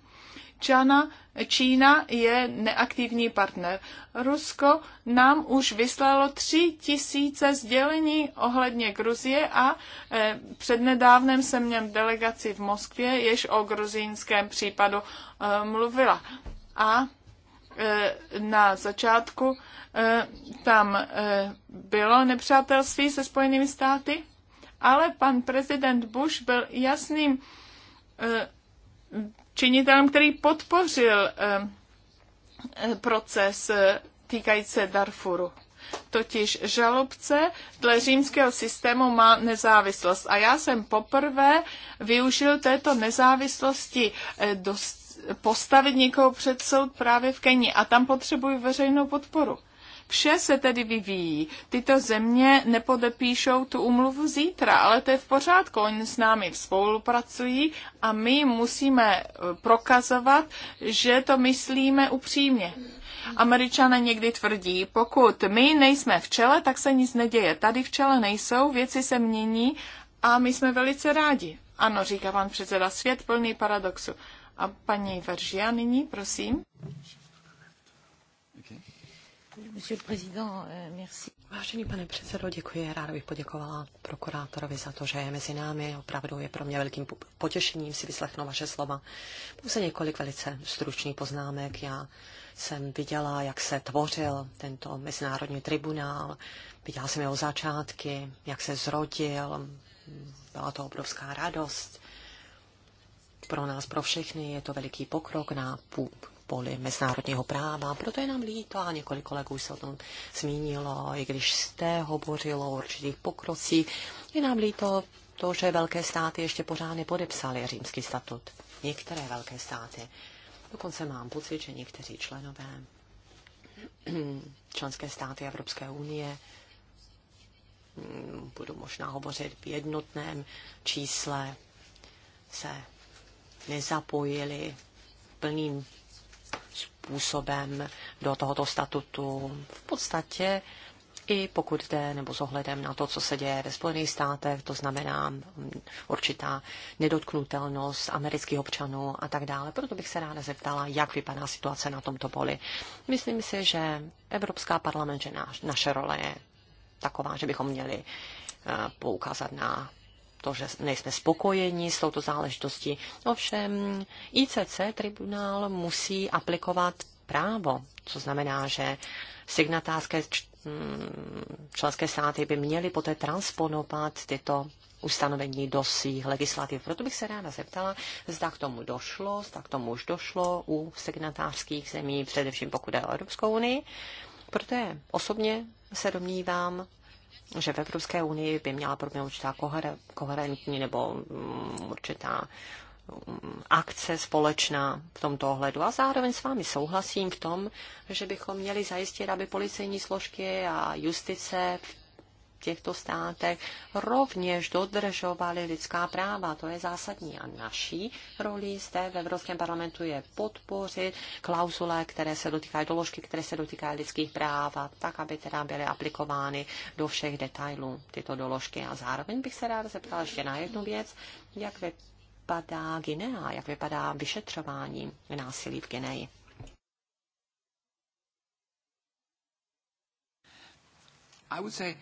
Čana, Čína je neaktivní partner. Rusko nám už vyslalo tři tisíce sdělení ohledně Gruzie a e, přednedávnem jsem měl delegaci v Moskvě, jež o gruzínském případu e, mluvila. A e, na začátku e, tam e, bylo nepřátelství se Spojenými státy, ale pan prezident Bush byl jasným činitelem, který podpořil eh, eh, proces eh, týkající se Darfuru. Totiž žalobce dle římského systému má nezávislost. A já jsem poprvé využil této nezávislosti dost, postavit někoho před soud právě v Keni. A tam potřebuji veřejnou podporu. Vše se tedy vyvíjí. Tyto země nepodepíšou tu umluvu zítra, ale to je v pořádku. Oni s námi spolupracují a my musíme e, prokazovat, že to myslíme upřímně. Američané někdy tvrdí, pokud my nejsme v čele, tak se nic neděje. Tady v čele nejsou, věci se mění a my jsme velice rádi. Ano, říká pan předseda, svět plný paradoxu. A paní Veržia nyní, prosím. Euh, Vážený pane předsedo, děkuji. Ráda bych poděkovala prokurátorovi za to, že je mezi námi. Opravdu je pro mě velkým potěšením si vyslechnout vaše slova. Pouze několik velice stručných poznámek. Já jsem viděla, jak se tvořil tento mezinárodní tribunál. Viděla jsem jeho začátky, jak se zrodil. Byla to obrovská radost pro nás, pro všechny. Je to veliký pokrok na poli mezinárodního práva. Proto je nám líto a několik kolegů se o tom zmínilo, i když jste hovořilo o určitých pokrocích. Je nám líto to, že velké státy ještě pořád nepodepsaly římský statut. Některé velké státy. Dokonce mám pocit, že někteří členové členské státy Evropské unie mm, budu možná hovořit v jednotném čísle, se nezapojili plným způsobem do tohoto statutu. V podstatě i pokud jde nebo s ohledem na to, co se děje ve Spojených státech, to znamená mm, určitá nedotknutelnost amerických občanů a tak dále. Proto bych se ráda zeptala, jak vypadá situace na tomto poli. Myslím si, že Evropská parlament, že naše role je taková, že bychom měli eh, poukázat na to, že nejsme spokojeni s touto záležitostí. Ovšem, ICC tribunál musí aplikovat právo, co znamená, že signatářské mm, členské státy by měly poté transponovat tyto ustanovení do svých legislativ. Proto bych se ráda zeptala, zda k tomu došlo, zda k tomu už došlo u signatářských zemí, především pokud je o Evropskou unii. Proto osobně se domnívám, že v Evropské unii by měla proběhnout určitá koherentní nebo mm, určitá mm, akce společná v tomto ohledu. A zároveň s vámi souhlasím v tom, že bychom měli zajistit, aby policejní složky a justice těchto státech rovněž dodržovali lidská práva. To je zásadní. A naší roli zde v Evropském parlamentu je podpořit klauzule, které se dotýkají doložky, které se dotýkají lidských práv, a tak, aby teda byly aplikovány do všech detailů tyto doložky. A zároveň bych se ráda zeptala ještě na jednu věc, jak vypadá Guinea, jak vypadá vyšetřování násilí v Guineji. I would say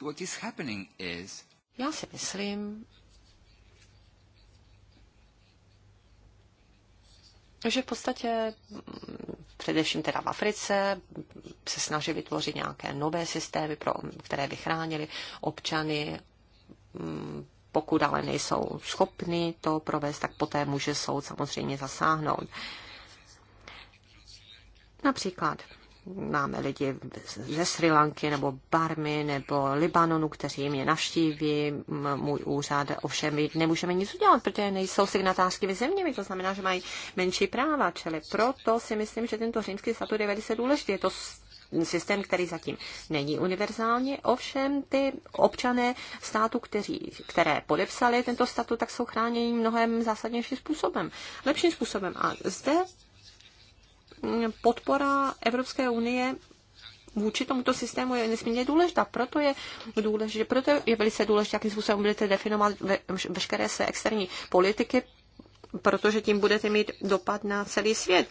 what is happening is... Já si myslím, že v podstatě mm, především teda v Africe se snaží vytvořit nějaké nové systémy, pro, které by chránili občany. Mm, pokud ale nejsou schopni, to provést, tak poté může soud samozřejmě zasáhnout. Například máme lidi ze Sri Lanky nebo Barmy nebo Libanonu, kteří mě navštíví, můj úřad, ovšem my nemůžeme nic udělat, protože nejsou ve zeměmi, to znamená, že mají menší práva, čili proto si myslím, že tento římský statut je velice důležitý. Je to systém, který zatím není univerzální. Ovšem ty občané státu, kteří, které podepsali tento statut, tak jsou chráněni mnohem zásadnějším způsobem, lepším způsobem. A zde podpora Evropské unie vůči tomuto systému je nesmírně důležitá. Proto je, důležité, proto je velice důležité, jakým způsobem budete definovat ve, veškeré své externí politiky, protože tím budete mít dopad na celý svět.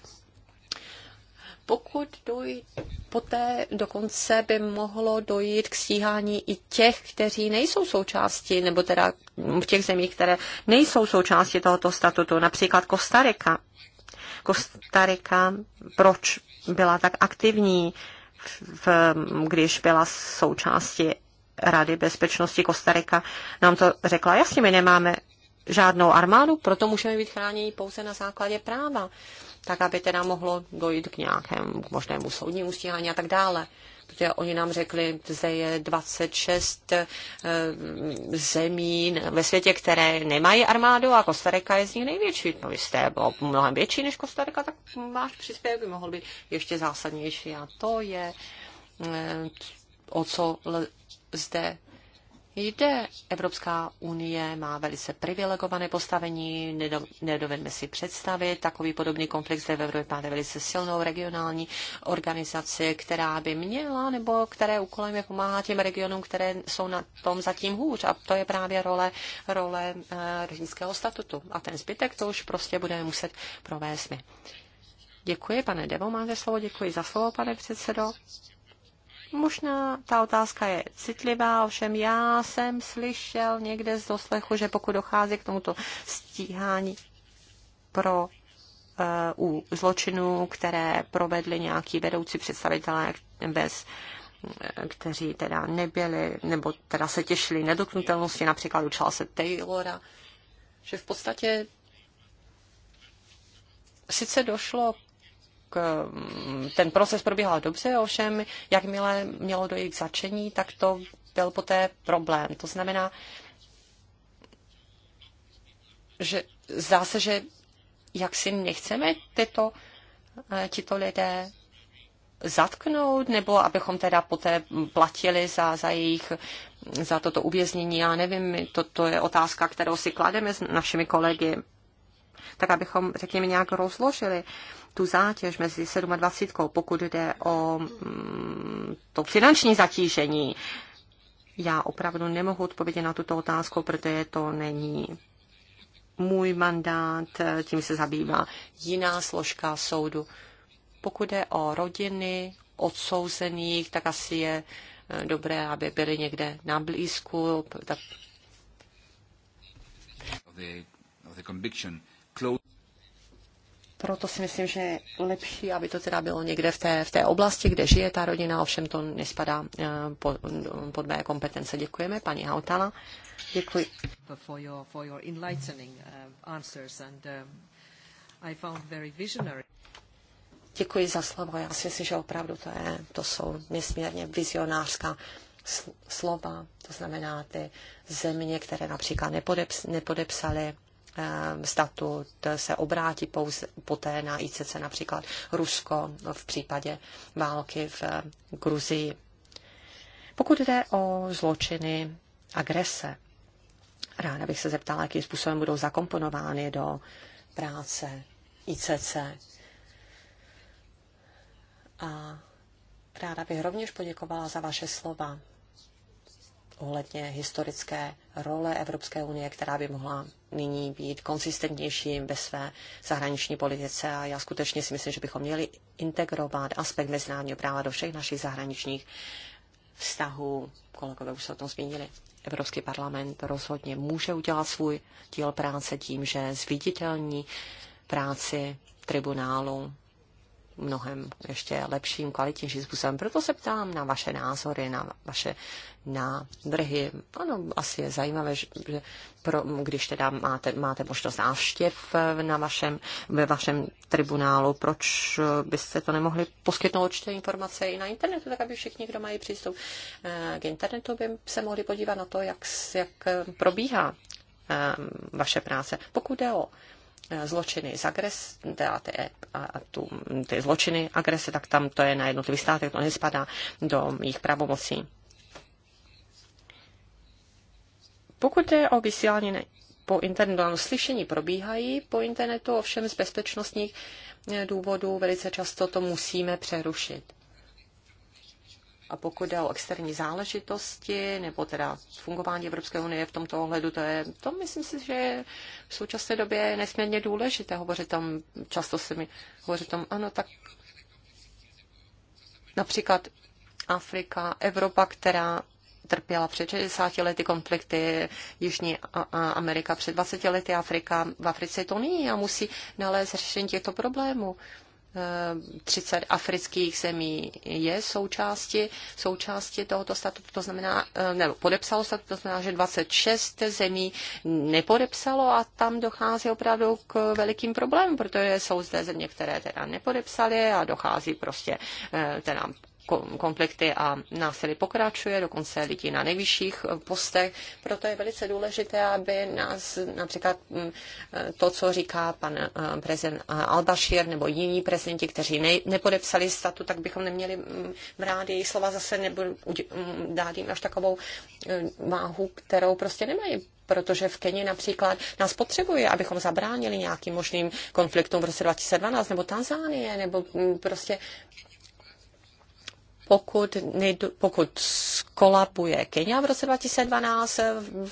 Pokud doj, poté dokonce by mohlo dojít k stíhání i těch, kteří nejsou součástí, nebo teda v těch zemích, které nejsou součástí tohoto statutu, například Kostarika Kostarika, proč byla tak aktivní, v, když byla součástí Rady bezpečnosti Kostarika, nám to řekla, jasně, my nemáme žádnou armádu, proto můžeme být chráněni pouze na základě práva, tak aby teda mohlo dojít k nějakému možnému soudnímu stíhání a tak dále protože oni nám řekli, že je 26 eh, zemí ve světě, které nemají armádu a Kostarika je z nich největší. No vy jste mnohem větší než Kostarika, tak váš příspěvek by mohl být ještě zásadnější a to je eh, o co zde jde. Evropská unie má velice privilegované postavení, nedovedme si představit. Takový podobný komplex zde v Evropě má velice silnou regionální organizaci, která by měla nebo které úkolem je pomáhat těm regionům, které jsou na tom zatím hůř. A to je právě role, role eh, statutu. A ten zbytek to už prostě budeme muset provést my. Děkuji, pane Devo, máte slovo. Děkuji za slovo, pane předsedo. Možná ta otázka je citlivá, ovšem já jsem slyšel někde z doslechu, že pokud dochází k tomuto stíhání pro uh, u zločinů, které provedli nějaký vedoucí představitelé bez eh, kteří teda nebyli, nebo teda se těšili nedoknutelnosti, například u se Taylora, že v podstatě sice došlo Mm, ten proces probíhal dobře, ovšem jakmile mělo dojít k začení, tak to byl poté problém. To znamená, že zdá se, že jak si nechceme tyto, eh, tyto lidé zatknout, nebo abychom teda poté platili za, za jejich za toto uvěznění, já nevím, to, to je otázka, kterou si klademe s našimi kolegy, tak abychom, řekněme, nějak rozložili uh, tu zátěž mezi 27, pokud jde o mm, to finanční zatížení. Já opravdu nemohu odpovědět na tuto otázku, protože to není můj mandát, tím se zabývá jiná složka soudu. Pokud jde o rodiny odsouzených, tak asi je eh, dobré, aby byly někde na blízku. Tak proto si myslím, že je lepší, aby to teda bylo někde v té, v té oblasti, kde žije ta rodina, ovšem to nespadá eh, pod, pod mé kompetence. Děkujeme, paní Hautala. Děkuji. For your, for your enlightening eh, answers and eh, I found very visionary. Děkuji za slovo. Já si myslím, že opravdu to, je, to jsou nesmírně vizionářská slova, to znamená ty země, které například nepodeps, nepodepsaly Ehm, statut se obrátí pouze poté na ICC, například Rusko v případě války v eh, Gruzii. Pokud jde o zločiny agrese, ráda bych se zeptala, jakým způsobem budou zakomponovány do práce ICC. A ráda bych rovněž poděkovala za vaše slova ohledně historické role Evropské unie, která by mohla nyní být konsistentnější ve své zahraniční politice. A já skutečně si myslím, že bychom měli integrovat aspekt mezinárodního práva do všech našich zahraničních vztahů. Kolegové už se o tom zmínili. Evropský parlament rozhodně může udělat svůj díl práce tím, že zviditelní práci tribunálu mnohem ještě lepším, kvalitnějším způsobem. Proto se ptám na vaše názory, na vaše návrhy. Ano, asi je zajímavé, že pro, když teda máte, máte možnost návštěv na vašem, ve vašem tribunálu, proč byste to nemohli poskytnout určité informace i na internetu, tak aby všichni, kdo mají přístup eh, k internetu, by se mohli podívat na to, jak, jak probíhá eh, vaše práce. Pokud jde o Eh, zločiny z agres, teda ty, eh, a, a tu, ty zločiny agrese, tak tam to je na jednotlivých státech, to nespadá do jejich pravomocí. Pokud je o vysílání ne, po internetu, ano, slyšení probíhají po internetu, ovšem z bezpečnostních eh, důvodů velice často to musíme přerušit. A pokud jde o externí záležitosti, nebo teda fungování Evropské unie v tomto ohledu, to je, to myslím si, že je v současné době je nesmírně důležité hovořit tam, často se mi hovoří tam, ano, tak například Afrika, Evropa, která trpěla před 60 lety konflikty, Jižní Amerika před 20 lety, Afrika v Africe to není a musí nalézt řešení těchto problémů. 30 eh, afrických zemí je součástí, součástí tohoto statutu, to znamená, eh, nebo podepsalo se, to znamená, že 26 zemí nepodepsalo a tam dochází opravdu k velikým problémům, protože jsou zde země, které teda nepodepsaly a dochází prostě eh, teda konflikty a násilí pokračuje, dokonce lidí na nejvyšších eh, postech. Proto je velice důležité, aby nás například mm, eh, to, co říká pan eh, prezident Al-Bashir nebo jiní prezidenti, kteří ne, nepodepsali statu, tak bychom neměli mm, brát jejich slova zase nebo mm, dát jim až takovou váhu, kterou prostě nemají protože v Keni například nás potřebuje, abychom zabránili nějakým možným konfliktům v roce 2012, nebo Tanzánie, nebo prostě pokud, nejdu, pokud skolabuje Kenia v roce 2012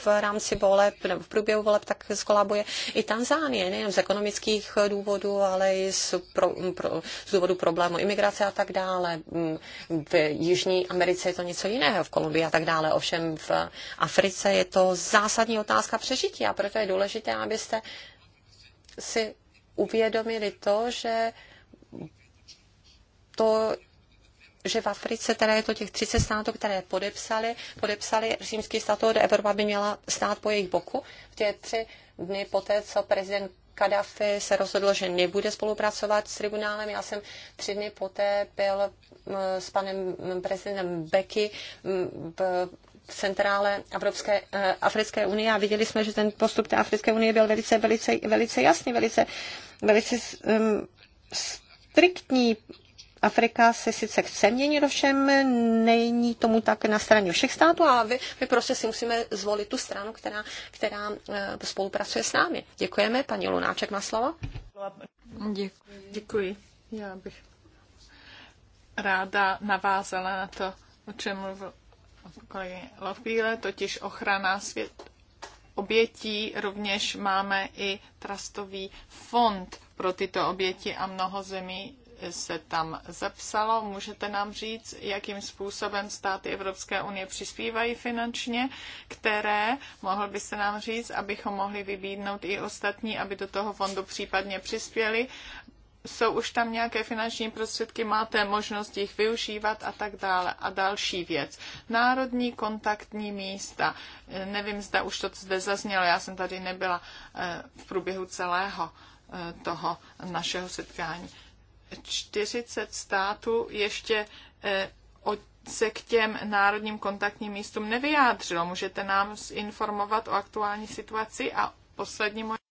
v rámci voleb, nebo v průběhu voleb, tak skolabuje i Tanzánie, nejen z ekonomických důvodů, ale i z, pro, pro, z důvodu problému imigrace a tak dále. V Jižní Americe je to něco jiného, v Kolumbii a tak dále. Ovšem v Africe je to zásadní otázka přežití a proto je důležité, abyste si uvědomili to, že to že v Africe teda je to těch 30 států, které podepsali, podepsali římský statut, Evropa by měla stát po jejich boku. V těch tři dny poté, co prezident Kadafi se rozhodl, že nebude spolupracovat s tribunálem. Já jsem tři dny poté byl s panem prezidentem Beky v centrále Evropské, eh, Africké unie a viděli jsme, že ten postup té Africké unie byl velice, velice, velice jasný, velice, velice um, striktní Afrika se sice chce měnit, ovšem není tomu tak na straně všech států, a vy, my prostě si musíme zvolit tu stranu, která, která eh, spolupracuje s námi. Děkujeme. Paní Lunáček má slovo. Děkuji. Děkuji. Já bych ráda navázala na to, o čem mluvil kolegy Lofíle, totiž ochrana svět obětí. Rovněž máme i trastový fond pro tyto oběti a mnoho zemí se tam zapsalo. Můžete nám říct, jakým způsobem státy Evropské unie přispívají finančně, které, mohl byste nám říct, abychom mohli vybídnout i ostatní, aby do toho fondu případně přispěli. Jsou už tam nějaké finanční prostředky, máte možnost jich využívat a tak dále. A další věc. Národní kontaktní místa. Nevím, zda už to zde zaznělo, já jsem tady nebyla eh, v průběhu celého eh, toho našeho setkání. 40 států ještě eh, se k těm národním kontaktním místům nevyjádřilo. Můžete nám informovat o aktuální situaci a poslední moje